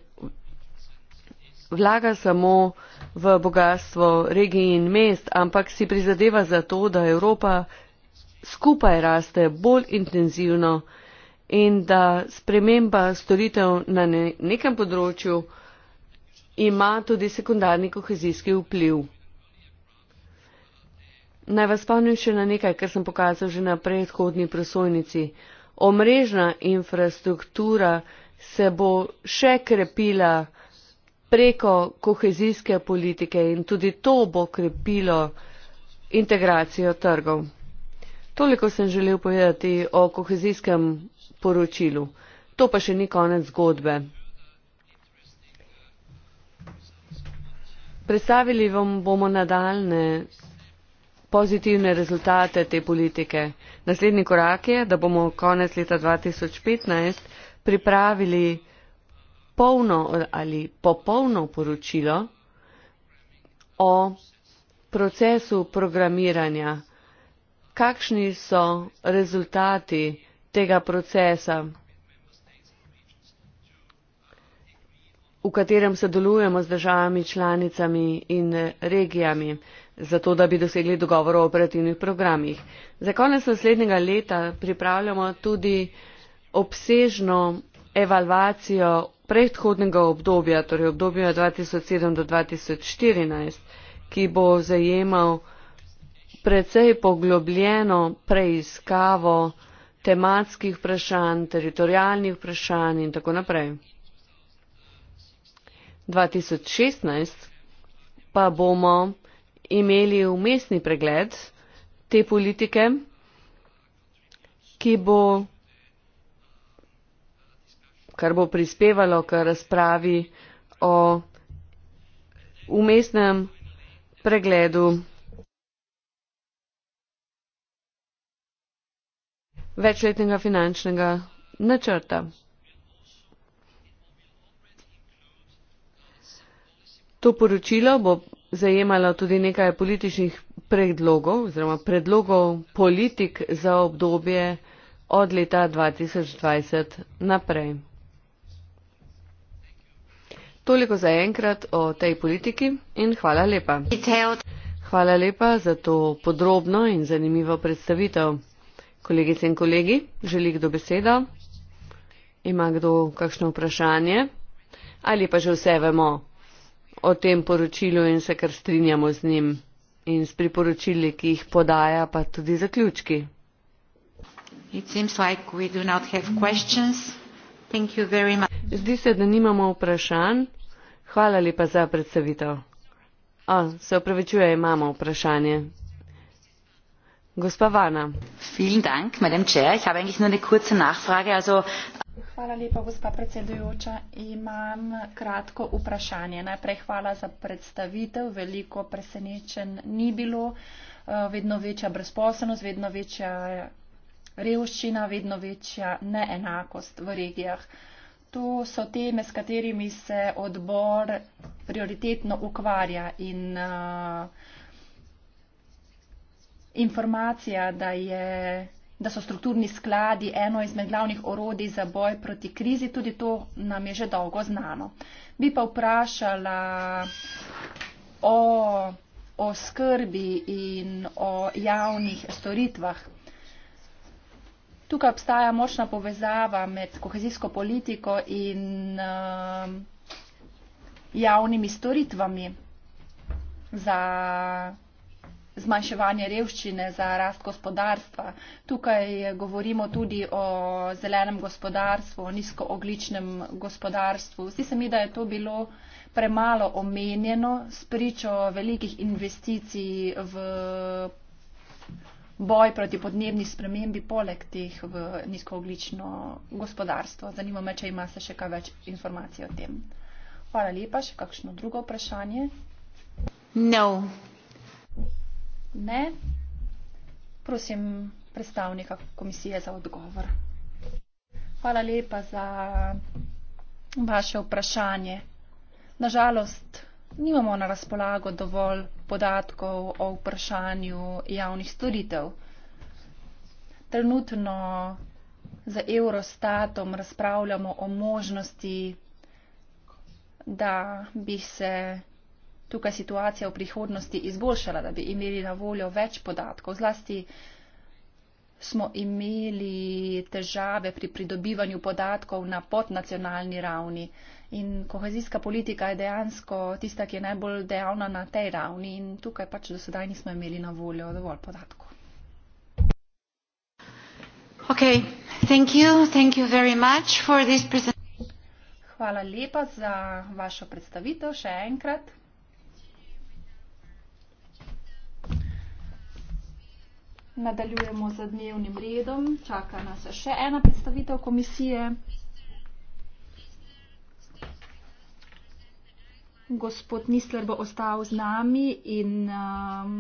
vlaga samo v bogatstvo regij in mest, ampak si prizadeva za to, da Evropa skupaj raste bolj intenzivno in da sprememba storitev na nekem področju ima tudi sekundarni kohezijski vpliv. Naj vas spomnim še na nekaj, kar sem pokazal že na predhodni prosojnici. Omrežna infrastruktura se bo še krepila preko kohezijske politike in tudi to bo krepilo integracijo trgov. Toliko sem želel povedati o kohezijskem poročilu. To pa še ni konec zgodbe. Predstavili vam bomo nadaljne pozitivne rezultate te politike. Naslednji korak je, da bomo konec leta 2015 pripravili polno ali popolno poročilo o procesu programiranja, kakšni so rezultati tega procesa, v katerem sodelujemo z državami, članicami in regijami, zato da bi dosegli dogovor o operativnih programih. Za konec naslednjega leta pripravljamo tudi obsežno evalvacijo predhodnega obdobja, torej obdobja 2007 do 2014, ki bo zajemal precej poglobljeno preiskavo tematskih vprašanj, teritorijalnih vprašanj in tako naprej. 2016 pa bomo imeli umestni pregled te politike, ki bo, kar bo prispevalo k razpravi o umestnem pregledu večletnega finančnega načrta. To poročilo bo zajemalo tudi nekaj političnih predlogov oziroma predlogov politik za obdobje od leta 2020 naprej. Toliko za enkrat o tej politiki in hvala lepa. Hvala lepa za to podrobno in zanimivo predstavitev. Kolegice in kolegi, želi kdo besedo? Ima kdo kakšno vprašanje? Ali pa že vse vemo o tem poročilu in se kar strinjamo z njim in s priporočili, ki jih podaja, pa tudi zaključki? Zdi se, da nimamo vprašanj. Hvala lepa za predstavitev. O, se opravičuje, imamo vprašanje imam kratko vprašanje. najprej hvala za predstavitev veliko presenečenj ni bilo eh, vedno večja brezposelnost vedno večja revščina vedno večja neenakost v regijah. To so teme, s katerimi se odbor prioritetno ukvarja in uh, informacija, da, je, da so strukturni skladi eno izmed glavnih orodij za boj proti krizi, tudi to nam je že dolgo znano. Bi pa vprašala o, o skrbi in o javnih storitvah. Tukaj obstaja močna povezava med kohezijsko politiko in uh, javnimi storitvami za zmanjševanje revščine, za rast gospodarstva. Tukaj govorimo tudi o zelenem gospodarstvu, o nizkoogličnem gospodarstvu. Zdi se mi, da je to bilo premalo omenjeno s pričo velikih investicij v boj proti podnebni spremembi, poleg teh v nizkooglično gospodarstvo. Zanima me, če imate še kaj več informacij o tem. Hvala lepa, še kakšno drugo vprašanje? No. Ne. Prosim predstavnika komisije za odgovor. Hvala lepa za vaše vprašanje. Nažalost, nimamo na razpolago dovolj podatkov o vprašanju javnih storitev. Trenutno za Eurostatom razpravljamo o možnosti, da bi se tukaj situacija v prihodnosti izboljšala, da bi imeli na voljo več podatkov. Zlasti smo imeli težave pri pridobivanju podatkov na podnacionalni ravni. In kohezijska politika je dejansko tista, ki je najbolj dejavna na tej ravni in tukaj pač do sedaj nismo imeli na voljo dovolj podatkov. Okay. Thank you. Thank you very much for this Hvala lepa za vašo predstavitev še enkrat. Nadaljujemo z dnevnim redom. Čaka nas še ena predstavitev komisije. Gospod Nisler bo ostal z nami in um,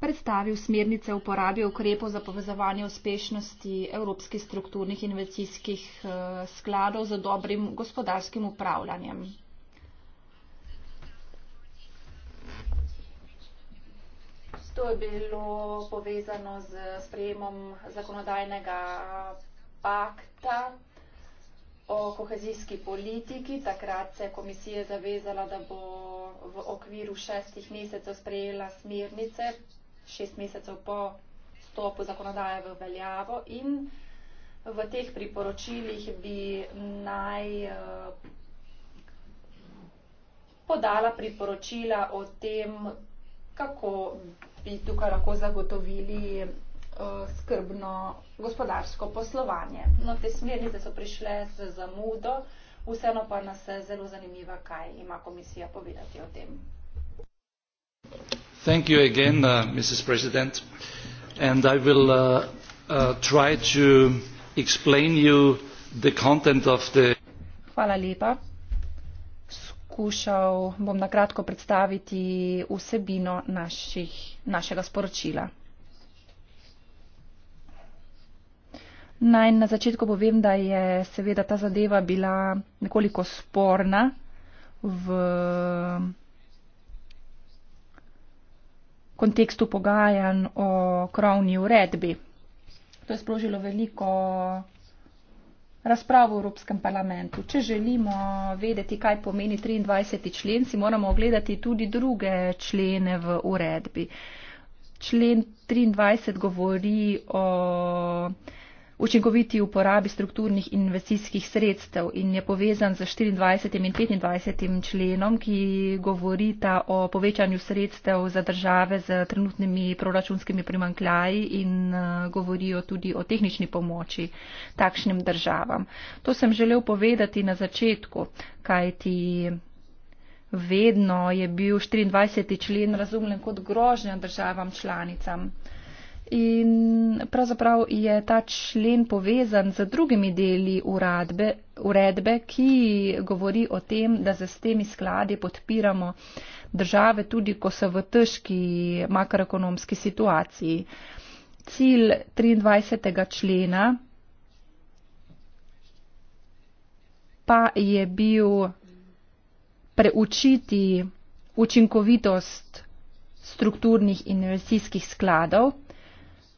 predstavil smernice uporabe ukrepov za povezovanje uspešnosti evropskih strukturnih investicijskih uh, skladov z dobrim gospodarskim upravljanjem. To je bilo povezano z sprejemom zakonodajnega pakta o kohezijski politiki. Takrat se je komisija zavezala, da bo v okviru šestih mesecev sprejela smernice, šest mesecev po stopu zakonodaje v veljavo in v teh priporočilih bi naj eh, podala priporočila o tem, kako bi tukaj lahko zagotovili uh, skrbno gospodarsko poslovanje. No, te smernice so prišle z zamudo, vseeno pa nas je zelo zanimiva, kaj ima komisija povedati o tem. Thank you again, uh, Mrs. President. And I will uh, uh, try to explain you the content of the. Hvala lepa, poskušal bom na kratko predstaviti vsebino naših, našega sporočila. Naj na začetku povem, da je seveda ta zadeva bila nekoliko sporna v kontekstu pogajanj o krovni uredbi. To je sprožilo veliko razpravo v Evropskem parlamentu. Če želimo vedeti, kaj pomeni 23. člen, si moramo ogledati tudi druge člene v uredbi. Člen 23 govori o učinkoviti uporabi strukturnih investicijskih sredstev in je povezan z 24. in 25. členom, ki govorita o povečanju sredstev za države z trenutnimi proračunskimi primankljaji in eh, govorijo tudi o tehnični pomoči takšnim državam. To sem želel povedati na začetku, kajti. Vedno je bil 24. člen razumljen kot grožnja državam članicam in pravzaprav je ta člen povezan z drugimi deli uradbe, uredbe, ki govori o tem, da se s temi skladi podpiramo države tudi, ko so v težki makroekonomski situaciji. Cilj 23. člena pa je bil preučiti učinkovitost strukturnih investicijskih skladov,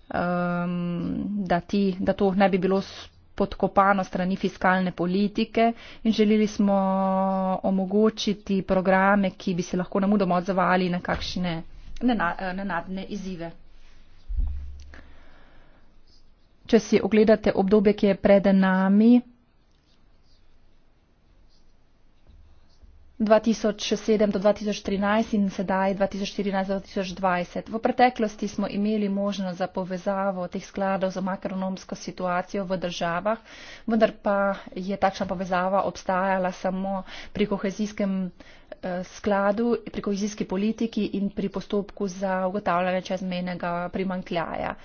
um, da, ti, da to ne bi bilo podkopano strani fiskalne politike in želeli smo omogočiti programe, ki bi se lahko namudoma odzvali na kakšne nenadne izzive. Če si ogledate obdobje, ki je pred nami, 2007 do 2013 in sedaj 2014 do 2020. V preteklosti smo imeli možnost za povezavo teh skladov z makronomsko situacijo v državah, vendar pa je takšna povezava obstajala samo pri kohezijskem eh, skladu, pri kohezijski politiki in pri postopku za ugotavljanje čezmenega primankljaja.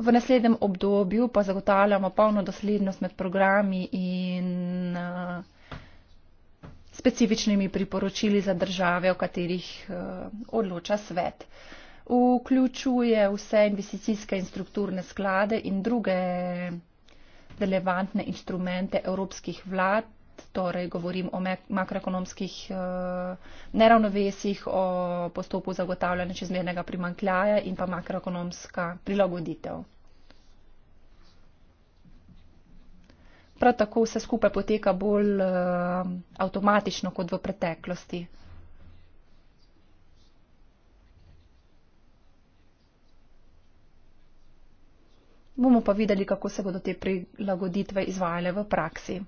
V naslednjem obdobju pa zagotavljamo polno doslednost med programi in eh, specifičnimi priporočili za države, o katerih eh, odloča svet. Vključuje vse investicijske in strukturne sklade in druge relevantne instrumente evropskih vlad, torej govorim o makroekonomskih eh, neravnovesjih, o postopku zagotavljanja čezmernega primankljaja in pa makroekonomska prilagoditev. prav tako vse skupaj poteka bolj uh, avtomatično kot v preteklosti. Bomo pa videli, kako se bodo te prilagoditve izvajale v praksi.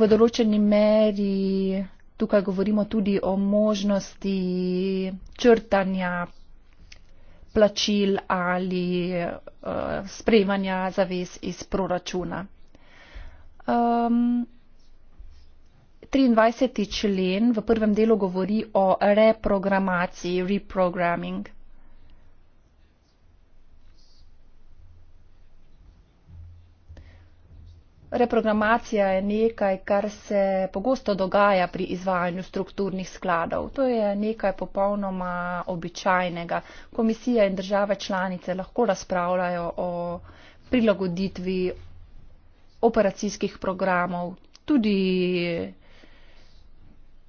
V določeni meri Tukaj govorimo tudi o možnosti črtanja plačil ali uh, eh, sprejmanja zavez iz proračuna. Um, 23. člen v prvem delu govori o reprogramaciji, reprogramming. Reprogramacija je nekaj, kar se pogosto dogaja pri izvajanju strukturnih skladov. To je nekaj popolnoma običajnega. Komisija in države članice lahko razpravljajo o prilagoditvi operacijskih programov, tudi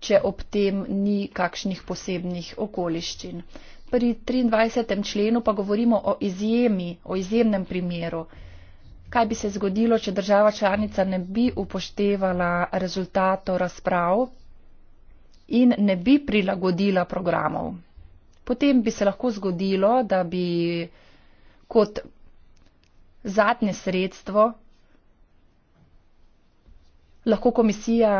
če ob tem ni kakšnih posebnih okoliščin. Pri 23. členu pa govorimo o izjemi, o izjemnem primeru kaj bi se zgodilo, če država članica ne bi upoštevala rezultatov razprav in ne bi prilagodila programov. Potem bi se lahko zgodilo, da bi kot zadnje sredstvo lahko komisija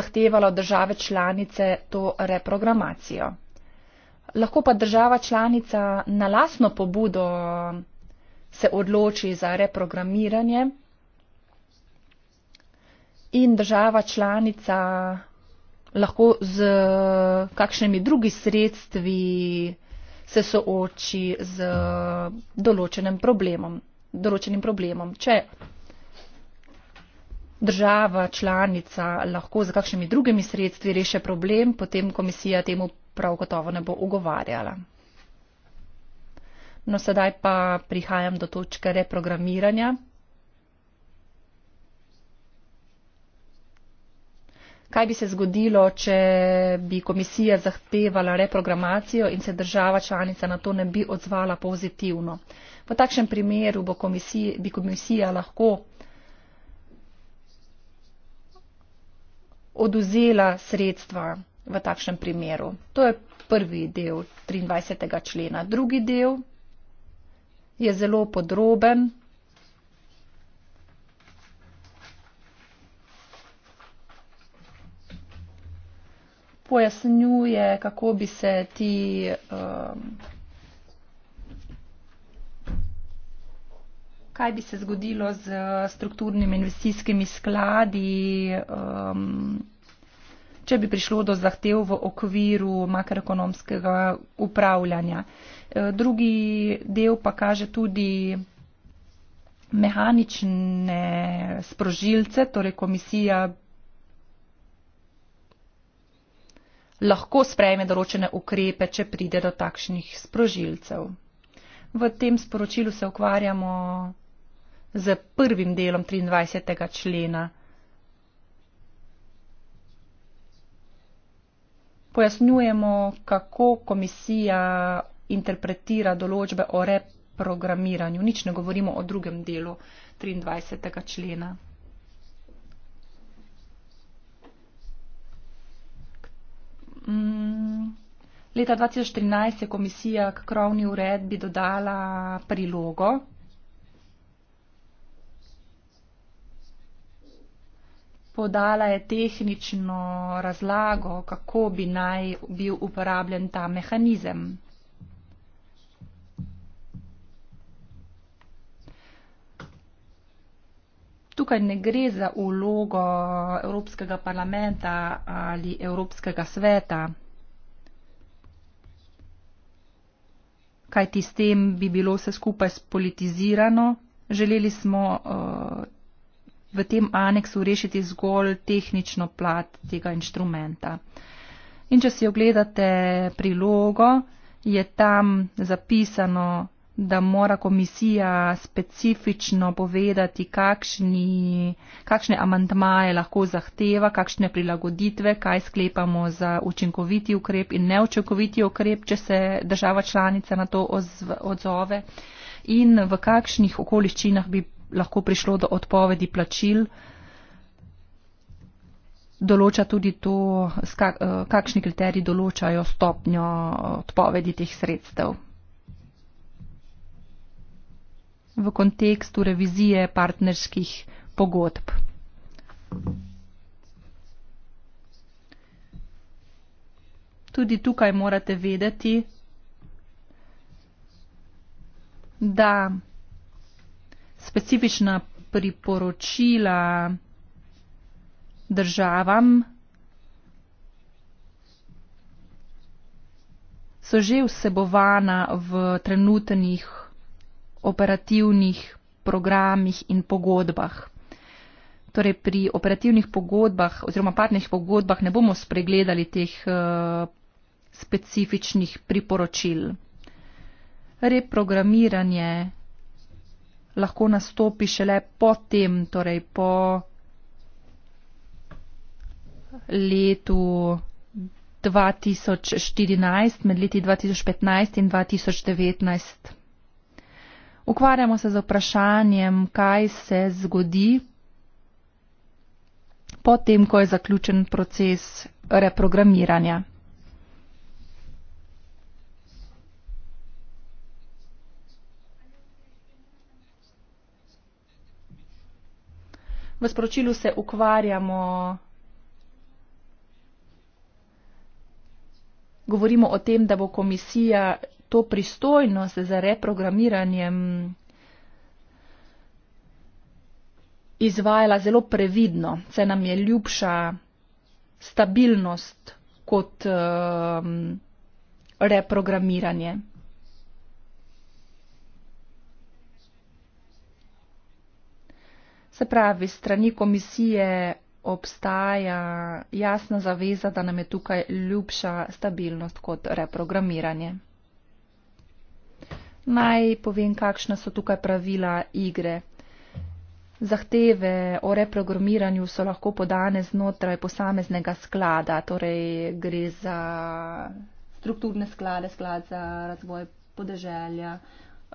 zahtevala od države članice to reprogramacijo. Lahko pa država članica na lasno pobudo se odloči za reprogramiranje in država članica lahko z kakšnimi drugi sredstvi se sooči z določenim problemom. Določenim problemom. Če država članica lahko z kakšnimi drugimi sredstvi reše problem, potem komisija temu prav gotovo ne bo ugovarjala. No, sedaj pa prihajam do točke reprogramiranja. Kaj bi se zgodilo, če bi komisija zahtevala reprogramacijo in se država članica na to ne bi odzvala pozitivno? V takšnem primeru bo komisij, bi komisija lahko oduzela sredstva v takšnem primeru. To je prvi del 23. člena. Drugi del je zelo podroben. Pojasnjuje, kako bi se ti um, kaj bi se zgodilo z strukturnimi investicijskimi skladi. Um, če bi prišlo do zahtev v okviru makroekonomskega upravljanja. E, drugi del pa kaže tudi mehanične sprožilce, torej komisija lahko sprejme določene ukrepe, če pride do takšnih sprožilcev. V tem sporočilu se ukvarjamo z prvim delom 23. člena pojasnjujemo, kako komisija interpretira določbe o reprogramiranju. Nič ne govorimo o drugem delu 23. člena. Mm, leta 2013 je komisija k krovni uredbi dodala prilogo, podala je tehnično razlago, kako bi naj bil uporabljen ta mehanizem. Tukaj ne gre za ulogo Evropskega parlamenta ali Evropskega sveta, kajti s tem bi bilo vse skupaj spolitizirano. Želeli smo uh, v tem aneksu rešiti zgolj tehnično plat tega inštrumenta. In če si ogledate prilogo, je tam zapisano, da mora komisija specifično povedati, kakšni, kakšne amantmaje lahko zahteva, kakšne prilagoditve, kaj sklepamo za učinkoviti ukrep in neučinkoviti ukrep, če se država članica na to odzove in v kakšnih okoliščinah bi lahko prišlo do odpovedi plačil. Določa tudi to, eh, kakšni kriteriji določajo stopnjo odpovedi teh sredstev. V kontekstu revizije partnerskih pogodb. Tudi tukaj morate vedeti, da specifična priporočila državam so že vsebovana v trenutnih operativnih programih in pogodbah. Torej pri operativnih pogodbah oziroma partnerskih pogodbah ne bomo spregledali teh uh, specifičnih priporočil. Reprogramiranje lahko nastopi šele potem, torej po letu 2014, med leti 2015 in 2019. Ukvarjamo se z vprašanjem, kaj se zgodi potem, ko je zaključen proces reprogramiranja. sporočilu se ukvarjamo, govorimo o tem, da bo komisija to pristojnost za reprogramiranjem izvajala zelo previdno, se nam je ljubša stabilnost kot um, reprogramiranje. Se pravi, strani komisije obstaja jasna zaveza, da nam je tukaj ljubša stabilnost kot reprogramiranje. Naj povem, kakšna so tukaj pravila igre. Zahteve o reprogramiranju so lahko podane znotraj posameznega sklada, torej gre za strukturne sklade, sklad za razvoj podeželja,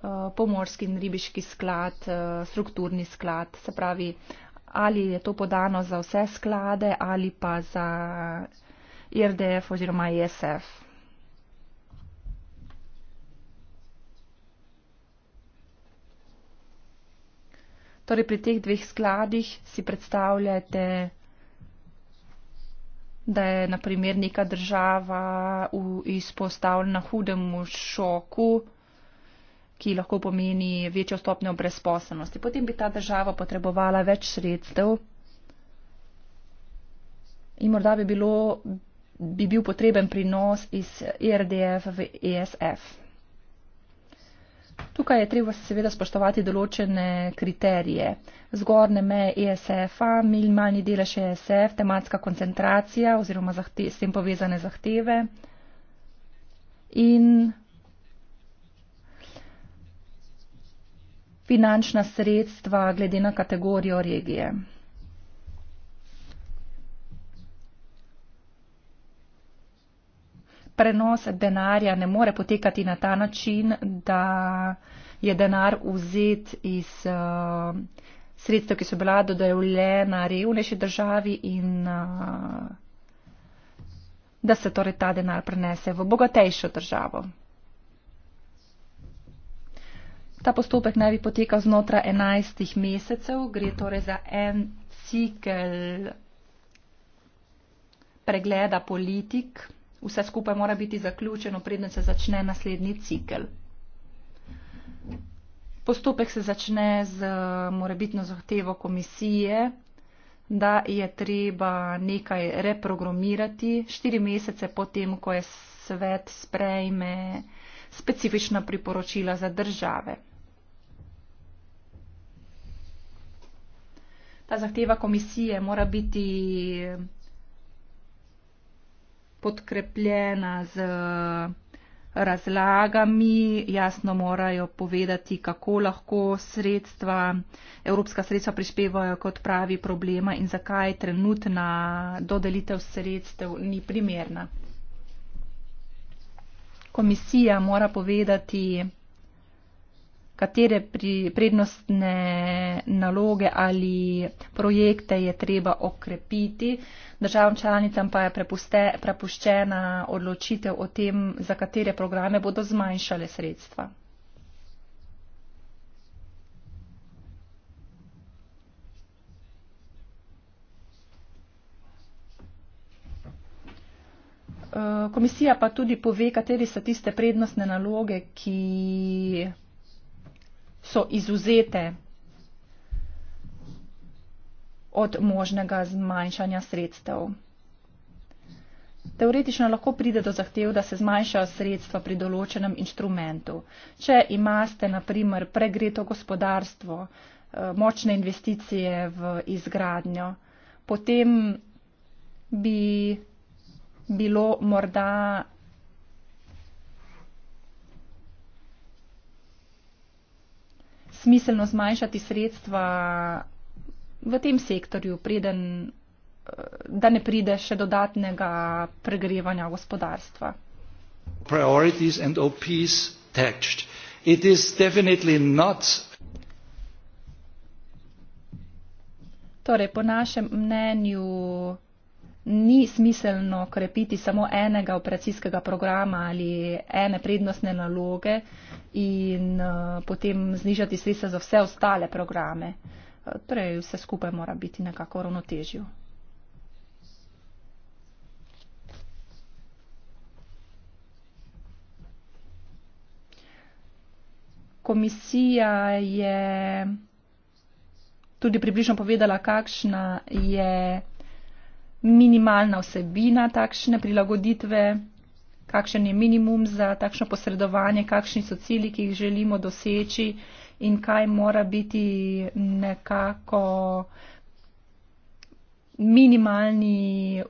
Eh, pomorski in ribiški sklad, eh, strukturni sklad, se pravi, ali je to podano za vse sklade ali pa za IRDF oziroma ISF. Torej, pri teh dveh skladih si predstavljate, da je naprimer neka država v, izpostavljena hudemu šoku, ki lahko pomeni večjo stopnjo brezposobnosti. Potem bi ta država potrebovala več sredstev in morda bi, bilo, bi bil potreben prinos iz IRDF e v ESF. Tukaj je treba seveda spoštovati določene kriterije. Zgorne meje ESF-a, minimalni delež ESF, tematska koncentracija oziroma zahte, s tem povezane zahteve in finančna sredstva glede na kategorijo regije. Prenos denarja ne more potekati na ta način, da je denar vzet iz uh, sredstev, ki so bila dodajljena revnejši državi in uh, da se torej ta denar prenese v bogatejšo državo. Ta postopek naj bi potekal znotraj 11 mesecev, gre torej za en cikl pregleda politik. Vse skupaj mora biti zaključeno, predno se začne naslednji cikl. Postopek se začne z morebitno zahtevo komisije, da je treba nekaj reprogramirati. Štiri mesece potem, ko je svet sprejme specifična priporočila za države. ta zahteva komisije mora biti podkrepljena z razlagami, jasno morajo povedati, kako lahko sredstva, evropska sredstva prispevajo kot pravi problema in zakaj trenutna dodelitev sredstev ni primerna. Komisija mora povedati, katere pri, prednostne naloge ali projekte je treba okrepiti. Državam članicam pa je prepuste, prepuščena odločitev o tem, za katere programe bodo zmanjšale sredstva. Komisija pa tudi pove, kateri so tiste prednostne naloge, ki so izuzete od možnega zmanjšanja sredstev. Teoretično lahko pride do zahtev, da se zmanjšajo sredstva pri določenem inštrumentu. Če imate, naprimer, pregreto gospodarstvo, eh, močne investicije v izgradnjo, potem bi bilo morda smiselno zmanjšati sredstva v tem sektorju, preden, eh, da ne pride še dodatnega pregrevanja gospodarstva. Torej, po našem mnenju ni smiselno krepiti samo enega operacijskega programa ali ene prednostne naloge in eh, potem znižati sredstva za vse ostale programe. Eh, torej, vse skupaj mora biti nekako v ravnotežju. Komisija je tudi približno povedala, kakšna je minimalna vsebina takšne prilagoditve, kakšen je minimum za takšno posredovanje, kakšni so cilji, ki jih želimo doseči in kaj mora biti nekako minimalni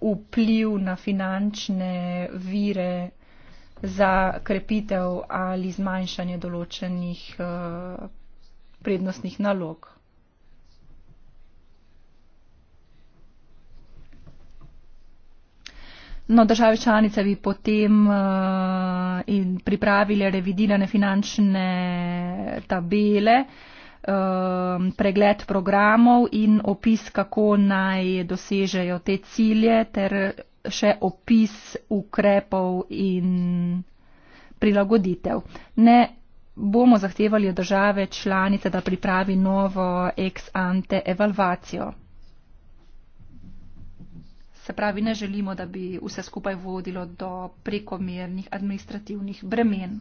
vpliv na finančne vire za krepitev ali zmanjšanje določenih eh, prednostnih nalog. No, države članice bi potem uh, in pripravile revidirane finančne tabele, uh, pregled programov in opis, kako naj dosežejo te cilje, ter še opis ukrepov in prilagoditev. Ne bomo zahtevali od države članice, da pripravi novo ex ante evalvacijo. Se pravi, ne želimo, da bi vse skupaj vodilo do prekomernih administrativnih bremen.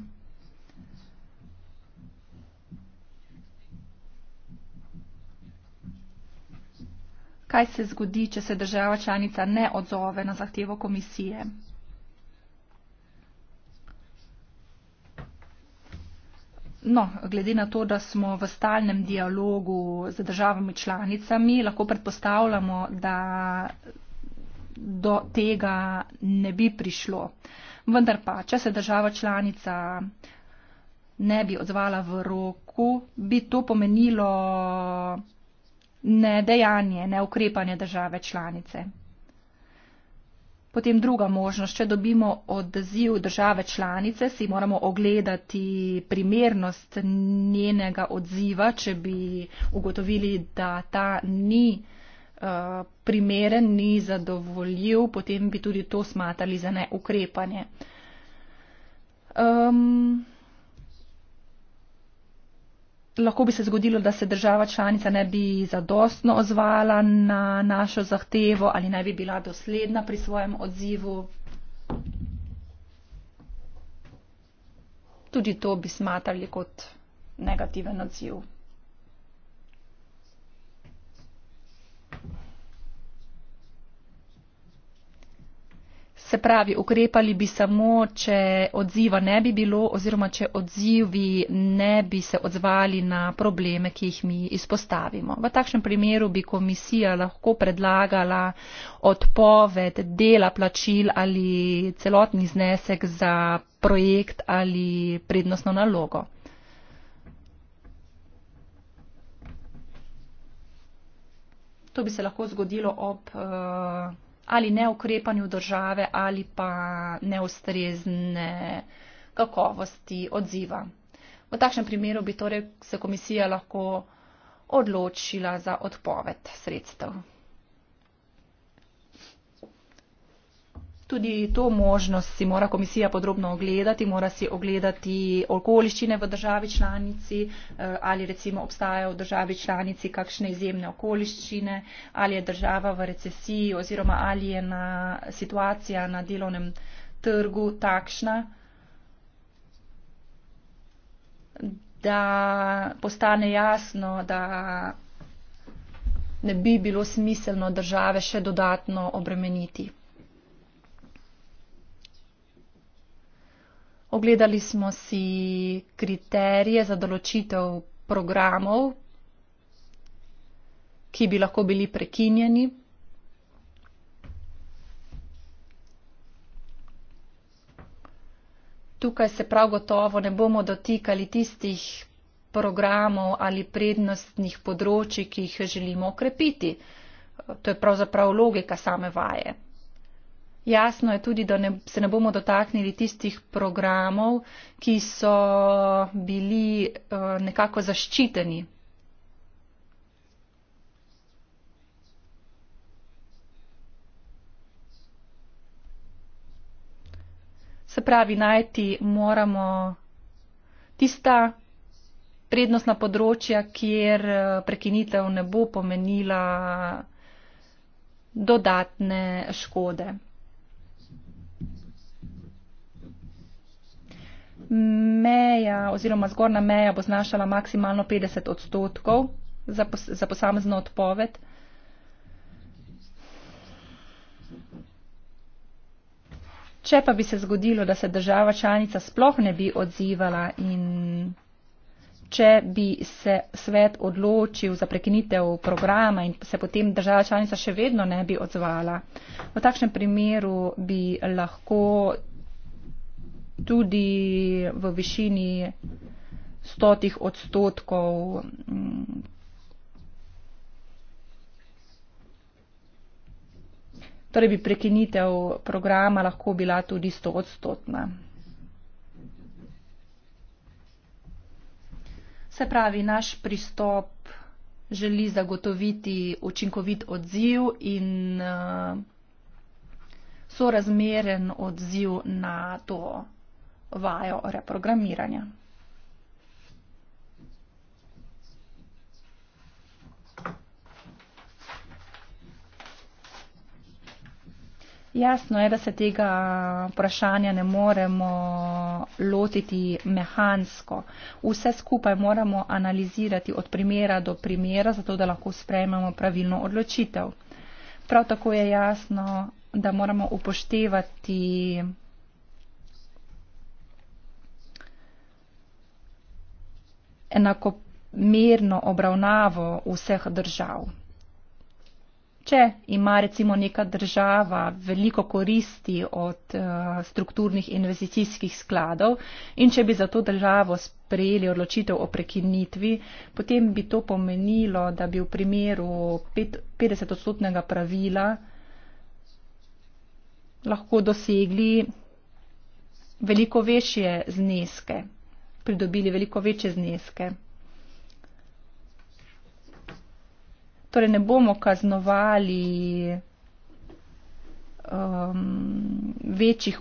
Kaj se zgodi, če se država članica ne odzove na zahtevo komisije? No, glede na to, da smo v stalnem dialogu z državami članicami, lahko predpostavljamo, da do tega ne bi prišlo. Vendar pa, če se država članica ne bi odzvala v roku, bi to pomenilo ne dejanje, ne ukrepanje države članice. Potem druga možnost, če dobimo odziv države članice, si moramo ogledati primernost njenega odziva, če bi ugotovili, da ta ni. Eh, primeren, ni zadovoljiv, potem bi tudi to smatrali za neukrepanje. Um, lahko bi se zgodilo, da se država članica ne bi zadostno ozvala na našo zahtevo ali ne bi bila dosledna pri svojem odzivu. Tudi to bi smatrali kot negativen odziv. Se pravi, ukrepali bi samo, če odziva ne bi bilo oziroma če odzivi ne bi se odzvali na probleme, ki jih mi izpostavimo. V takšnem primeru bi komisija lahko predlagala odpoved dela plačil ali celotni znesek za projekt ali prednostno nalogo. To bi se lahko zgodilo ob. Uh, ali neukrepanju države ali pa neustrezne kakovosti odziva. V takšnem primeru bi torej se komisija lahko odločila za odpoved sredstev. Tudi to možnost si mora komisija podrobno ogledati, mora si ogledati okoliščine v državi članici, eh, ali recimo obstajajo v državi članici kakšne izjemne okoliščine, ali je država v recesiji oziroma ali je na situacija na delovnem trgu takšna, da postane jasno, da ne bi bilo smiselno države še dodatno obremeniti. Ogledali smo si kriterije za določitev programov, ki bi lahko bili prekinjeni. Tukaj se prav gotovo ne bomo dotikali tistih programov ali prednostnih področji, ki jih želimo okrepiti. To je pravzaprav logika same vaje. Jasno je tudi, da ne, se ne bomo dotaknili tistih programov, ki so bili uh, nekako zaščiteni. Se pravi, najti moramo tista prednostna področja, kjer eh, prekinitev ne bo pomenila dodatne škode. meja oziroma zgorna meja bo znašala maksimalno 50 odstotkov za, pos, za posamezno odpoved. Če pa bi se zgodilo, da se država članica sploh ne bi odzivala in če bi se svet odločil za prekinitev programa in se potem država članica še vedno ne bi odzvala, v takšnem primeru bi lahko tudi v višini stotih odstotkov. Mm, torej bi prekinitev programa lahko bila tudi stoodstotna. Se pravi, naš pristop želi zagotoviti učinkovit odziv in eh, sorazmeren odziv na to vajo reprogramiranja. Jasno je, da se tega vprašanja ne moremo lotiti mehansko. Vse skupaj moramo analizirati od primera do primera, zato da lahko sprejmemo pravilno odločitev. Prav tako je jasno, da moramo upoštevati enakomerno obravnavo vseh držav. Če ima recimo neka država veliko koristi od uh, strukturnih investicijskih skladov in če bi za to državo sprejeli odločitev o prekinitvi, potem bi to pomenilo, da bi v primeru 50-odstotnega pravila lahko dosegli veliko večje zneske pridobili veliko večje zneske. Torej ne bomo kaznovali um, večjih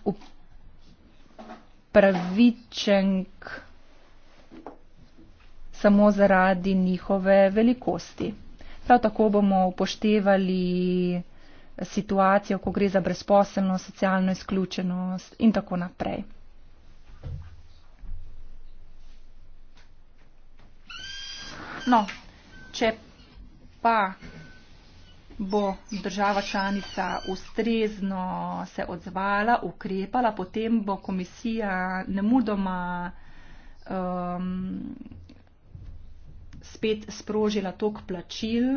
upravičenk samo zaradi njihove velikosti. Prav tako bomo upoštevali situacijo, ko gre za brezposelnost, socialno izključenost in tako naprej. No, če pa bo država članica ustrezno se odzvala, ukrepala, potem bo komisija nemudoma um, spet sprožila tok plačil.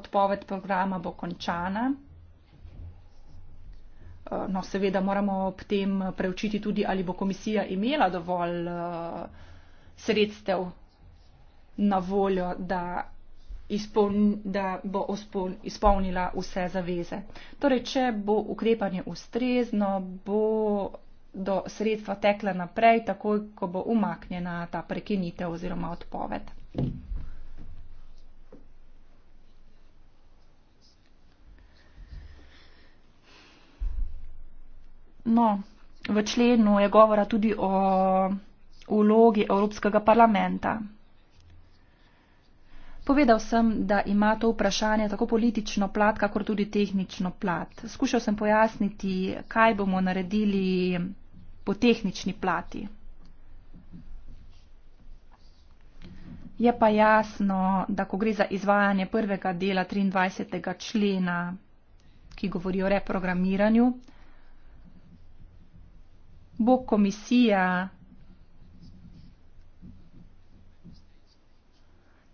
Odpoved programa bo končana. Uh, no, seveda moramo ob tem preučiti tudi, ali bo komisija imela dovolj uh, sredstev na voljo, da, izpolni, da bo izpolnila vse zaveze. Torej, če bo ukrepanje ustrezno, bo do sredstva tekla naprej, takoj, ko bo umaknjena ta prekinitev oziroma odpoved. No, v členu je govora tudi o vlogi Evropskega parlamenta. Povedal sem, da ima to vprašanje tako politično plat, kakor tudi tehnično plat. Skušal sem pojasniti, kaj bomo naredili po tehnični plati. Je pa jasno, da ko gre za izvajanje prvega dela 23. člena, ki govori o reprogramiranju, bo komisija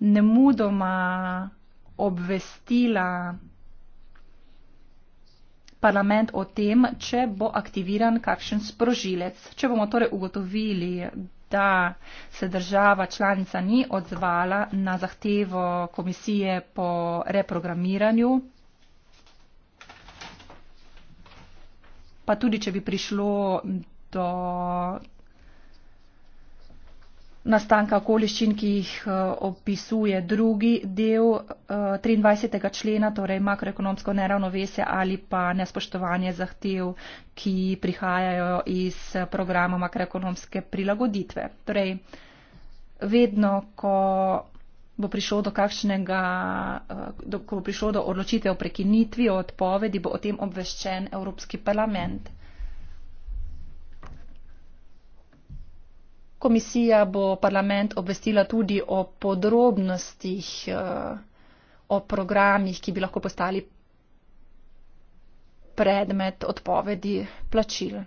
nemudoma obvestila parlament o tem, če bo aktiviran kakšen sprožilec. Če bomo torej ugotovili, da se država članica ni odzvala na zahtevo komisije po reprogramiranju, pa tudi če bi prišlo do nastanka okoliščin, ki jih eh, opisuje drugi del 23. Eh, člena, torej makroekonomsko neravnovesje ali pa nespoštovanje zahtev, ki prihajajo iz programa makroekonomske prilagoditve. Torej, vedno, ko bo prišlo do kakšnega, eh, ko bo prišlo do odločitve o prekinitvi, o odpovedi, bo o tem obveščen Evropski parlament. Komisija bo parlament obvestila tudi o podrobnostih, eh, o programih, ki bi lahko postali predmet odpovedi plačil.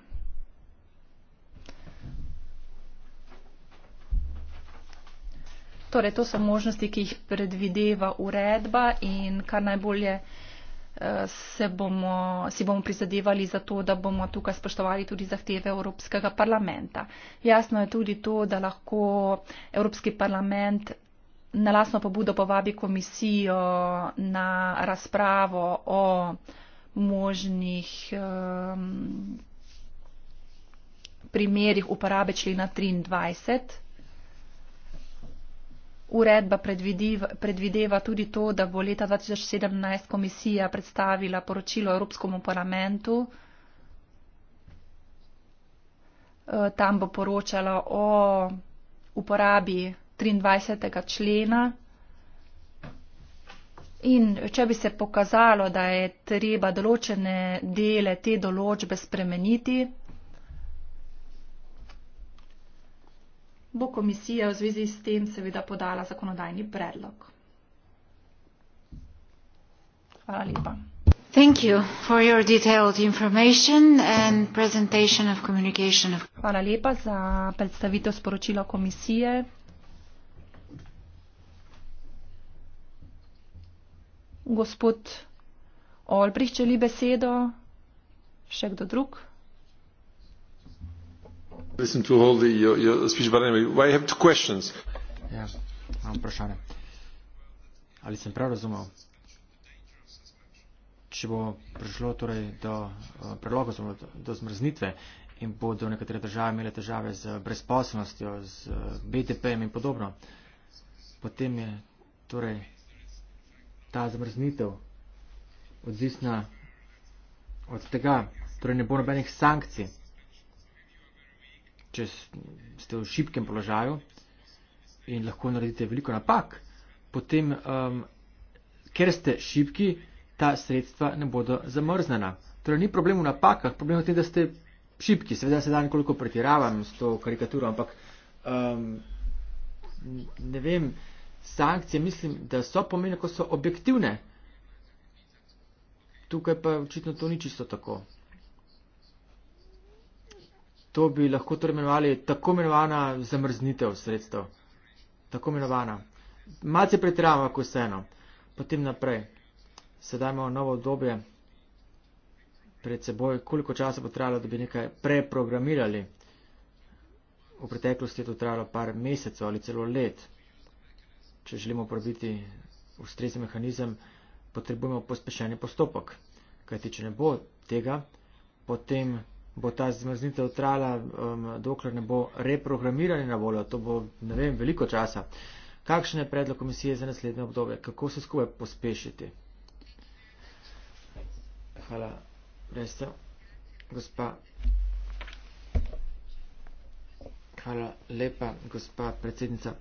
Torej, to so možnosti, ki jih predvideva uredba in kar najbolje. Bomo, si bomo prizadevali za to, da bomo tukaj spoštovali tudi zahteve Evropskega parlamenta. Jasno je tudi to, da lahko Evropski parlament na lasno pobudo povabi komisijo na razpravo o možnih um, primerih uporabe člena 23 Uredba predvideva, predvideva tudi to, da bo leta 2017 komisija predstavila poročilo Evropskemu parlamentu. E, tam bo poročala o uporabi 23. člena. In če bi se pokazalo, da je treba določene dele te določbe spremeniti, bo komisija v zvezi s tem seveda podala zakonodajni predlog. Hvala lepa. Thank you for your detailed information and presentation of communication. Of Hvala lepa za predstavitev sporočila komisije. Gospod Olbrih želi besedo, še kdo drug? listen to all the, your, your speech, but anyway, well, I have two questions. Yeah, ja, I'm Ali sem prav razumel, če bo prišlo torej do eh, predloga do zmrznitve in bodo nekatere države imele težave z brezposobnostjo, z eh, BTP-jem in podobno, potem je torej ta zmrznitev odvisna od tega, torej ne bo nobenih sankcij če ste v šipkem položaju in lahko naredite veliko napak, potem, um, ker ste šipki, ta sredstva ne bodo zamrznjena. Torej, ni problem v napakah, problem je v tem, da ste šipki. Seveda se dan nekoliko pretiravam s to karikaturo, ampak um, ne vem, sankcije mislim, da so pomenjene, ko so objektivne. Tukaj pa očitno to ni čisto tako to bi lahko torej imenovali tako imenovana zamrznitev sredstev. Tako imenovana. Malce pretiravamo, ko vseeno. Potem naprej. Sedaj imamo novo obdobje pred seboj, koliko časa bo trajalo, da bi nekaj preprogramirali. V preteklosti je to trajalo par mesecev ali celo let. Če želimo probiti ustrezni mehanizem, potrebujemo pospešeni postopek. Kajti, če ne bo tega, potem bo ta zmrznitev trajala, um, dokler ne bo reprogramiranje na voljo. To bo, ne vem, veliko časa. Kakšen je predlog komisije za naslednje obdobje? Kako se skupaj pospešiti? Hvala. Reste, gospa. Hvala lepa, gospa predsednica.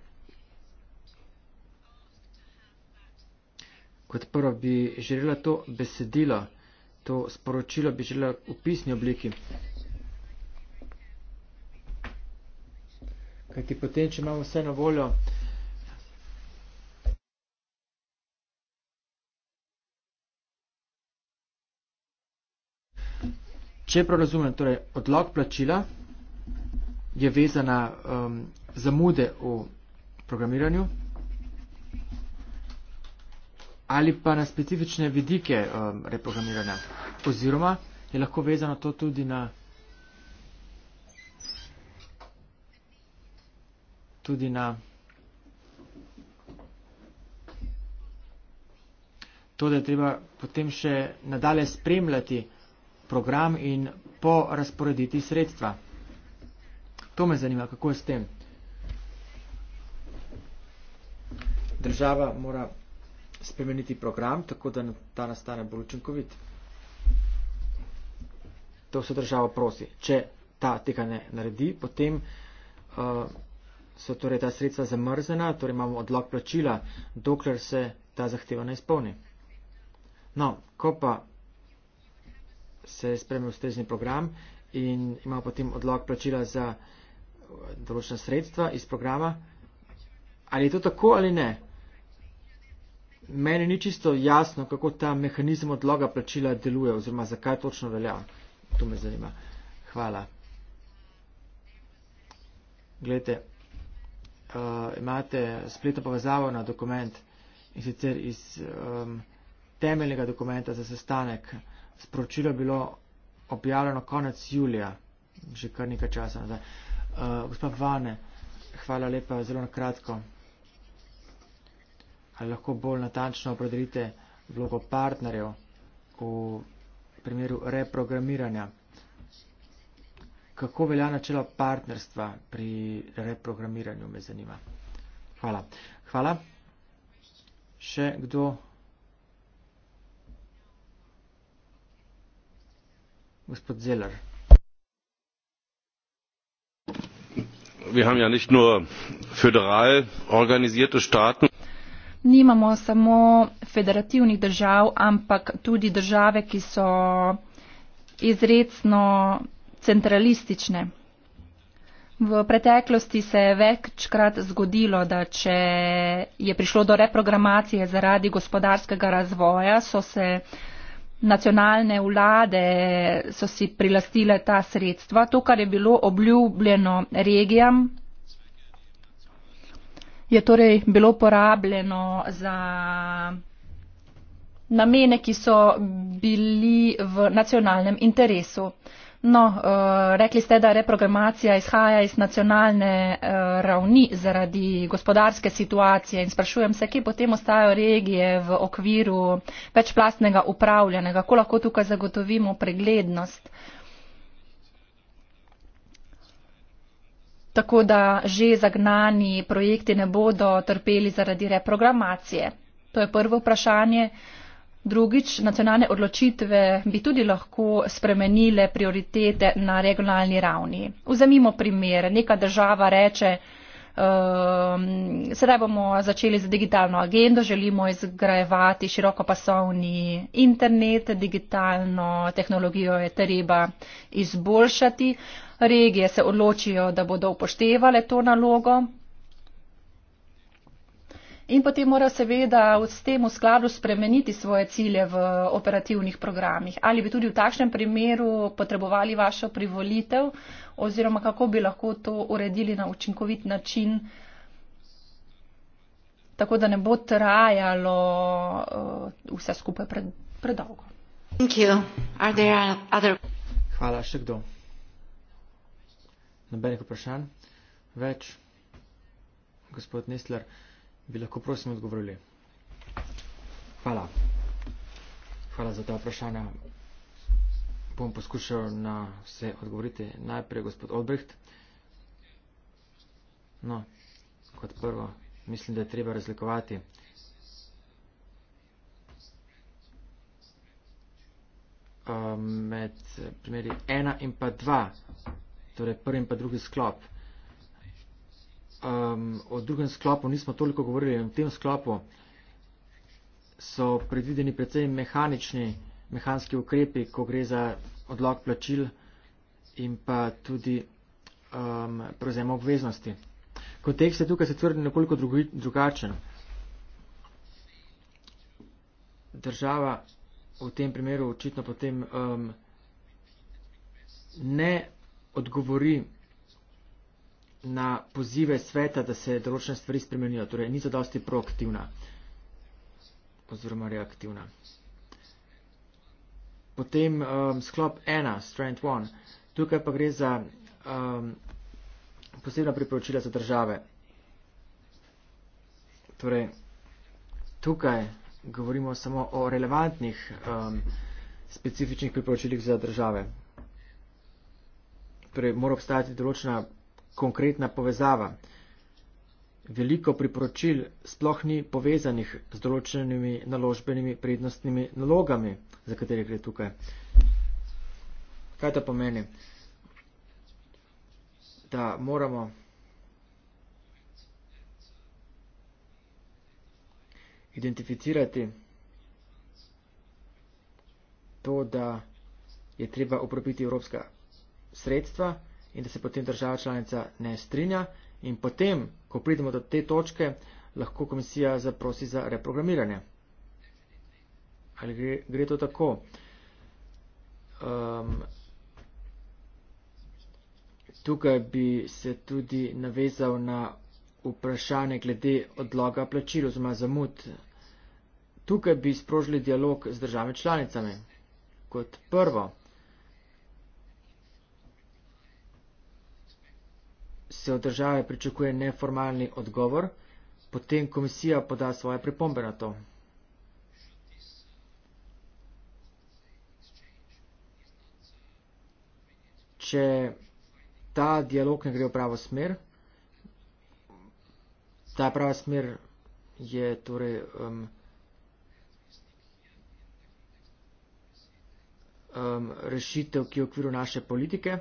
Kot prvo bi želela to besedilo to sporočilo bi želela v pisni obliki. Kajti potem, če imamo vse na voljo, Če prav razumem, torej odlog plačila je vezana um, zamude v programiranju, ali pa na specifične vidike um, reprogramiranja. Oziroma je lahko vezano to tudi na, tudi na to, da je treba potem še nadalje spremljati program in porazporediti sredstva. To me zanima, kako je s tem. Država mora spremeniti program, tako da ta nastane bolj učinkovit. To se država prosi. Če ta tega ne naredi, potem uh, so torej ta sredstva zamrzena, torej imamo odlog plačila, dokler se ta zahteva ne izpolni. No, ko pa se spremi ustrezni program in imamo potem odlog plačila za eh, določena sredstva iz programa, ali je to tako ali ne? meni ni čisto jasno, kako ta mehanizem odloga plačila deluje oziroma zakaj točno velja. To me zanima. Hvala. Glejte, uh, imate spletno povezavo na dokument in sicer iz um, temeljnega dokumenta za sestanek. Sporočilo bilo objavljeno konec julija, že kar nekaj časa nazaj. Uh, gospa Vane, hvala lepa, zelo na kratko ali lahko bolj natančno opredelite vlogo partnerjev v primeru reprogramiranja. Kako velja načelo partnerstva pri reprogramiranju, me zanima. Hvala. Hvala. Še kdo? Gospod Zeller. Wir haben ja nicht nur föderal organisierte Staaten nimamo samo federativnih držav, ampak tudi države, ki so izredno centralistične. V preteklosti se je večkrat zgodilo, da če je prišlo do reprogramacije zaradi gospodarskega razvoja, so se nacionalne vlade so si prilastile ta sredstva. To, kar je bilo obljubljeno regijam, je torej bilo porabljeno za namene, ki so bili v nacionalnem interesu. No, eh, rekli ste, da reprogramacija izhaja iz nacionalne eh, ravni zaradi gospodarske situacije in sprašujem se, kje potem ostajajo regije v okviru večplastnega upravljanja, kako lahko tukaj zagotovimo preglednost tako da že zagnani projekti ne bodo trpeli zaradi reprogramacije. To je prvo vprašanje. Drugič, nacionalne odločitve bi tudi lahko spremenile prioritete na regionalni ravni. Vzemimo primer, neka država reče, um, sedaj bomo začeli z digitalno agendo, želimo izgrajevati širokopasovni internet, digitalno tehnologijo je treba izboljšati, regije se odločijo, da bodo upoštevale to nalogo. In potem mora seveda s tem v skladu spremeniti svoje cilje v operativnih programih. Ali bi tudi v takšnem primeru potrebovali vašo privolitev oziroma kako bi lahko to uredili na učinkovit način, tako da ne bo trajalo eh, vse skupaj pred, predolgo. Hvala, še kdo? nobenih vprašanj več. Gospod Nestler, bi lahko prosim odgovorili. Hvala. Hvala za ta vprašanja. Bom poskušal na vse odgovoriti. Najprej gospod Obrecht. No, kot prvo, mislim, da je treba razlikovati. Med primeri 1 in pa 2 torej prvi in pa drugi sklop. Um, o drugem sklopu nismo toliko govorili, v tem sklopu so predvideni predvsej mehanični, mehanski ukrepi, ko gre za odlog plačil in pa tudi um, prevzem obveznosti. Kontekst je tukaj sicer nekoliko drugačen. Država v tem primeru očitno potem um, ne odgovori na pozive sveta, da se določene stvari spremenijo. Torej, ni zadosti proaktivna oziroma reaktivna. Potem um, sklop 1, strand 1. Tukaj pa gre za um, posebna priporočila za države. Torej, tukaj govorimo samo o relevantnih um, specifičnih priporočilih za države torej mora obstajati določena konkretna povezava. Veliko priporočil sploh ni povezanih z določenimi naložbenimi prednostnimi nalogami, za katere gre tukaj. Kaj to pomeni? Da moramo. Identificirati to, da je treba uporabiti evropska sredstva in da se potem država članica ne strinja. In potem, ko pridemo do te točke, lahko komisija zaprosi za reprogramiranje. Ali gre, gre to tako? Um, tukaj bi se tudi navezal na vprašanje glede odloga plačil oziroma zamud. Tukaj bi sprožili dialog z državami članicami. Kot prvo, se od države pričakuje neformalni odgovor, potem komisija poda svoje pripombe na to. Če ta dialog ne gre v pravo smer, ta prava smer je torej um, um, rešitev, ki je v okviru naše politike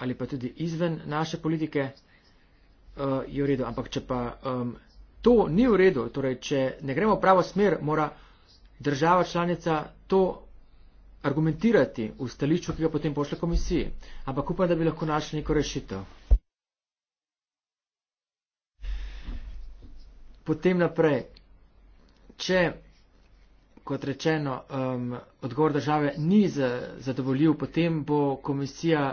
ali pa tudi izven naše politike, uh, je v redu. Ampak če pa um, to ni v redu, torej če ne gremo v pravo smer, mora država članica to argumentirati v stališču, ki ga potem pošle komisiji. Ampak upam, da bi lahko našli neko rešitev. Potem naprej, če, kot rečeno, um, odgovor države ni zadovoljiv, potem bo komisija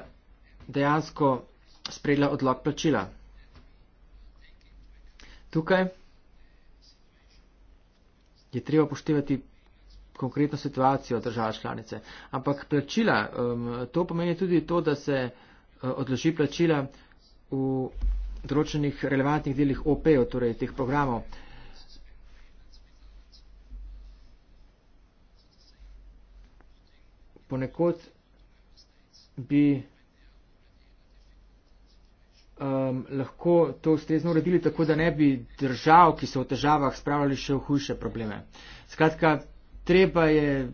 dejansko sprejela odlog plačila. Tukaj je treba poštevati konkretno situacijo države članice. Ampak plačila, um, to pomeni tudi to, da se uh, odloži plačila v določenih relevantnih delih OP-ov, torej teh programov. Ponekod bi um, lahko to ustrezno uredili, tako da ne bi držav, ki so v težavah, spravljali še v hujše probleme. Skratka, treba je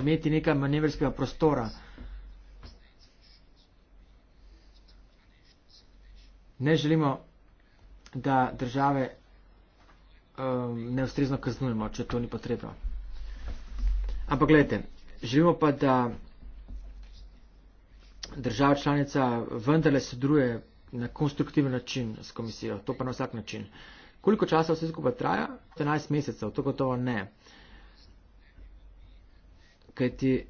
imeti nekaj manevrskega prostora. Ne želimo, da države um, neustrezno kaznujemo, če to ni potrebno. Ampak gledajte, želimo pa, da država članica vendarle sodruje na konstruktiven način s komisijo, to pa na vsak način. Koliko časa vse skupaj traja? 15 mesecev, to gotovo ne. Kaj ti?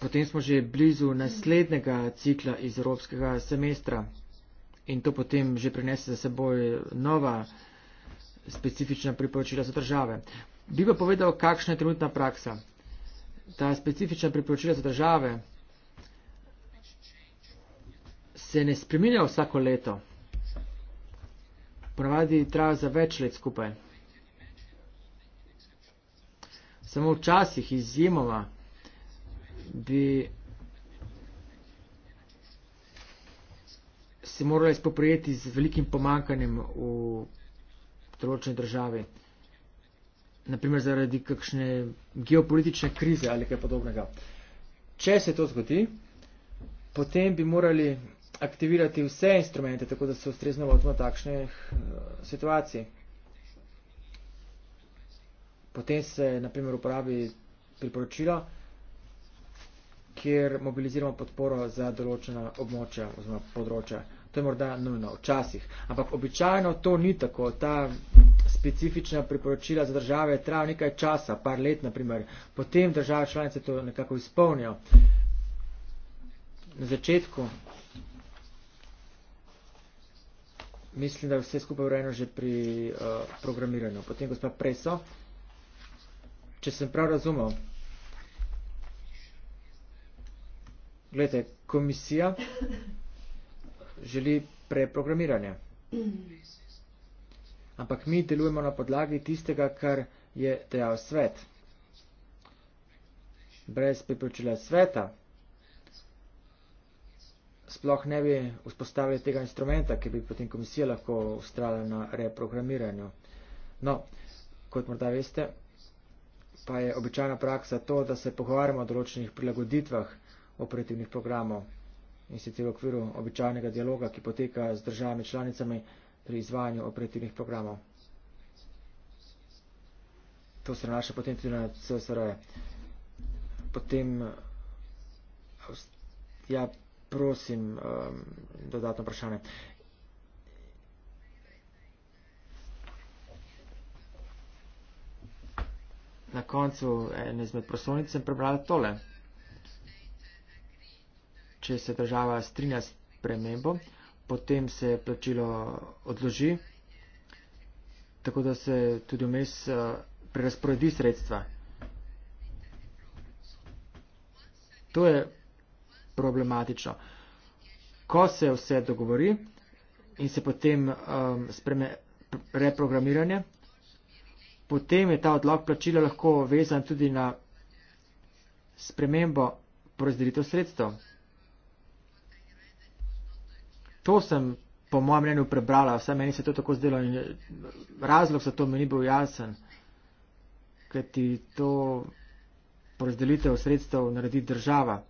Potem smo že blizu naslednjega cikla iz evropskega semestra in to potem že prinese za seboj nova specifična priporočila za države. Bi pa povedal, kakšna je trenutna praksa. Ta specifična priporočila za države se ne spreminja vsako leto. Ponavadi traja za več let skupaj. Samo včasih izjemoma bi se morali spoprijeti z velikim pomankanjem v določeni državi. Naprimer zaradi kakšne geopolitične krize ali kaj podobnega. Če se to zgodi, potem bi morali aktivirati vse instrumente, tako da se ustrezno vodimo takšne uh, situacije. Potem se naprimer uporabi priporočilo, kjer mobiliziramo podporo za določena območja oziroma področja. To je morda nujno včasih, ampak običajno to ni tako. Ta specifična priporočila za države traja nekaj časa, par let naprimer. Potem države članice to nekako izpolnijo. Na začetku mislim, da je vse skupaj urejeno že pri uh, programiranju. Potem gospa Preso, če sem prav razumel, gledajte, komisija želi preprogramiranje. Ampak mi delujemo na podlagi tistega, kar je dejal svet. Brez priporočila sveta sploh ne bi vzpostavili tega instrumenta, ki bi potem komisija lahko ustrala na reprogramiranju. No, kot morda veste, pa je običajna praksa to, da se pogovarjamo o določenih prilagoditvah operativnih programov in sicer v okviru običajnega dialoga, ki poteka z državami članicami pri izvajanju operativnih programov. To se nanaša potem tudi na CSR. E. Potem, ja, prosim, um, dodatno vprašanje. Na koncu ene izmed prosovnic sem prebrala tole. Če se država strinja s premembo, potem se plačilo odloži, tako da se tudi vmes uh, prerasporedi sredstva. To je problematično. Ko se vse dogovori in se potem um, spreme reprogramiranje, potem je ta odlog plačila lahko vezan tudi na spremembo porazdelitev sredstev. To sem po mojem mnenju prebrala, vsaj meni se to tako zdelo in razlog za to mi ni bil jasen, ker ti to porazdelitev sredstev naredi država.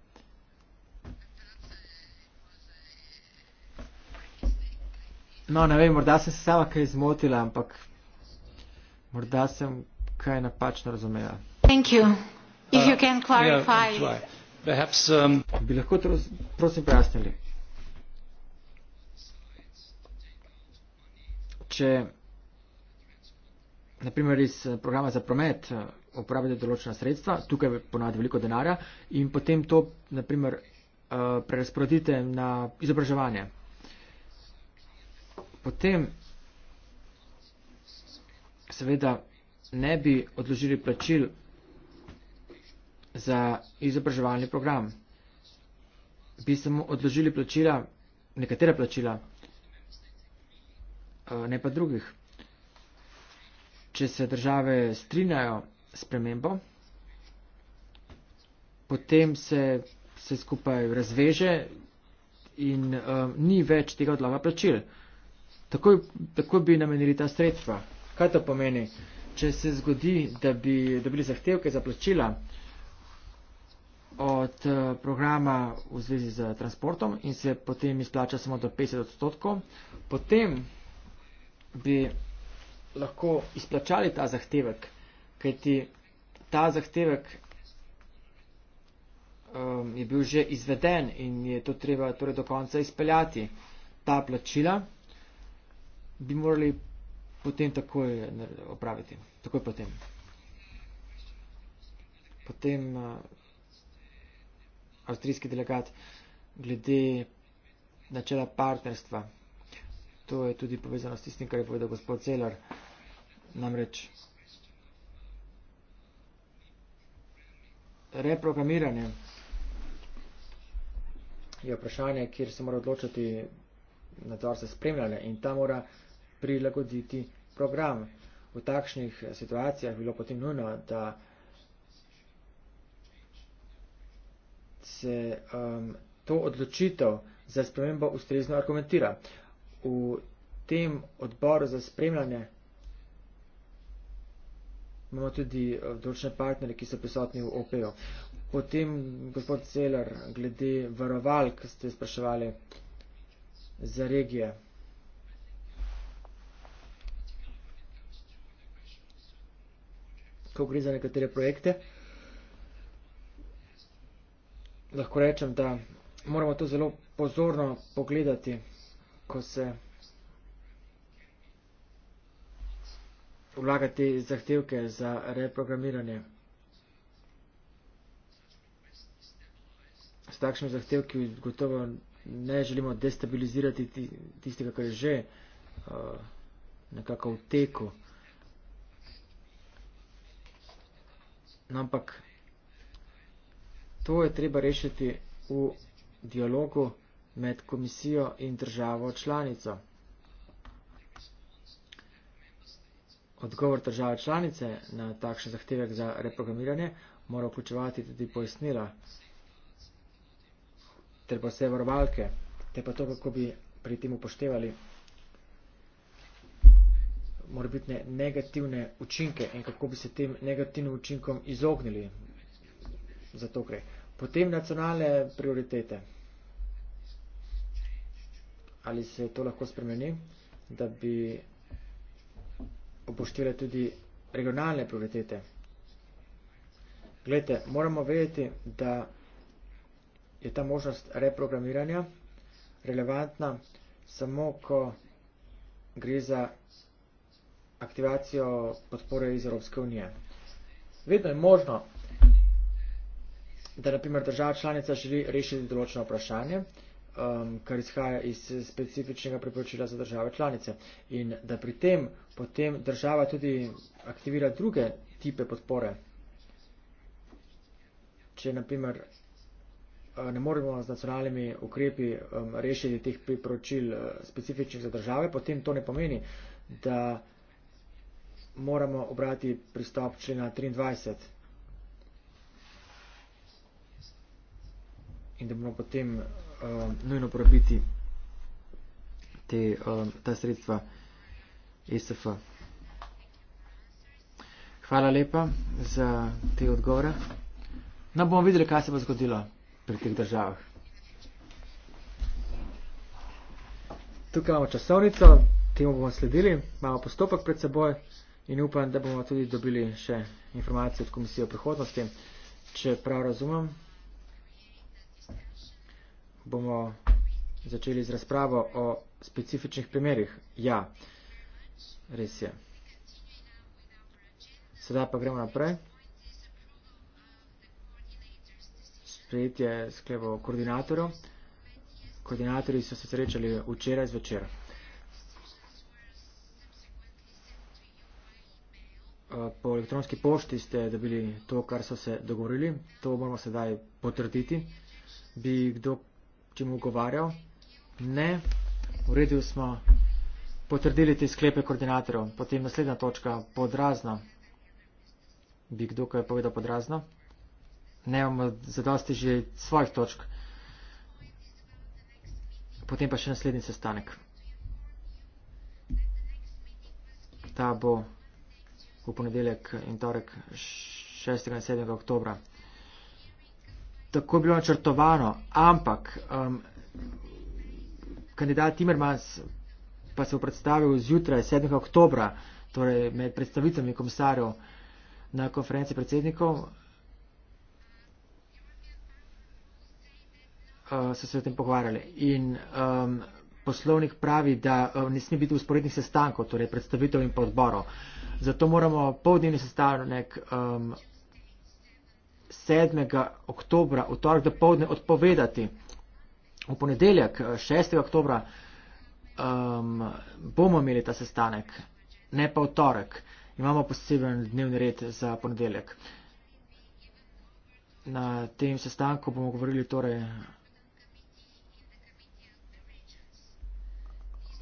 No, ne vem, morda sem se sama kaj zmotila, ampak morda sem kaj napačno razumela. Uh, yeah, Perhaps, um, Bi lahko to prosim pojasnili? Če naprimer iz eh, programa za promet eh, uporabite določena sredstva, tukaj ponad veliko denarja, in potem to naprimer uh, eh, prerasporedite na izobraževanje potem seveda ne bi odložili plačil za izobraževalni program. Bi samo odložili plačila, nekatera plačila, eh, ne pa drugih. Če se države strinjajo s premembo, potem se vse skupaj razveže in um, ni več tega odlaga plačil takoj, takoj bi namenili ta sredstva. Kaj to pomeni? Če se zgodi, da bi dobili zahtevke za plačila od eh, programa v zvezi z transportom in se potem izplača samo do 50 odstotkov, potem bi lahko izplačali ta zahtevek, kajti ta zahtevek um, je bil že izveden in je to treba torej, do konca izpeljati. Ta plačila bi morali potem takoj opraviti. Takoj potem. Potem uh, avstrijski delegat glede načela partnerstva. To je tudi povezano s tistim, kar je povedal gospod Celar. Namreč reprogramiranje je vprašanje, kjer se mora odločiti nadzor se spremljanje in ta mora prilagoditi program. V takšnih eh, situacijah bilo potem nujno, da se um, to odločitev za spremembo ustrezno argumentira. V tem odboru za spremljanje imamo tudi eh, določene partnere, ki so prisotni v OPEO. Potem, gospod Celer, glede varovalk ste spraševali za regije. ko gre za nekatere projekte. Lahko rečem, da moramo to zelo pozorno pogledati, ko se vlagati zahtevke za reprogramiranje. S takšnimi zahtevki gotovo ne želimo destabilizirati tistega, kar je že uh, nekako v teku. ampak to je treba rešiti v dialogu med komisijo in državo članico. Odgovor države članice na takšen zahtevek za reprogramiranje mora vključevati tudi pojasnila ter pa vse varovalke, te pa to, kako bi pri tem upoštevali morbitne negativne učinke in kako bi se tem negativnim učinkom izognili. Zato gre. Potem nacionalne prioritete. Ali se to lahko spremeni, da bi opoštile tudi regionalne prioritete. Glejte, moramo vedeti, da je ta možnost reprogramiranja relevantna samo, ko gre za aktivacijo podpore iz Evropske unije. Vedno je možno, da naprimer država članica želi rešiti določeno vprašanje, um, kar izhaja iz specifičnega priporočila za države članice in da pri tem potem država tudi aktivira druge tipe podpore. Če naprimer uh, ne moremo z nacionalnimi ukrepi um, rešiti teh priporočil uh, specifičnih za države, potem to ne pomeni, da moramo obrati pristop člena 23 in da moramo potem uh, nujno porabiti te, uh, ta sredstva ESF. Hvala lepa za te odgovore. No, bomo videli, kaj se bo zgodilo pri teh državah. Tukaj imamo časovnico, temu bomo sledili, imamo postopek pred seboj in upam, da bomo tudi dobili še informacije od komisije o prihodnosti. Če prav razumem, bomo začeli z razpravo o specifičnih primerih. Ja, res je. Sedaj pa gremo naprej. Sprejetje sklevo koordinatorov. Koordinatorji so se srečali včeraj zvečer. Eh, po elektronski pošti ste dobili to, kar so se dogovorili. To moramo sedaj potrditi. Bi kdo čemu govarjal? Ne. V redu smo potrdili te sklepe koordinatorov. Potem naslednja točka podrazna. Bi kdo kaj povedal podrazna? Ne imamo zadosti že svojih točk. Potem pa še naslednji sestanek. Ta bo v ponedeljek in torek 6. in 7. oktober. Tako je bilo načrtovano, ampak um, kandidat Timmermans pa se je predstavil zjutraj 7. oktober, torej med predstavitvami komisarjev na konferenci predsednikov. Uh, so se o tem pogovarjali. In um, poslovnik pravi, da e, ne sme biti usporednih sestankov, torej predstavitev in pa odborov. Zato moramo povdnevni sestanek um, 7. oktober, v torek do povdne, odpovedati. V ponedeljek, 6. E, oktober, um, bomo imeli ta sestanek, ne pa v torek. Imamo poseben dnevni red za ponedeljek. Na tem sestanku bomo govorili torej.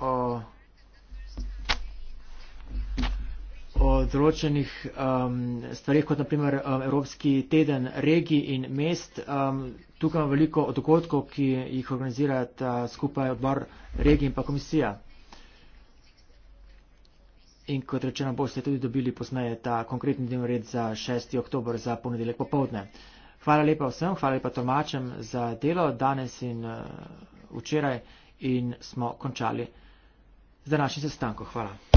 o, o določenih um, stvarih, kot naprimer um, Evropski teden regij in mest. Um, tukaj imamo veliko dogodkov, ki jih organizirata skupaj odbor regij in pa komisija. In kot rečeno, boste tudi dobili posneje ta konkretni dnev red za 6. oktober za ponedeljek popovdne. Hvala lepa vsem, hvala lepa Tomačem za delo danes in uh, včeraj in smo končali za našim sestankom. Hvala.